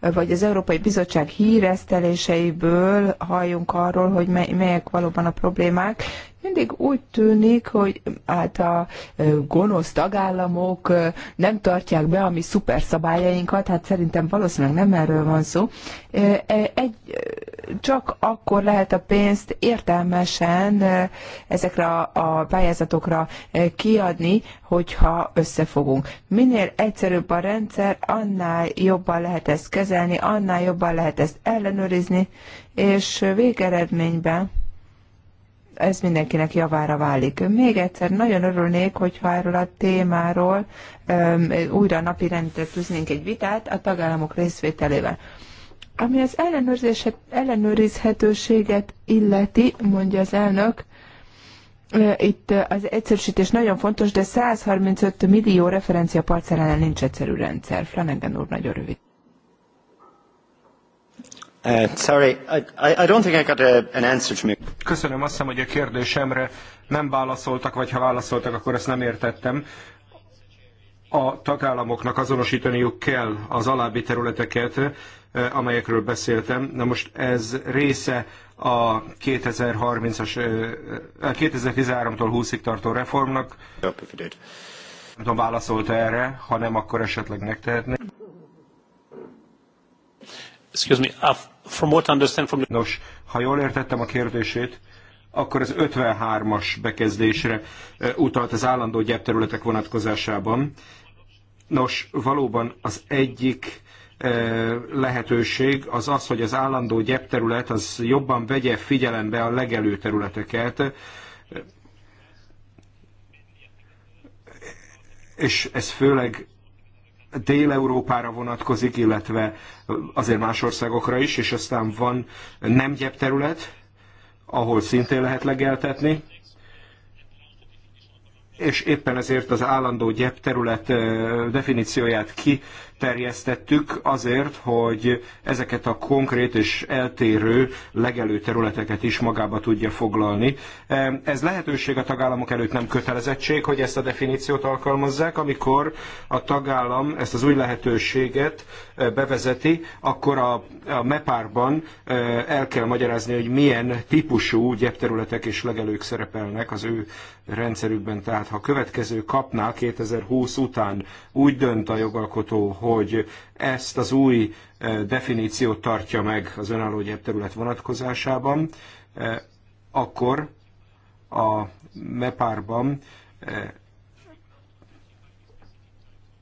[SPEAKER 4] vagy az Európai Bizottság híreszteléseiből halljunk arról, hogy melyek valóban a problémák, mindig úgy tűnik, hogy hát a gonosz tagállamok nem tartják be a mi szabályainkat, hát szerintem valószínűleg nem erről van szó. Egy, csak akkor lehet a pénzt értelmesen ezekre a pályázatokra kiadni, hogyha összefogunk. Minél egyszerűbb a rendszer, annál jobban lehet ezt kezelni, annál jobban lehet ezt ellenőrizni, és végeredményben ez mindenkinek javára válik. Még egyszer nagyon örülnék, hogyha erről a témáról um, újra napi rendre tűznénk egy vitát a tagállamok részvételével. Ami az ellenőrizhetőséget illeti, mondja az elnök, itt az egyszerűsítés nagyon fontos, de 135 millió referencia parcellánál nincs egyszerű rendszer. Flanagan úr, nagyon rövid.
[SPEAKER 3] Köszönöm, azt hiszem, hogy a kérdésemre nem válaszoltak, vagy ha válaszoltak, akkor ezt nem értettem. A tagállamoknak azonosítaniuk kell az alábbi területeket, uh, amelyekről beszéltem. Na most ez része a 2030-as, 2013-tól 20-ig tartó reformnak. Nem tudom, válaszolt erre, ha nem, akkor esetleg megtehetné. Excuse me, I've From what I understand from... Nos, ha jól értettem a kérdését, akkor az 53-as bekezdésre utalt az állandó gyepterületek vonatkozásában. Nos, valóban az egyik lehetőség az az, hogy az állandó gyepterület az jobban vegye figyelembe a legelő területeket, és ez főleg Dél-Európára vonatkozik, illetve azért más országokra is, és aztán van nem terület, ahol szintén lehet legeltetni, és éppen ezért az állandó gyep terület definícióját ki terjesztettük azért, hogy ezeket a konkrét és eltérő legelő területeket is magába tudja foglalni. Ez lehetőség a tagállamok előtt nem kötelezettség, hogy ezt a definíciót alkalmazzák. Amikor a tagállam ezt az új lehetőséget bevezeti, akkor a, a MEPÁR-ban el kell magyarázni, hogy milyen típusú gyepterületek és legelők szerepelnek az ő rendszerükben. Tehát ha a következő kapnál 2020 után úgy dönt a jogalkotó, hogy ezt az új eh, definíciót tartja meg az önálló terület vonatkozásában, eh, akkor a MEPÁR-ban eh,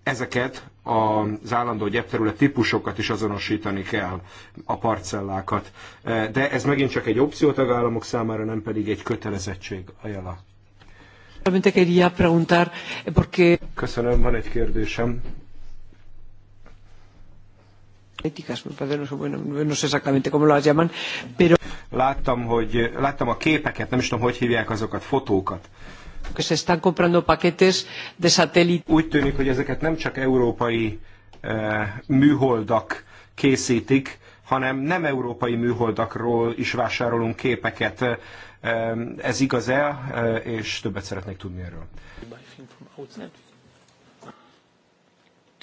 [SPEAKER 3] ezeket az állandó gyepterület típusokat is azonosítani kell, a parcellákat. De ez megint csak egy opció tagállamok számára, nem pedig egy kötelezettség ajala. Köszönöm, van egy kérdésem. Etikás, no sé exactamente cómo las llaman, pero... Láttam, hogy, láttam a képeket, nem is tudom, hogy hívják azokat, fotókat que se están comprando paquetes de satélite. Úgy tűnik, hogy ezeket nem csak európai e, műholdak készítik, hanem nem európai műholdakról is vásárolunk képeket. E, ez igaz-e, e, és többet szeretnék tudni erről.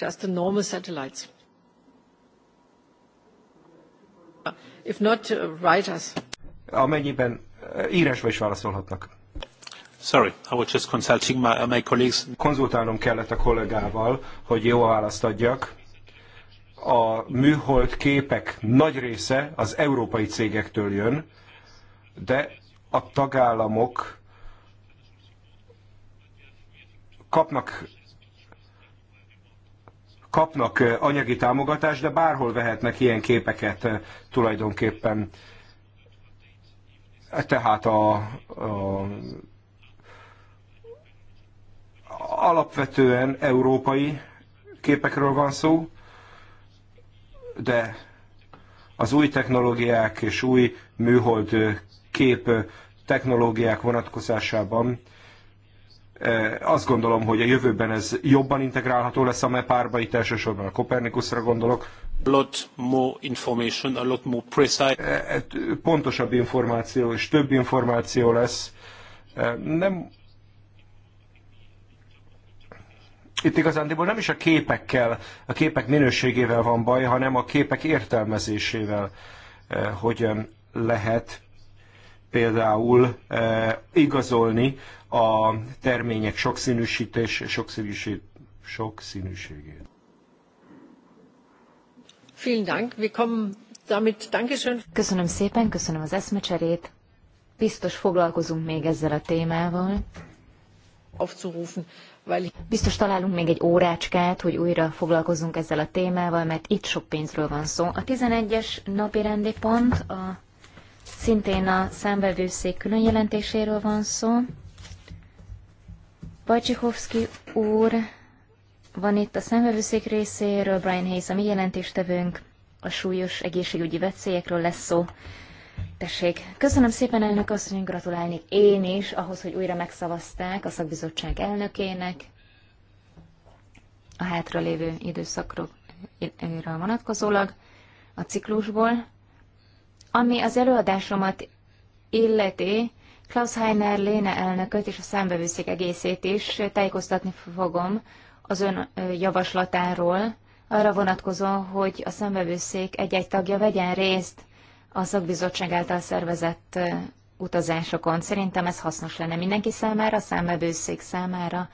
[SPEAKER 2] Just the normal satellites. If not, uh, write us.
[SPEAKER 3] Amennyiben uh, írásba is válaszolhatnak. Sorry, I was just consulting my, uh, my colleagues. Konzultálnom kellett a kollégával, hogy jó választ adjak. A műhold képek nagy része az európai cégektől jön, de a tagállamok kapnak kapnak anyagi támogatást, de bárhol vehetnek ilyen képeket tulajdonképpen. Tehát a, a alapvetően európai képekről van szó, de az új technológiák és új műhold kép technológiák vonatkozásában azt gondolom, hogy a jövőben ez jobban integrálható lesz a mepar ba itt elsősorban a Kopernikusra gondolok. A lot more information, a lot more precise. E, pontosabb információ és több információ lesz. Nem itt igazándiból nem is a képekkel, a képek minőségével van baj, hanem a képek értelmezésével, hogy lehet például eh, igazolni a termények sokszínűsítés, sokszínűsít, sokszínűségét.
[SPEAKER 1] Köszönöm szépen, köszönöm az eszmecserét. Biztos foglalkozunk még ezzel a témával. Biztos találunk még egy órácskát, hogy újra foglalkozzunk ezzel a témával, mert itt sok pénzről van szó. A 11-es napi rendi pont a Szintén a számbevőszék jelentéséről van szó. Bajcsikovszki úr van itt a számbevőszék részéről, Brian Hayes a mi jelentéstevőnk, a súlyos egészségügyi veszélyekről lesz szó. Tessék, köszönöm szépen elnök asszony, gratulálni én is ahhoz, hogy újra megszavazták a szakbizottság elnökének a hátralévő időszakról vonatkozólag a ciklusból. Ami az előadásomat illeti, Klaus Heiner Léne elnököt és a számbevőszék egészét is tájékoztatni fogom az ön javaslatáról, arra vonatkozó, hogy a számbevőszék egy-egy tagja vegyen részt a szakbizottság által szervezett utazásokon. Szerintem ez hasznos lenne mindenki számára, a számbevőszék számára,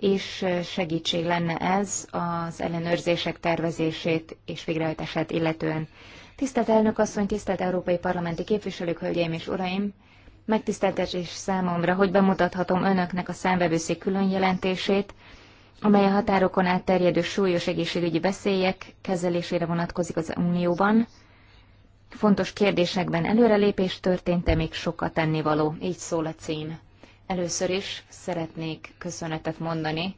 [SPEAKER 1] és segítség lenne ez az ellenőrzések tervezését és végrehajtását illetően. Tisztelt elnök asszony, tisztelt európai parlamenti képviselők, hölgyeim és uraim! Megtiszteltetés számomra, hogy bemutathatom önöknek a számvevőszék külön jelentését, amely a határokon átterjedő súlyos egészségügyi veszélyek kezelésére vonatkozik az Unióban. Fontos kérdésekben előrelépés történt, de még sokat tennivaló, így szól a cím. Először is szeretnék köszönetet mondani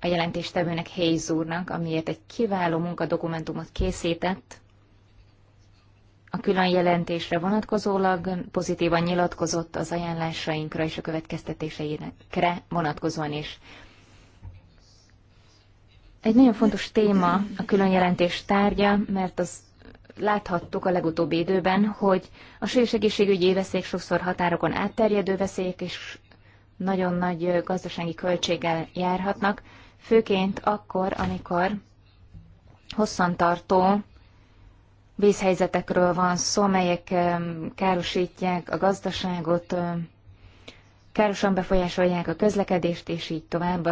[SPEAKER 1] a jelentéstevőnek Hayes úrnak, amiért egy kiváló munkadokumentumot készített, a külön jelentésre vonatkozólag pozitívan nyilatkozott az ajánlásainkra és a következtetéseinkre vonatkozóan is. Egy nagyon fontos téma a külön jelentés tárgya, mert az láthattuk a legutóbbi időben, hogy a sős egészségügyi veszélyek sokszor határokon átterjedő veszélyek és nagyon nagy gazdasági költséggel járhatnak, főként akkor, amikor hosszantartó vízhelyzetekről van szó, amelyek károsítják a gazdaságot, károsan befolyásolják a közlekedést, és így tovább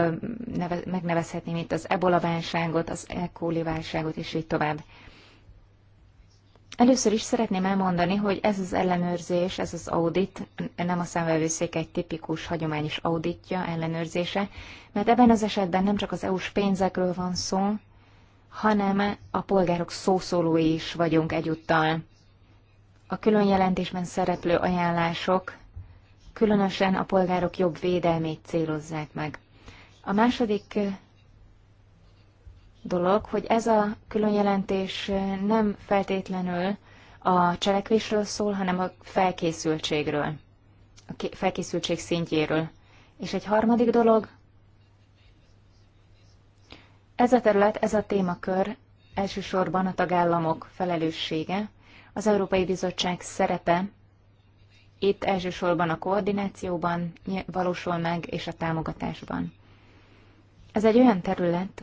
[SPEAKER 1] neve, megnevezhetném itt az ebola válságot, az E. coli válságot, és így tovább. Először is szeretném elmondani, hogy ez az ellenőrzés, ez az audit, nem a számvevőszék egy tipikus, hagyományos auditja, ellenőrzése, mert ebben az esetben nem csak az EU-s pénzekről van szó, hanem a polgárok szószólói is vagyunk egyúttal. A külön jelentésben szereplő ajánlások különösen a polgárok jobb védelmét célozzák meg. A második eh, dolog, hogy ez a különjelentés eh, nem feltétlenül a cselekvésről szól, hanem a felkészültségről, a felkészültség szintjéről. És egy harmadik dolog, ez a terület, ez a témakör elsősorban a tagállamok felelőssége, az Európai Bizottság szerepe itt elsősorban a koordinációban valósul meg, és a támogatásban. Ez egy olyan terület,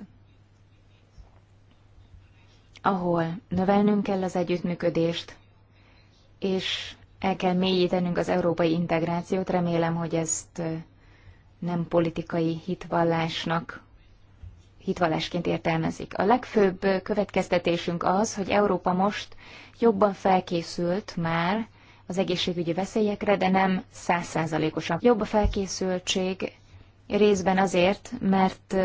[SPEAKER 1] ahol növelnünk kell az együttműködést, és el kell mélyítenünk az európai integrációt. Remélem, hogy ezt nem politikai hitvallásnak hitvallásként értelmezik. A legfőbb következtetésünk az, hogy Európa most jobban felkészült már az egészségügyi veszélyekre, de nem százszázalékosan. Jobb a felkészültség részben azért, mert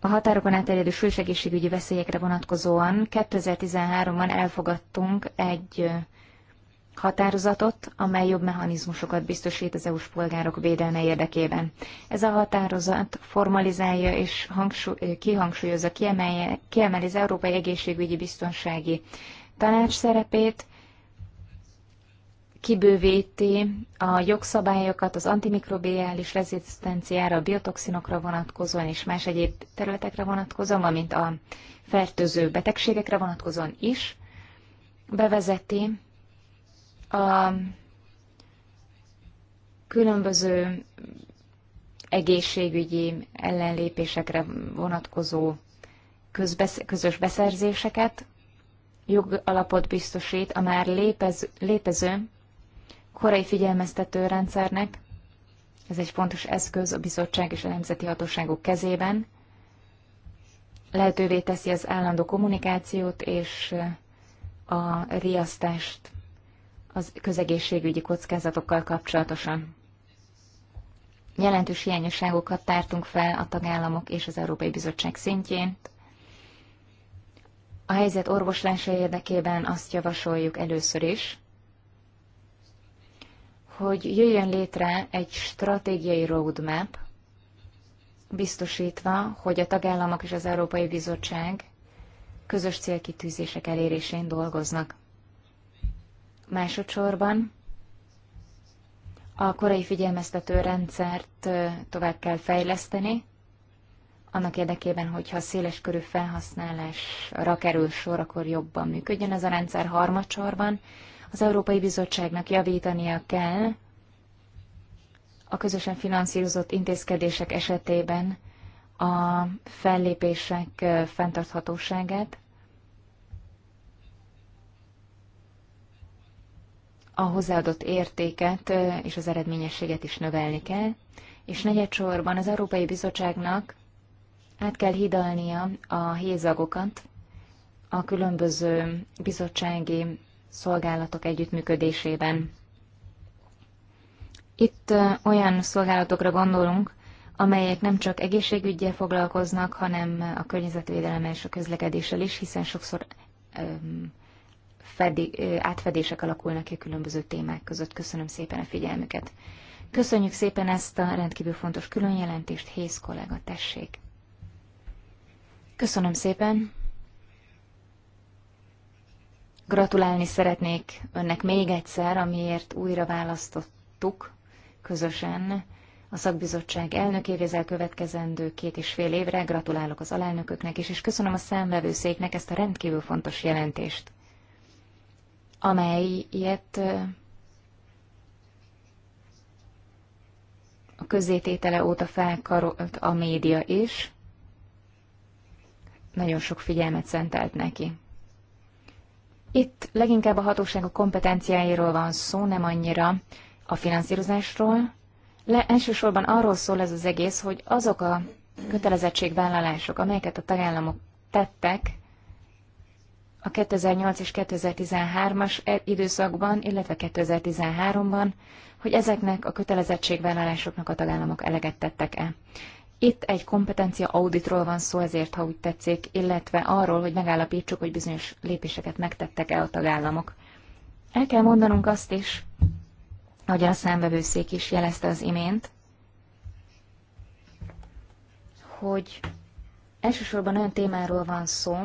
[SPEAKER 1] a határokon átterjedő sős egészségügyi veszélyekre vonatkozóan 2013-ban elfogadtunk egy határozatot, amely jobb mechanizmusokat biztosít az EU-s polgárok védelme érdekében. Ez a határozat formalizálja és hangsúly, kihangsúlyozza, kiemelje, kiemeli az Európai Egészségügyi Biztonsági Tanács szerepét, kibővíti a jogszabályokat az antimikrobiális rezisztenciára, a biotoxinokra vonatkozóan és más egyéb területekre vonatkozóan, valamint a fertőző betegségekre vonatkozóan is, bevezeti a különböző egészségügyi ellenlépésekre vonatkozó közbesz- közös beszerzéseket, jogalapot biztosít a már lépez- létező korai figyelmeztető rendszernek, ez egy fontos eszköz a bizottság és a nemzeti hatóságok kezében, lehetővé teszi az állandó kommunikációt és a riasztást az közegészségügyi kockázatokkal kapcsolatosan. Jelentős hiányosságokat tártunk fel a tagállamok és az Európai Bizottság szintjén. A helyzet orvoslása érdekében azt javasoljuk először is, hogy jöjjön létre egy stratégiai roadmap, biztosítva, hogy a tagállamok és az Európai Bizottság közös célkitűzések elérésén dolgoznak. Másodszorban a korai figyelmeztető rendszert tovább kell fejleszteni, annak érdekében, hogyha széles körű felhasználásra kerül sor, akkor jobban működjön ez a rendszer harmadsorban. Az Európai Bizottságnak javítania kell a közösen finanszírozott intézkedések esetében a fellépések fenntarthatóságát, a hozzáadott értéket és az eredményességet is növelni kell, és negyedsorban az Európai Bizottságnak át kell hidalnia a hézagokat a különböző bizottsági szolgálatok együttműködésében. Itt olyan szolgálatokra gondolunk, amelyek nem csak egészségügyel foglalkoznak, hanem a környezetvédelemmel és a közlekedéssel is, hiszen sokszor öm, fedi, átfedések alakulnak ki a különböző témák között. Köszönöm szépen a figyelmüket. Köszönjük szépen ezt a rendkívül fontos különjelentést, Hész kollega, tessék. Köszönöm szépen. Gratulálni szeretnék önnek még egyszer, amiért újra választottuk közösen a szakbizottság elnökévé ezzel következendő két és fél évre. Gratulálok az alelnököknek is, és köszönöm a számvevőszéknek ezt a rendkívül fontos jelentést amelyet a közzététele óta felkarolt a média is, nagyon sok figyelmet szentelt neki. Itt leginkább a hatóságok kompetenciáiról van szó, nem annyira a finanszírozásról. Le, elsősorban arról szól ez az egész, hogy azok a kötelezettségvállalások, amelyeket a tagállamok tettek a 2008 és 2013-as e- időszakban, illetve 2013-ban, hogy ezeknek a kötelezettségvállalásoknak a tagállamok eleget tettek-e. Itt egy kompetencia auditról van szó, ezért, ha úgy tetszik, illetve arról, hogy megállapítsuk, hogy bizonyos lépéseket megtettek-e a tagállamok. El kell mondanunk azt is, hogy a számvevőszék is jelezte az imént, hogy elsősorban olyan témáról van szó,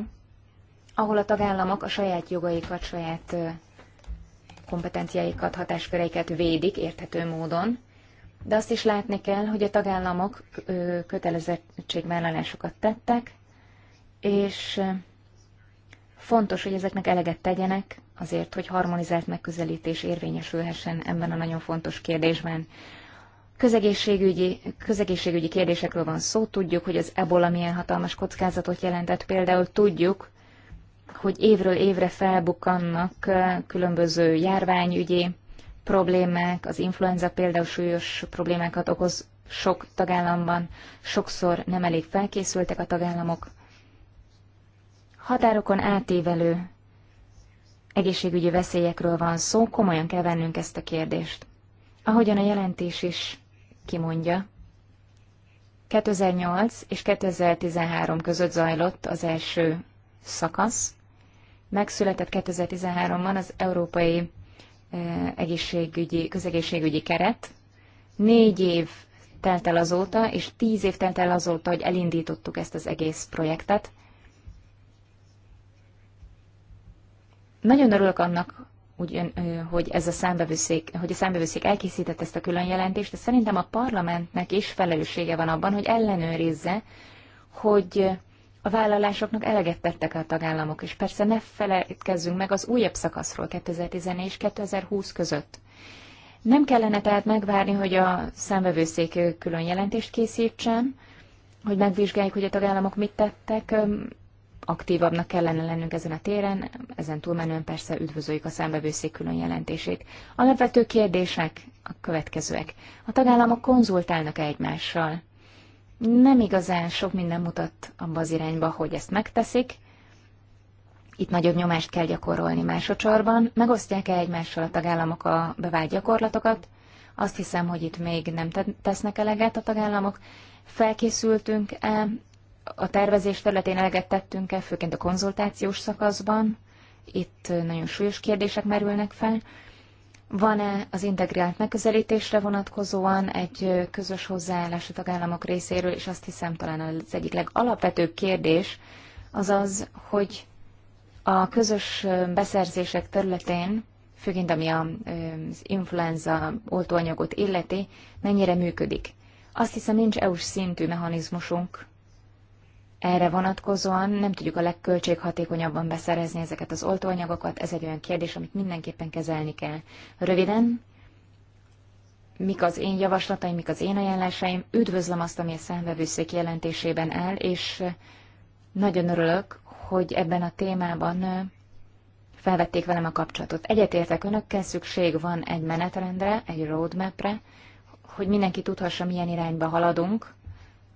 [SPEAKER 1] ahol a tagállamok a saját jogaikat, saját kompetenciáikat, hatásköreiket védik érthető módon, de azt is látni kell, hogy a tagállamok kötelezettségvállalásokat tettek, és fontos, hogy ezeknek eleget tegyenek, azért, hogy harmonizált megközelítés érvényesülhessen ebben a nagyon fontos kérdésben. Közegészségügyi, közegészségügyi kérdésekről van szó, tudjuk, hogy az ebola milyen hatalmas kockázatot jelentett, például tudjuk, hogy évről évre felbukkannak különböző járványügyi problémák, az influenza például súlyos problémákat okoz sok tagállamban, sokszor nem elég felkészültek a tagállamok. Határokon átívelő egészségügyi veszélyekről van szó, komolyan kell vennünk ezt a kérdést. Ahogyan a jelentés is kimondja, 2008 és 2013 között zajlott az első szakasz megszületett 2013-ban az Európai eh, egészségügyi, közegészségügyi keret. Négy év telt el azóta, és tíz év telt el azóta, hogy elindítottuk ezt az egész projektet. Nagyon örülök annak, ugyan, eh, hogy ez a számbevőszék, hogy a számbevőszék elkészített ezt a külön jelentést, de szerintem a parlamentnek is felelőssége van abban, hogy ellenőrizze, hogy a vállalásoknak eleget tettek a tagállamok, és persze ne felejtkezzünk meg az újabb szakaszról 2014 és 2020 között. Nem kellene tehát megvárni, hogy a számvevőszék külön jelentést készítsen, hogy megvizsgáljuk, hogy a tagállamok mit tettek, aktívabbnak kellene lennünk ezen a téren, ezen túlmenően persze üdvözöljük a számbevőszék külön jelentését. Alapvető kérdések a következőek. A tagállamok konzultálnak -e egymással? nem igazán sok minden mutat abba az irányba, hogy ezt megteszik. Itt nagyobb nyomást kell gyakorolni másodszorban. Megosztják-e egymással a tagállamok a bevált gyakorlatokat? Azt hiszem, hogy itt még nem tesznek eleget a tagállamok. Felkészültünk-e a tervezés területén eleget tettünk-e, főként a konzultációs szakaszban? Itt nagyon súlyos kérdések merülnek fel. Van-e az integrált megközelítésre vonatkozóan egy közös hozzáállás a tagállamok részéről, és azt hiszem talán az egyik legalapvetőbb kérdés az az, hogy a közös beszerzések területén, főként ami az influenza oltóanyagot illeti, mennyire működik. Azt hiszem nincs EU-s szintű mechanizmusunk erre vonatkozóan nem tudjuk a legköltséghatékonyabban beszerezni ezeket az oltóanyagokat. Ez egy olyan kérdés, amit mindenképpen kezelni kell. Röviden, mik az én javaslataim, mik az én ajánlásaim. Üdvözlöm azt, ami a szemvevőszék jelentésében áll, és nagyon örülök, hogy ebben a témában felvették velem a kapcsolatot. Egyetértek önökkel, szükség van egy menetrendre, egy roadmapre, hogy mindenki tudhassa, milyen irányba haladunk.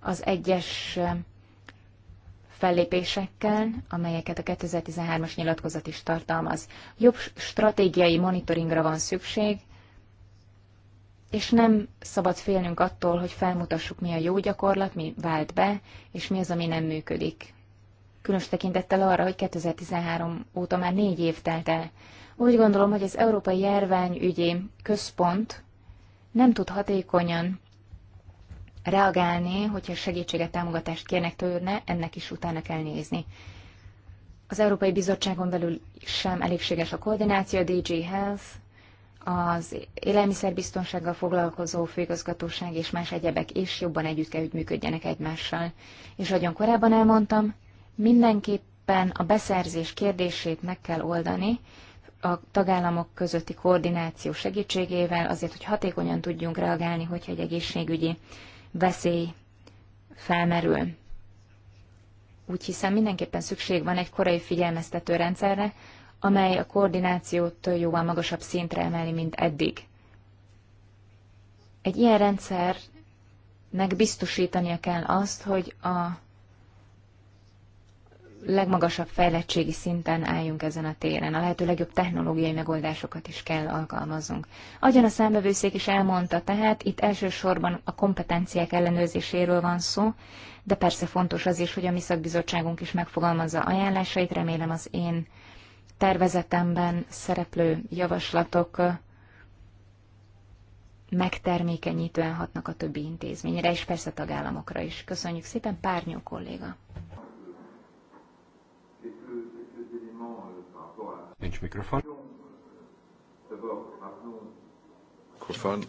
[SPEAKER 1] Az egyes fellépésekkel, amelyeket a 2013-as nyilatkozat is tartalmaz. Jobb stratégiai monitoringra van szükség, és nem szabad félnünk attól, hogy felmutassuk, mi a jó gyakorlat, mi vált be, és mi az, ami nem működik. Különös tekintettel arra, hogy 2013 óta már négy év telt el. Úgy gondolom, hogy az Európai Járványügyi Központ nem tud hatékonyan reagálni, hogyha segítséget, támogatást kérnek tőle, ennek is utána kell nézni. Az Európai Bizottságon belül sem elégséges a koordináció, a DG Health, az élelmiszerbiztonsággal foglalkozó főigazgatóság és más egyebek is jobban együtt kell, hogy működjenek egymással. És ahogyan korábban elmondtam, mindenképpen a beszerzés kérdését meg kell oldani a tagállamok közötti koordináció segítségével, azért, hogy hatékonyan tudjunk reagálni, hogyha egy egészségügyi veszély felmerül. Úgy hiszem mindenképpen szükség van egy korai figyelmeztető rendszerre, amely a koordinációt jóval magasabb szintre emeli, mint eddig. Egy ilyen rendszernek biztosítania kell azt, hogy a legmagasabb fejlettségi szinten álljunk ezen a téren. A lehető legjobb technológiai megoldásokat is kell alkalmaznunk. Agyan a számbevőszék is elmondta, tehát itt elsősorban a kompetenciák ellenőrzéséről van szó, de persze fontos az is, hogy a mi szakbizottságunk is megfogalmazza ajánlásait. Remélem az én tervezetemben szereplő javaslatok megtermékenyítően hatnak a többi intézményre, és persze a tagállamokra is. Köszönjük szépen, Párnyó kolléga! Nincs mikrofon. Mikrofon.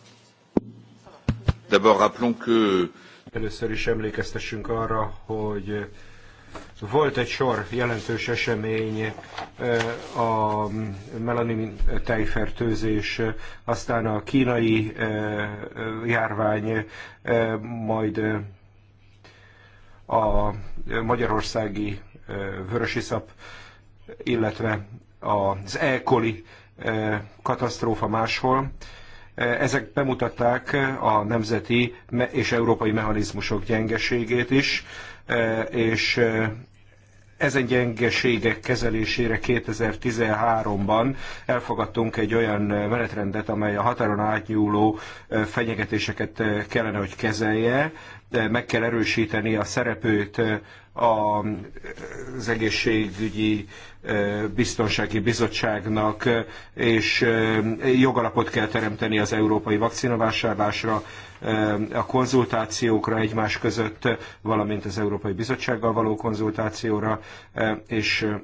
[SPEAKER 1] rappelons que...
[SPEAKER 3] Először is emlékeztessünk arra, hogy volt egy sor jelentős esemény, eh, a melanin tejfertőzés, aztán a kínai eh, járvány, eh, majd a magyarországi vörösiszap, illetve az E. coli e, katasztrófa máshol. E, ezek bemutatták a nemzeti és európai mechanizmusok gyengeségét is, e, és ezen gyengeségek kezelésére 2013-ban elfogadtunk egy olyan menetrendet, amely a határon átnyúló fenyegetéseket kellene, hogy kezelje, meg kell erősíteni a szerepőt az egészségügyi biztonsági bizottságnak, és jogalapot kell teremteni az európai vakcinavásárlásra, a konzultációkra egymás között, valamint az Európai Bizottsággal való konzultációra, és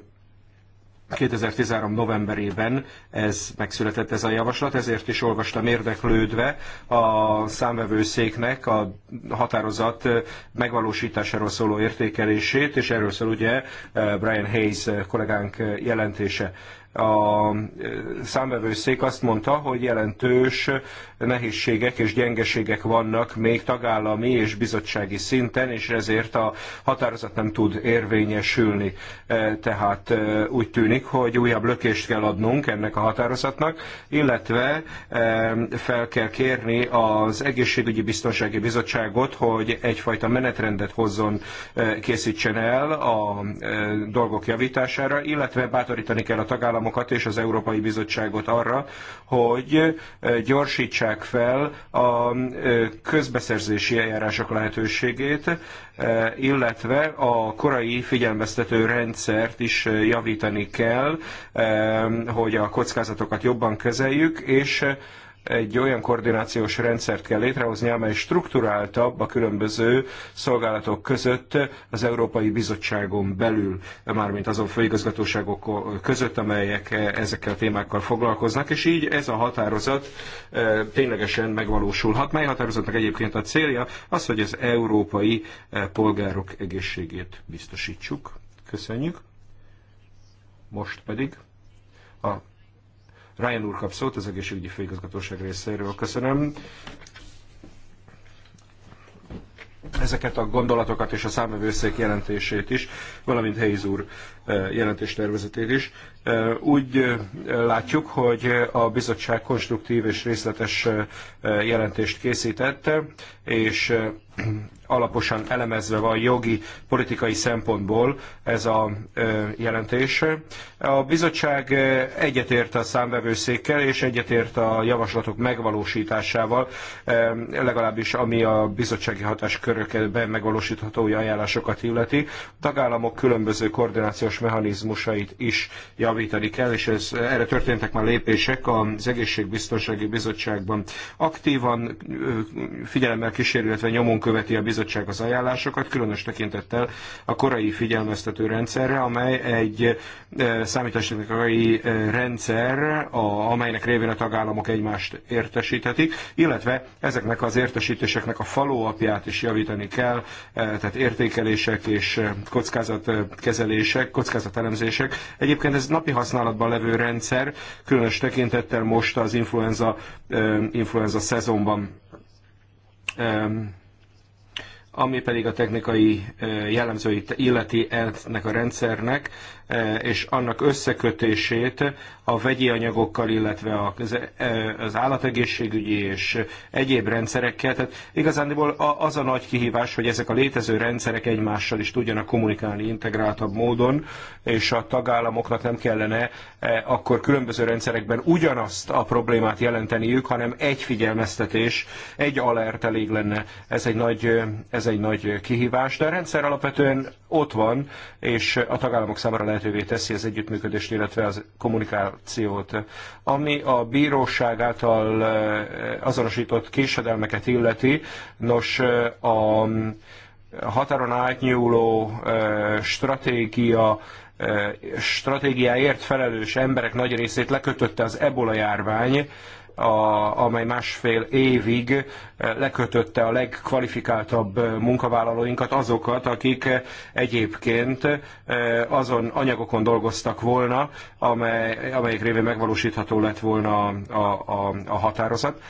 [SPEAKER 3] 2013. novemberében ez megszületett ez a javaslat, ezért is olvastam érdeklődve a számvevőszéknek a határozat megvalósításáról szóló értékelését, és erről szól ugye eh, Brian Hayes eh, kollégánk eh, jelentése a számvevőszék azt mondta, hogy jelentős nehézségek és gyengeségek vannak még tagállami és bizottsági szinten, és ezért a határozat nem tud érvényesülni. Tehát úgy tűnik, hogy újabb lökést kell adnunk ennek a határozatnak, illetve fel kell kérni az Egészségügyi Biztonsági Bizottságot, hogy egyfajta menetrendet hozzon, készítsen el a dolgok javítására, illetve bátorítani kell a tagállam tagállamokat és az Európai Bizottságot arra, hogy gyorsítsák fel a közbeszerzési eljárások lehetőségét, illetve a korai figyelmeztető rendszert is javítani kell, hogy a kockázatokat jobban kezeljük, és egy olyan koordinációs rendszert kell létrehozni, amely strukturáltabb a különböző szolgálatok között az Európai Bizottságon belül, mármint azon főigazgatóságok között, amelyek ezekkel a témákkal foglalkoznak, és így ez a határozat e, ténylegesen megvalósulhat, mely határozatnak egyébként a célja az, hogy az európai e, polgárok egészségét biztosítsuk. Köszönjük. Most pedig a Ryan úr kap szót az egészségügyi főigazgatóság részéről. Köszönöm. Ezeket a gondolatokat és a számvevőszék jelentését is, valamint Helyz úr eh, jelentéstervezetét is. Eh, úgy eh, látjuk, hogy a bizottság konstruktív és részletes jelentést készítette, és alaposan elemezve van jogi, politikai szempontból ez a jelentés. A bizottság egyetért a számvevőszékkel, és egyetért a javaslatok megvalósításával, legalábbis ami a bizottsági hatáskörökben megvalósítható ajánlásokat illeti. A tagállamok különböző koordinációs mechanizmusait is javítani kell, és ez, erre történtek már lépések az Egészségbiztonsági Bizottságban. Aktívan figyelemmel kísérő, illetve nyomon követi a bizottság az ajánlásokat, különös tekintettel a korai figyelmeztető rendszerre, amely egy eh, számítástechnikai eh, rendszer, amelynek révén a tagállamok egymást értesíthetik, illetve ezeknek az értesítéseknek a falóapját is javítani kell, eh, tehát értékelések és kockázatkezelések, kockázatelemzések. Egyébként ez napi használatban levő rendszer, különös tekintettel most az influenza, influenza szezonban ami pedig a technikai jellemzőit illeti ennek a rendszernek, E, és annak összekötését a vegyi anyagokkal, illetve e, az állategészségügyi és egyéb rendszerekkel. Tehát igazándiból az a nagy kihívás, hogy ezek a létező rendszerek egymással is tudjanak kommunikálni integráltabb módon, és a tagállamoknak nem kellene e, akkor különböző rendszerekben ugyanazt a problémát jelenteniük, hanem egy figyelmeztetés, egy alert elég lenne. Ez egy nagy, ez egy nagy kihívás, de a rendszer alapvetően ott van, és a tagállamok számára lehetővé teszi az együttműködést, illetve az kommunikációt. Ami a bíróság által eh, azonosított késedelmeket illeti, nos eh, a határon átnyúló eh, stratégia stratégiáért felelős emberek nagy részét lekötötte az ebola járvány, a, amely másfél évig eh, lekötötte a legkvalifikáltabb eh, munkavállalóinkat, azokat, akik eh, egyébként azon anyagokon dolgoztak volna, amely, amelyek révén megvalósítható lett volna a, a, a határozat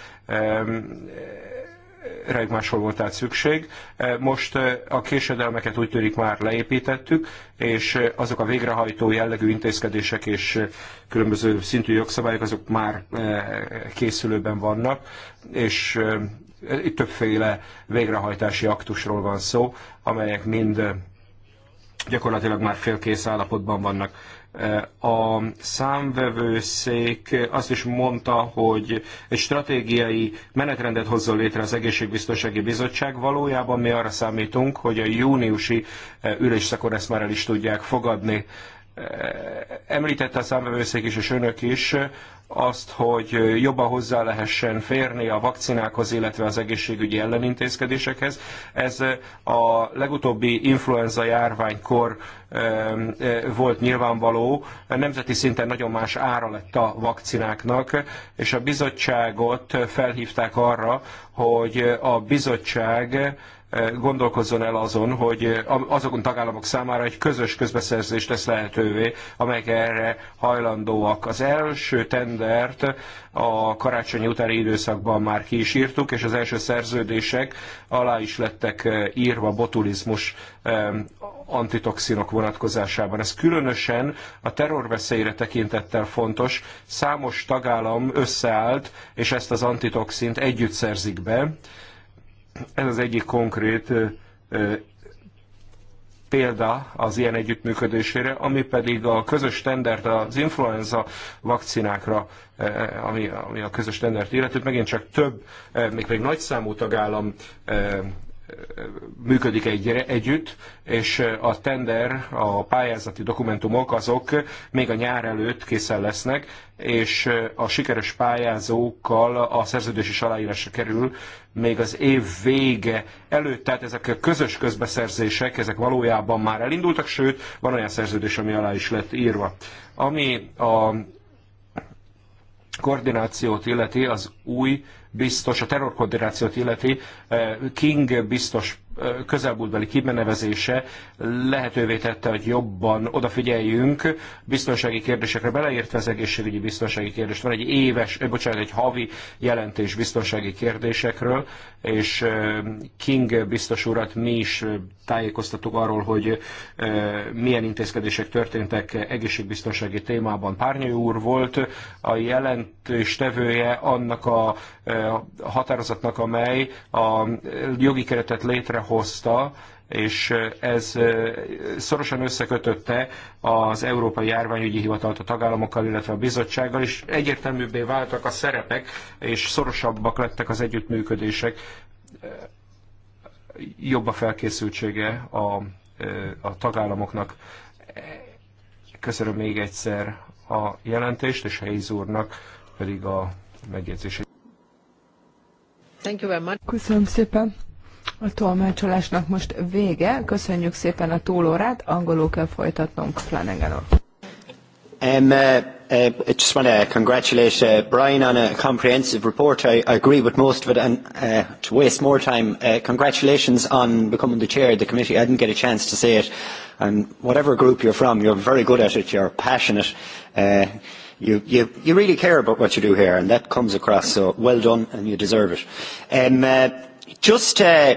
[SPEAKER 3] máshol volt át szükség. E, most e, a késedelmeket úgy tűnik már leépítettük, és e, azok a végrehajtó jellegű intézkedések és különböző szintű jogszabályok azok már készülőben vannak, és itt többféle végrehajtási aktusról van szó, amelyek mind gyakorlatilag már félkész állapotban vannak. A számvevőszék azt is mondta, hogy egy stratégiai menetrendet hozzon létre az Egészségbiztonsági Bizottság. Valójában mi arra számítunk, hogy a júniusi e, ülésszakon ezt már el is tudják fogadni. E, említette a számvevőszék is, és önök is, azt, hogy jobban hozzá lehessen férni a vakcinákhoz, illetve az egészségügyi ellenintézkedésekhez. Ez a legutóbbi influenza járványkor e, volt nyilvánvaló. Nemzeti szinten nagyon más ára lett a vakcináknak, és a bizottságot felhívták arra, hogy a bizottság E, gondolkozzon el azon, hogy e, azokon tagállamok számára egy közös közbeszerzést tesz lehetővé, amelyek erre hajlandóak. Az első tendert a karácsonyi utáni időszakban már ki is írtuk, és az első szerződések alá is lettek e, írva botulizmus antitoxinok vonatkozásában. Ez különösen a terrorveszélyre tekintettel fontos. Számos tagállam összeállt, és ezt az antitoxint együtt szerzik be ez az egyik konkrét példa az ilyen együttműködésére, ami pedig a közös standard az influenza vakcinákra, ami, ami a közös standard illető, megint csak több, még pedig nagyszámú tagállam működik egy, együtt, és a tender, a pályázati dokumentumok azok még a nyár előtt készen lesznek, és a sikeres pályázókkal a szerződés is aláírásra kerül még az év vége előtt, tehát ezek a közös közbeszerzések, ezek valójában már elindultak, sőt, van olyan szerződés, ami alá is lett írva. Ami a koordinációt illeti, az új biztos, a terrorkoordinációt illeti, eh, King biztos közelmúltbeli kibenevezése lehetővé tette, hogy jobban odafigyeljünk biztonsági kérdésekre, beleértve az egészségügyi biztonsági kérdést. Van egy éves, bocsánat, egy havi jelentés biztonsági kérdésekről, és King biztos urat mi is tájékoztattuk arról, hogy milyen intézkedések történtek egészségbiztonsági témában. Párnyai úr volt a jelentéstevője annak a határozatnak, amely a jogi keretet létre hozta, és ez szorosan összekötötte az Európai Járványügyi Hivatalt a tagállamokkal, illetve a bizottsággal, és egyértelműbbé váltak a szerepek, és szorosabbak lettek az együttműködések, jobb a felkészültsége a, a tagállamoknak. Köszönöm még egyszer a jelentést, és Helyz úrnak pedig a megjegyzését.
[SPEAKER 4] Köszönöm szépen. A tolmácsolásnak most vége. Köszönjük szépen a túlórát. Angolul kell folytatnunk Flanagan
[SPEAKER 7] Um, uh, uh, I just want to congratulate uh, Brian on a comprehensive report. I, I agree with most of it, and uh, to waste more time, uh, congratulations on becoming the chair of the committee. I didn't get a chance to say it, and whatever group you're from, you're very good at it. You're passionate. Uh, you, you, you really care about what you do here, and that comes across. So well done, and you deserve it. Um, uh, just. Uh,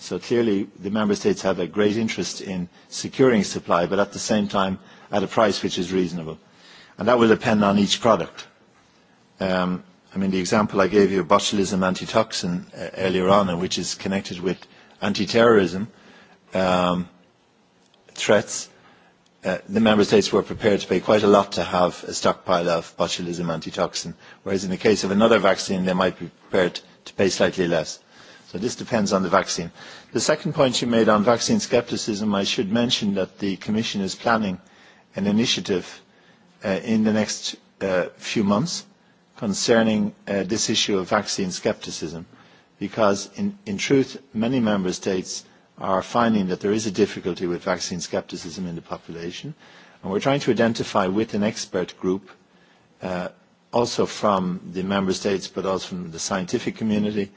[SPEAKER 6] So clearly, the member states have a great interest in securing supply, but at the same time, at a price which is reasonable. And that will depend on each product. Um, I mean, the example I gave you of botulism antitoxin uh, earlier on, which is connected with anti-terrorism um, threats, uh, the member states were prepared to pay quite a lot to have a stockpile of botulism antitoxin, whereas in the case of another vaccine, they might be prepared to pay slightly less. So this depends on the vaccine. The second point you made on vaccine skepticism, I should mention that the Commission is planning an initiative uh, in the next uh, few months concerning uh, this issue of vaccine skepticism, because in, in truth, many member states are finding that there is a difficulty with vaccine skepticism in the population. And we're trying to identify with an expert group, uh, also from the member states, but also from the scientific community, uh,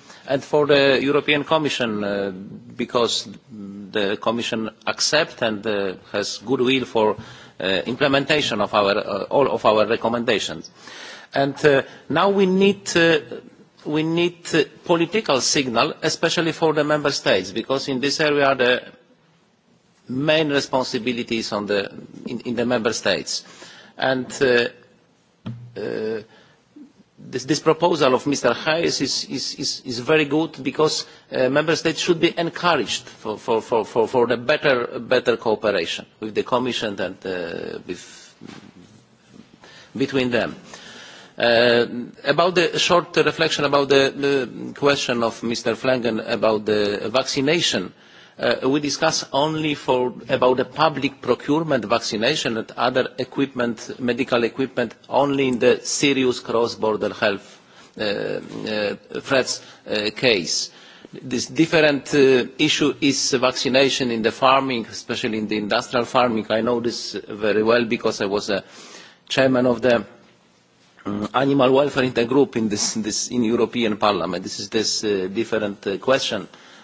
[SPEAKER 5] and for the European Commission, uh, because the Commission accepts and uh, has goodwill for uh, implementation of our, uh, all of our recommendations. And uh, now we need, uh, we need uh, political signal, especially for the Member States, because in this area the main responsibilities on the, in, in the Member States. And uh, uh, this, this proposal of Mr. Hayes is, is, is, is very good because uh, member states should be encouraged for, for, for, for, for the better, better cooperation with the Commission and uh, with, between them. Uh, about the short reflection about the, the question of Mr. Flangen about the vaccination, uh, Uh, we discuss only for, about the public procurement, vaccination and other equipment, medical equipment, only in the serious cross-border health uh, uh, threats uh, case. This different uh, issue is vaccination in the farming, especially in the industrial farming. I know this very well because I was a chairman of the mm, animal welfare intergroup in, this, in, this, in European Parliament. This is this different question.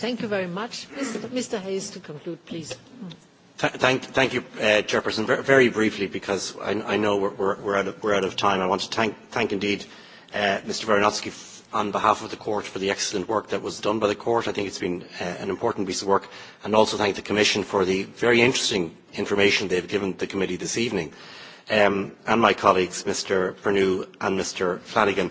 [SPEAKER 2] Thank you very much. Mr. Hayes, to conclude, please.
[SPEAKER 5] thank,
[SPEAKER 8] thank you, uh, Chairperson. Very, very briefly, because I, I know we're, we're, we're, out of, we're out of time, I want to thank, thank indeed uh, Mr. Veronatsky on behalf of the court for the excellent work that was done by the court. I think it's been uh, an important piece of work and also thank the Commission for the very interesting information they've given the committee this evening um, and my colleagues, Mr. Pernew and Mr. Flanagan,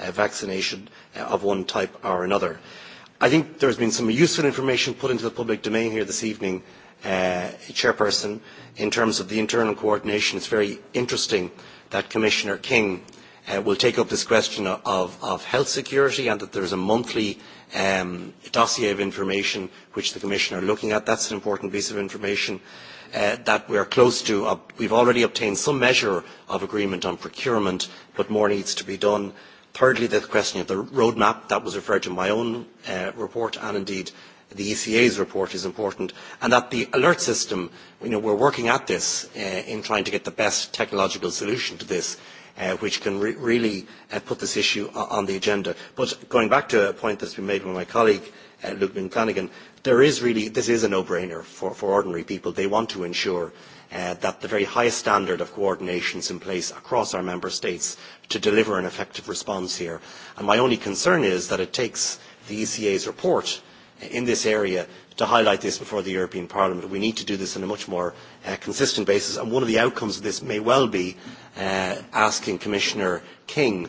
[SPEAKER 8] uh, vaccination uh, of one type or another. I think there has been some useful information put into the public domain here this evening, uh, Chairperson, in terms of the internal coordination. It's very interesting that Commissioner King uh, will take up this question of, of health security and that there is a monthly um, dossier of information which the Commissioner are looking at. That's an important piece of information uh, that are close to. Uh, we've already obtained some measure of agreement on procurement, but more needs to be done. Thirdly, the question of the roadmap that was referred to in my own uh, report and indeed the ECA's report is important, and that the alert system, you know, we're working at this uh, in trying to get the best technological solution to this, uh, which can re- really uh, put this issue on the agenda. But going back to a point that's been made by my colleague, uh, Luke Flanagan, there is really, this is a no-brainer for, for ordinary people. They want to ensure uh, that the very highest standard of coordination is in place across our member states to deliver an effective response here. And my only concern is that it takes the ECA's report in this area to highlight this before the European Parliament. We need to do this on a much more uh, consistent basis, and one of the outcomes of this may well be uh, asking Commissioner King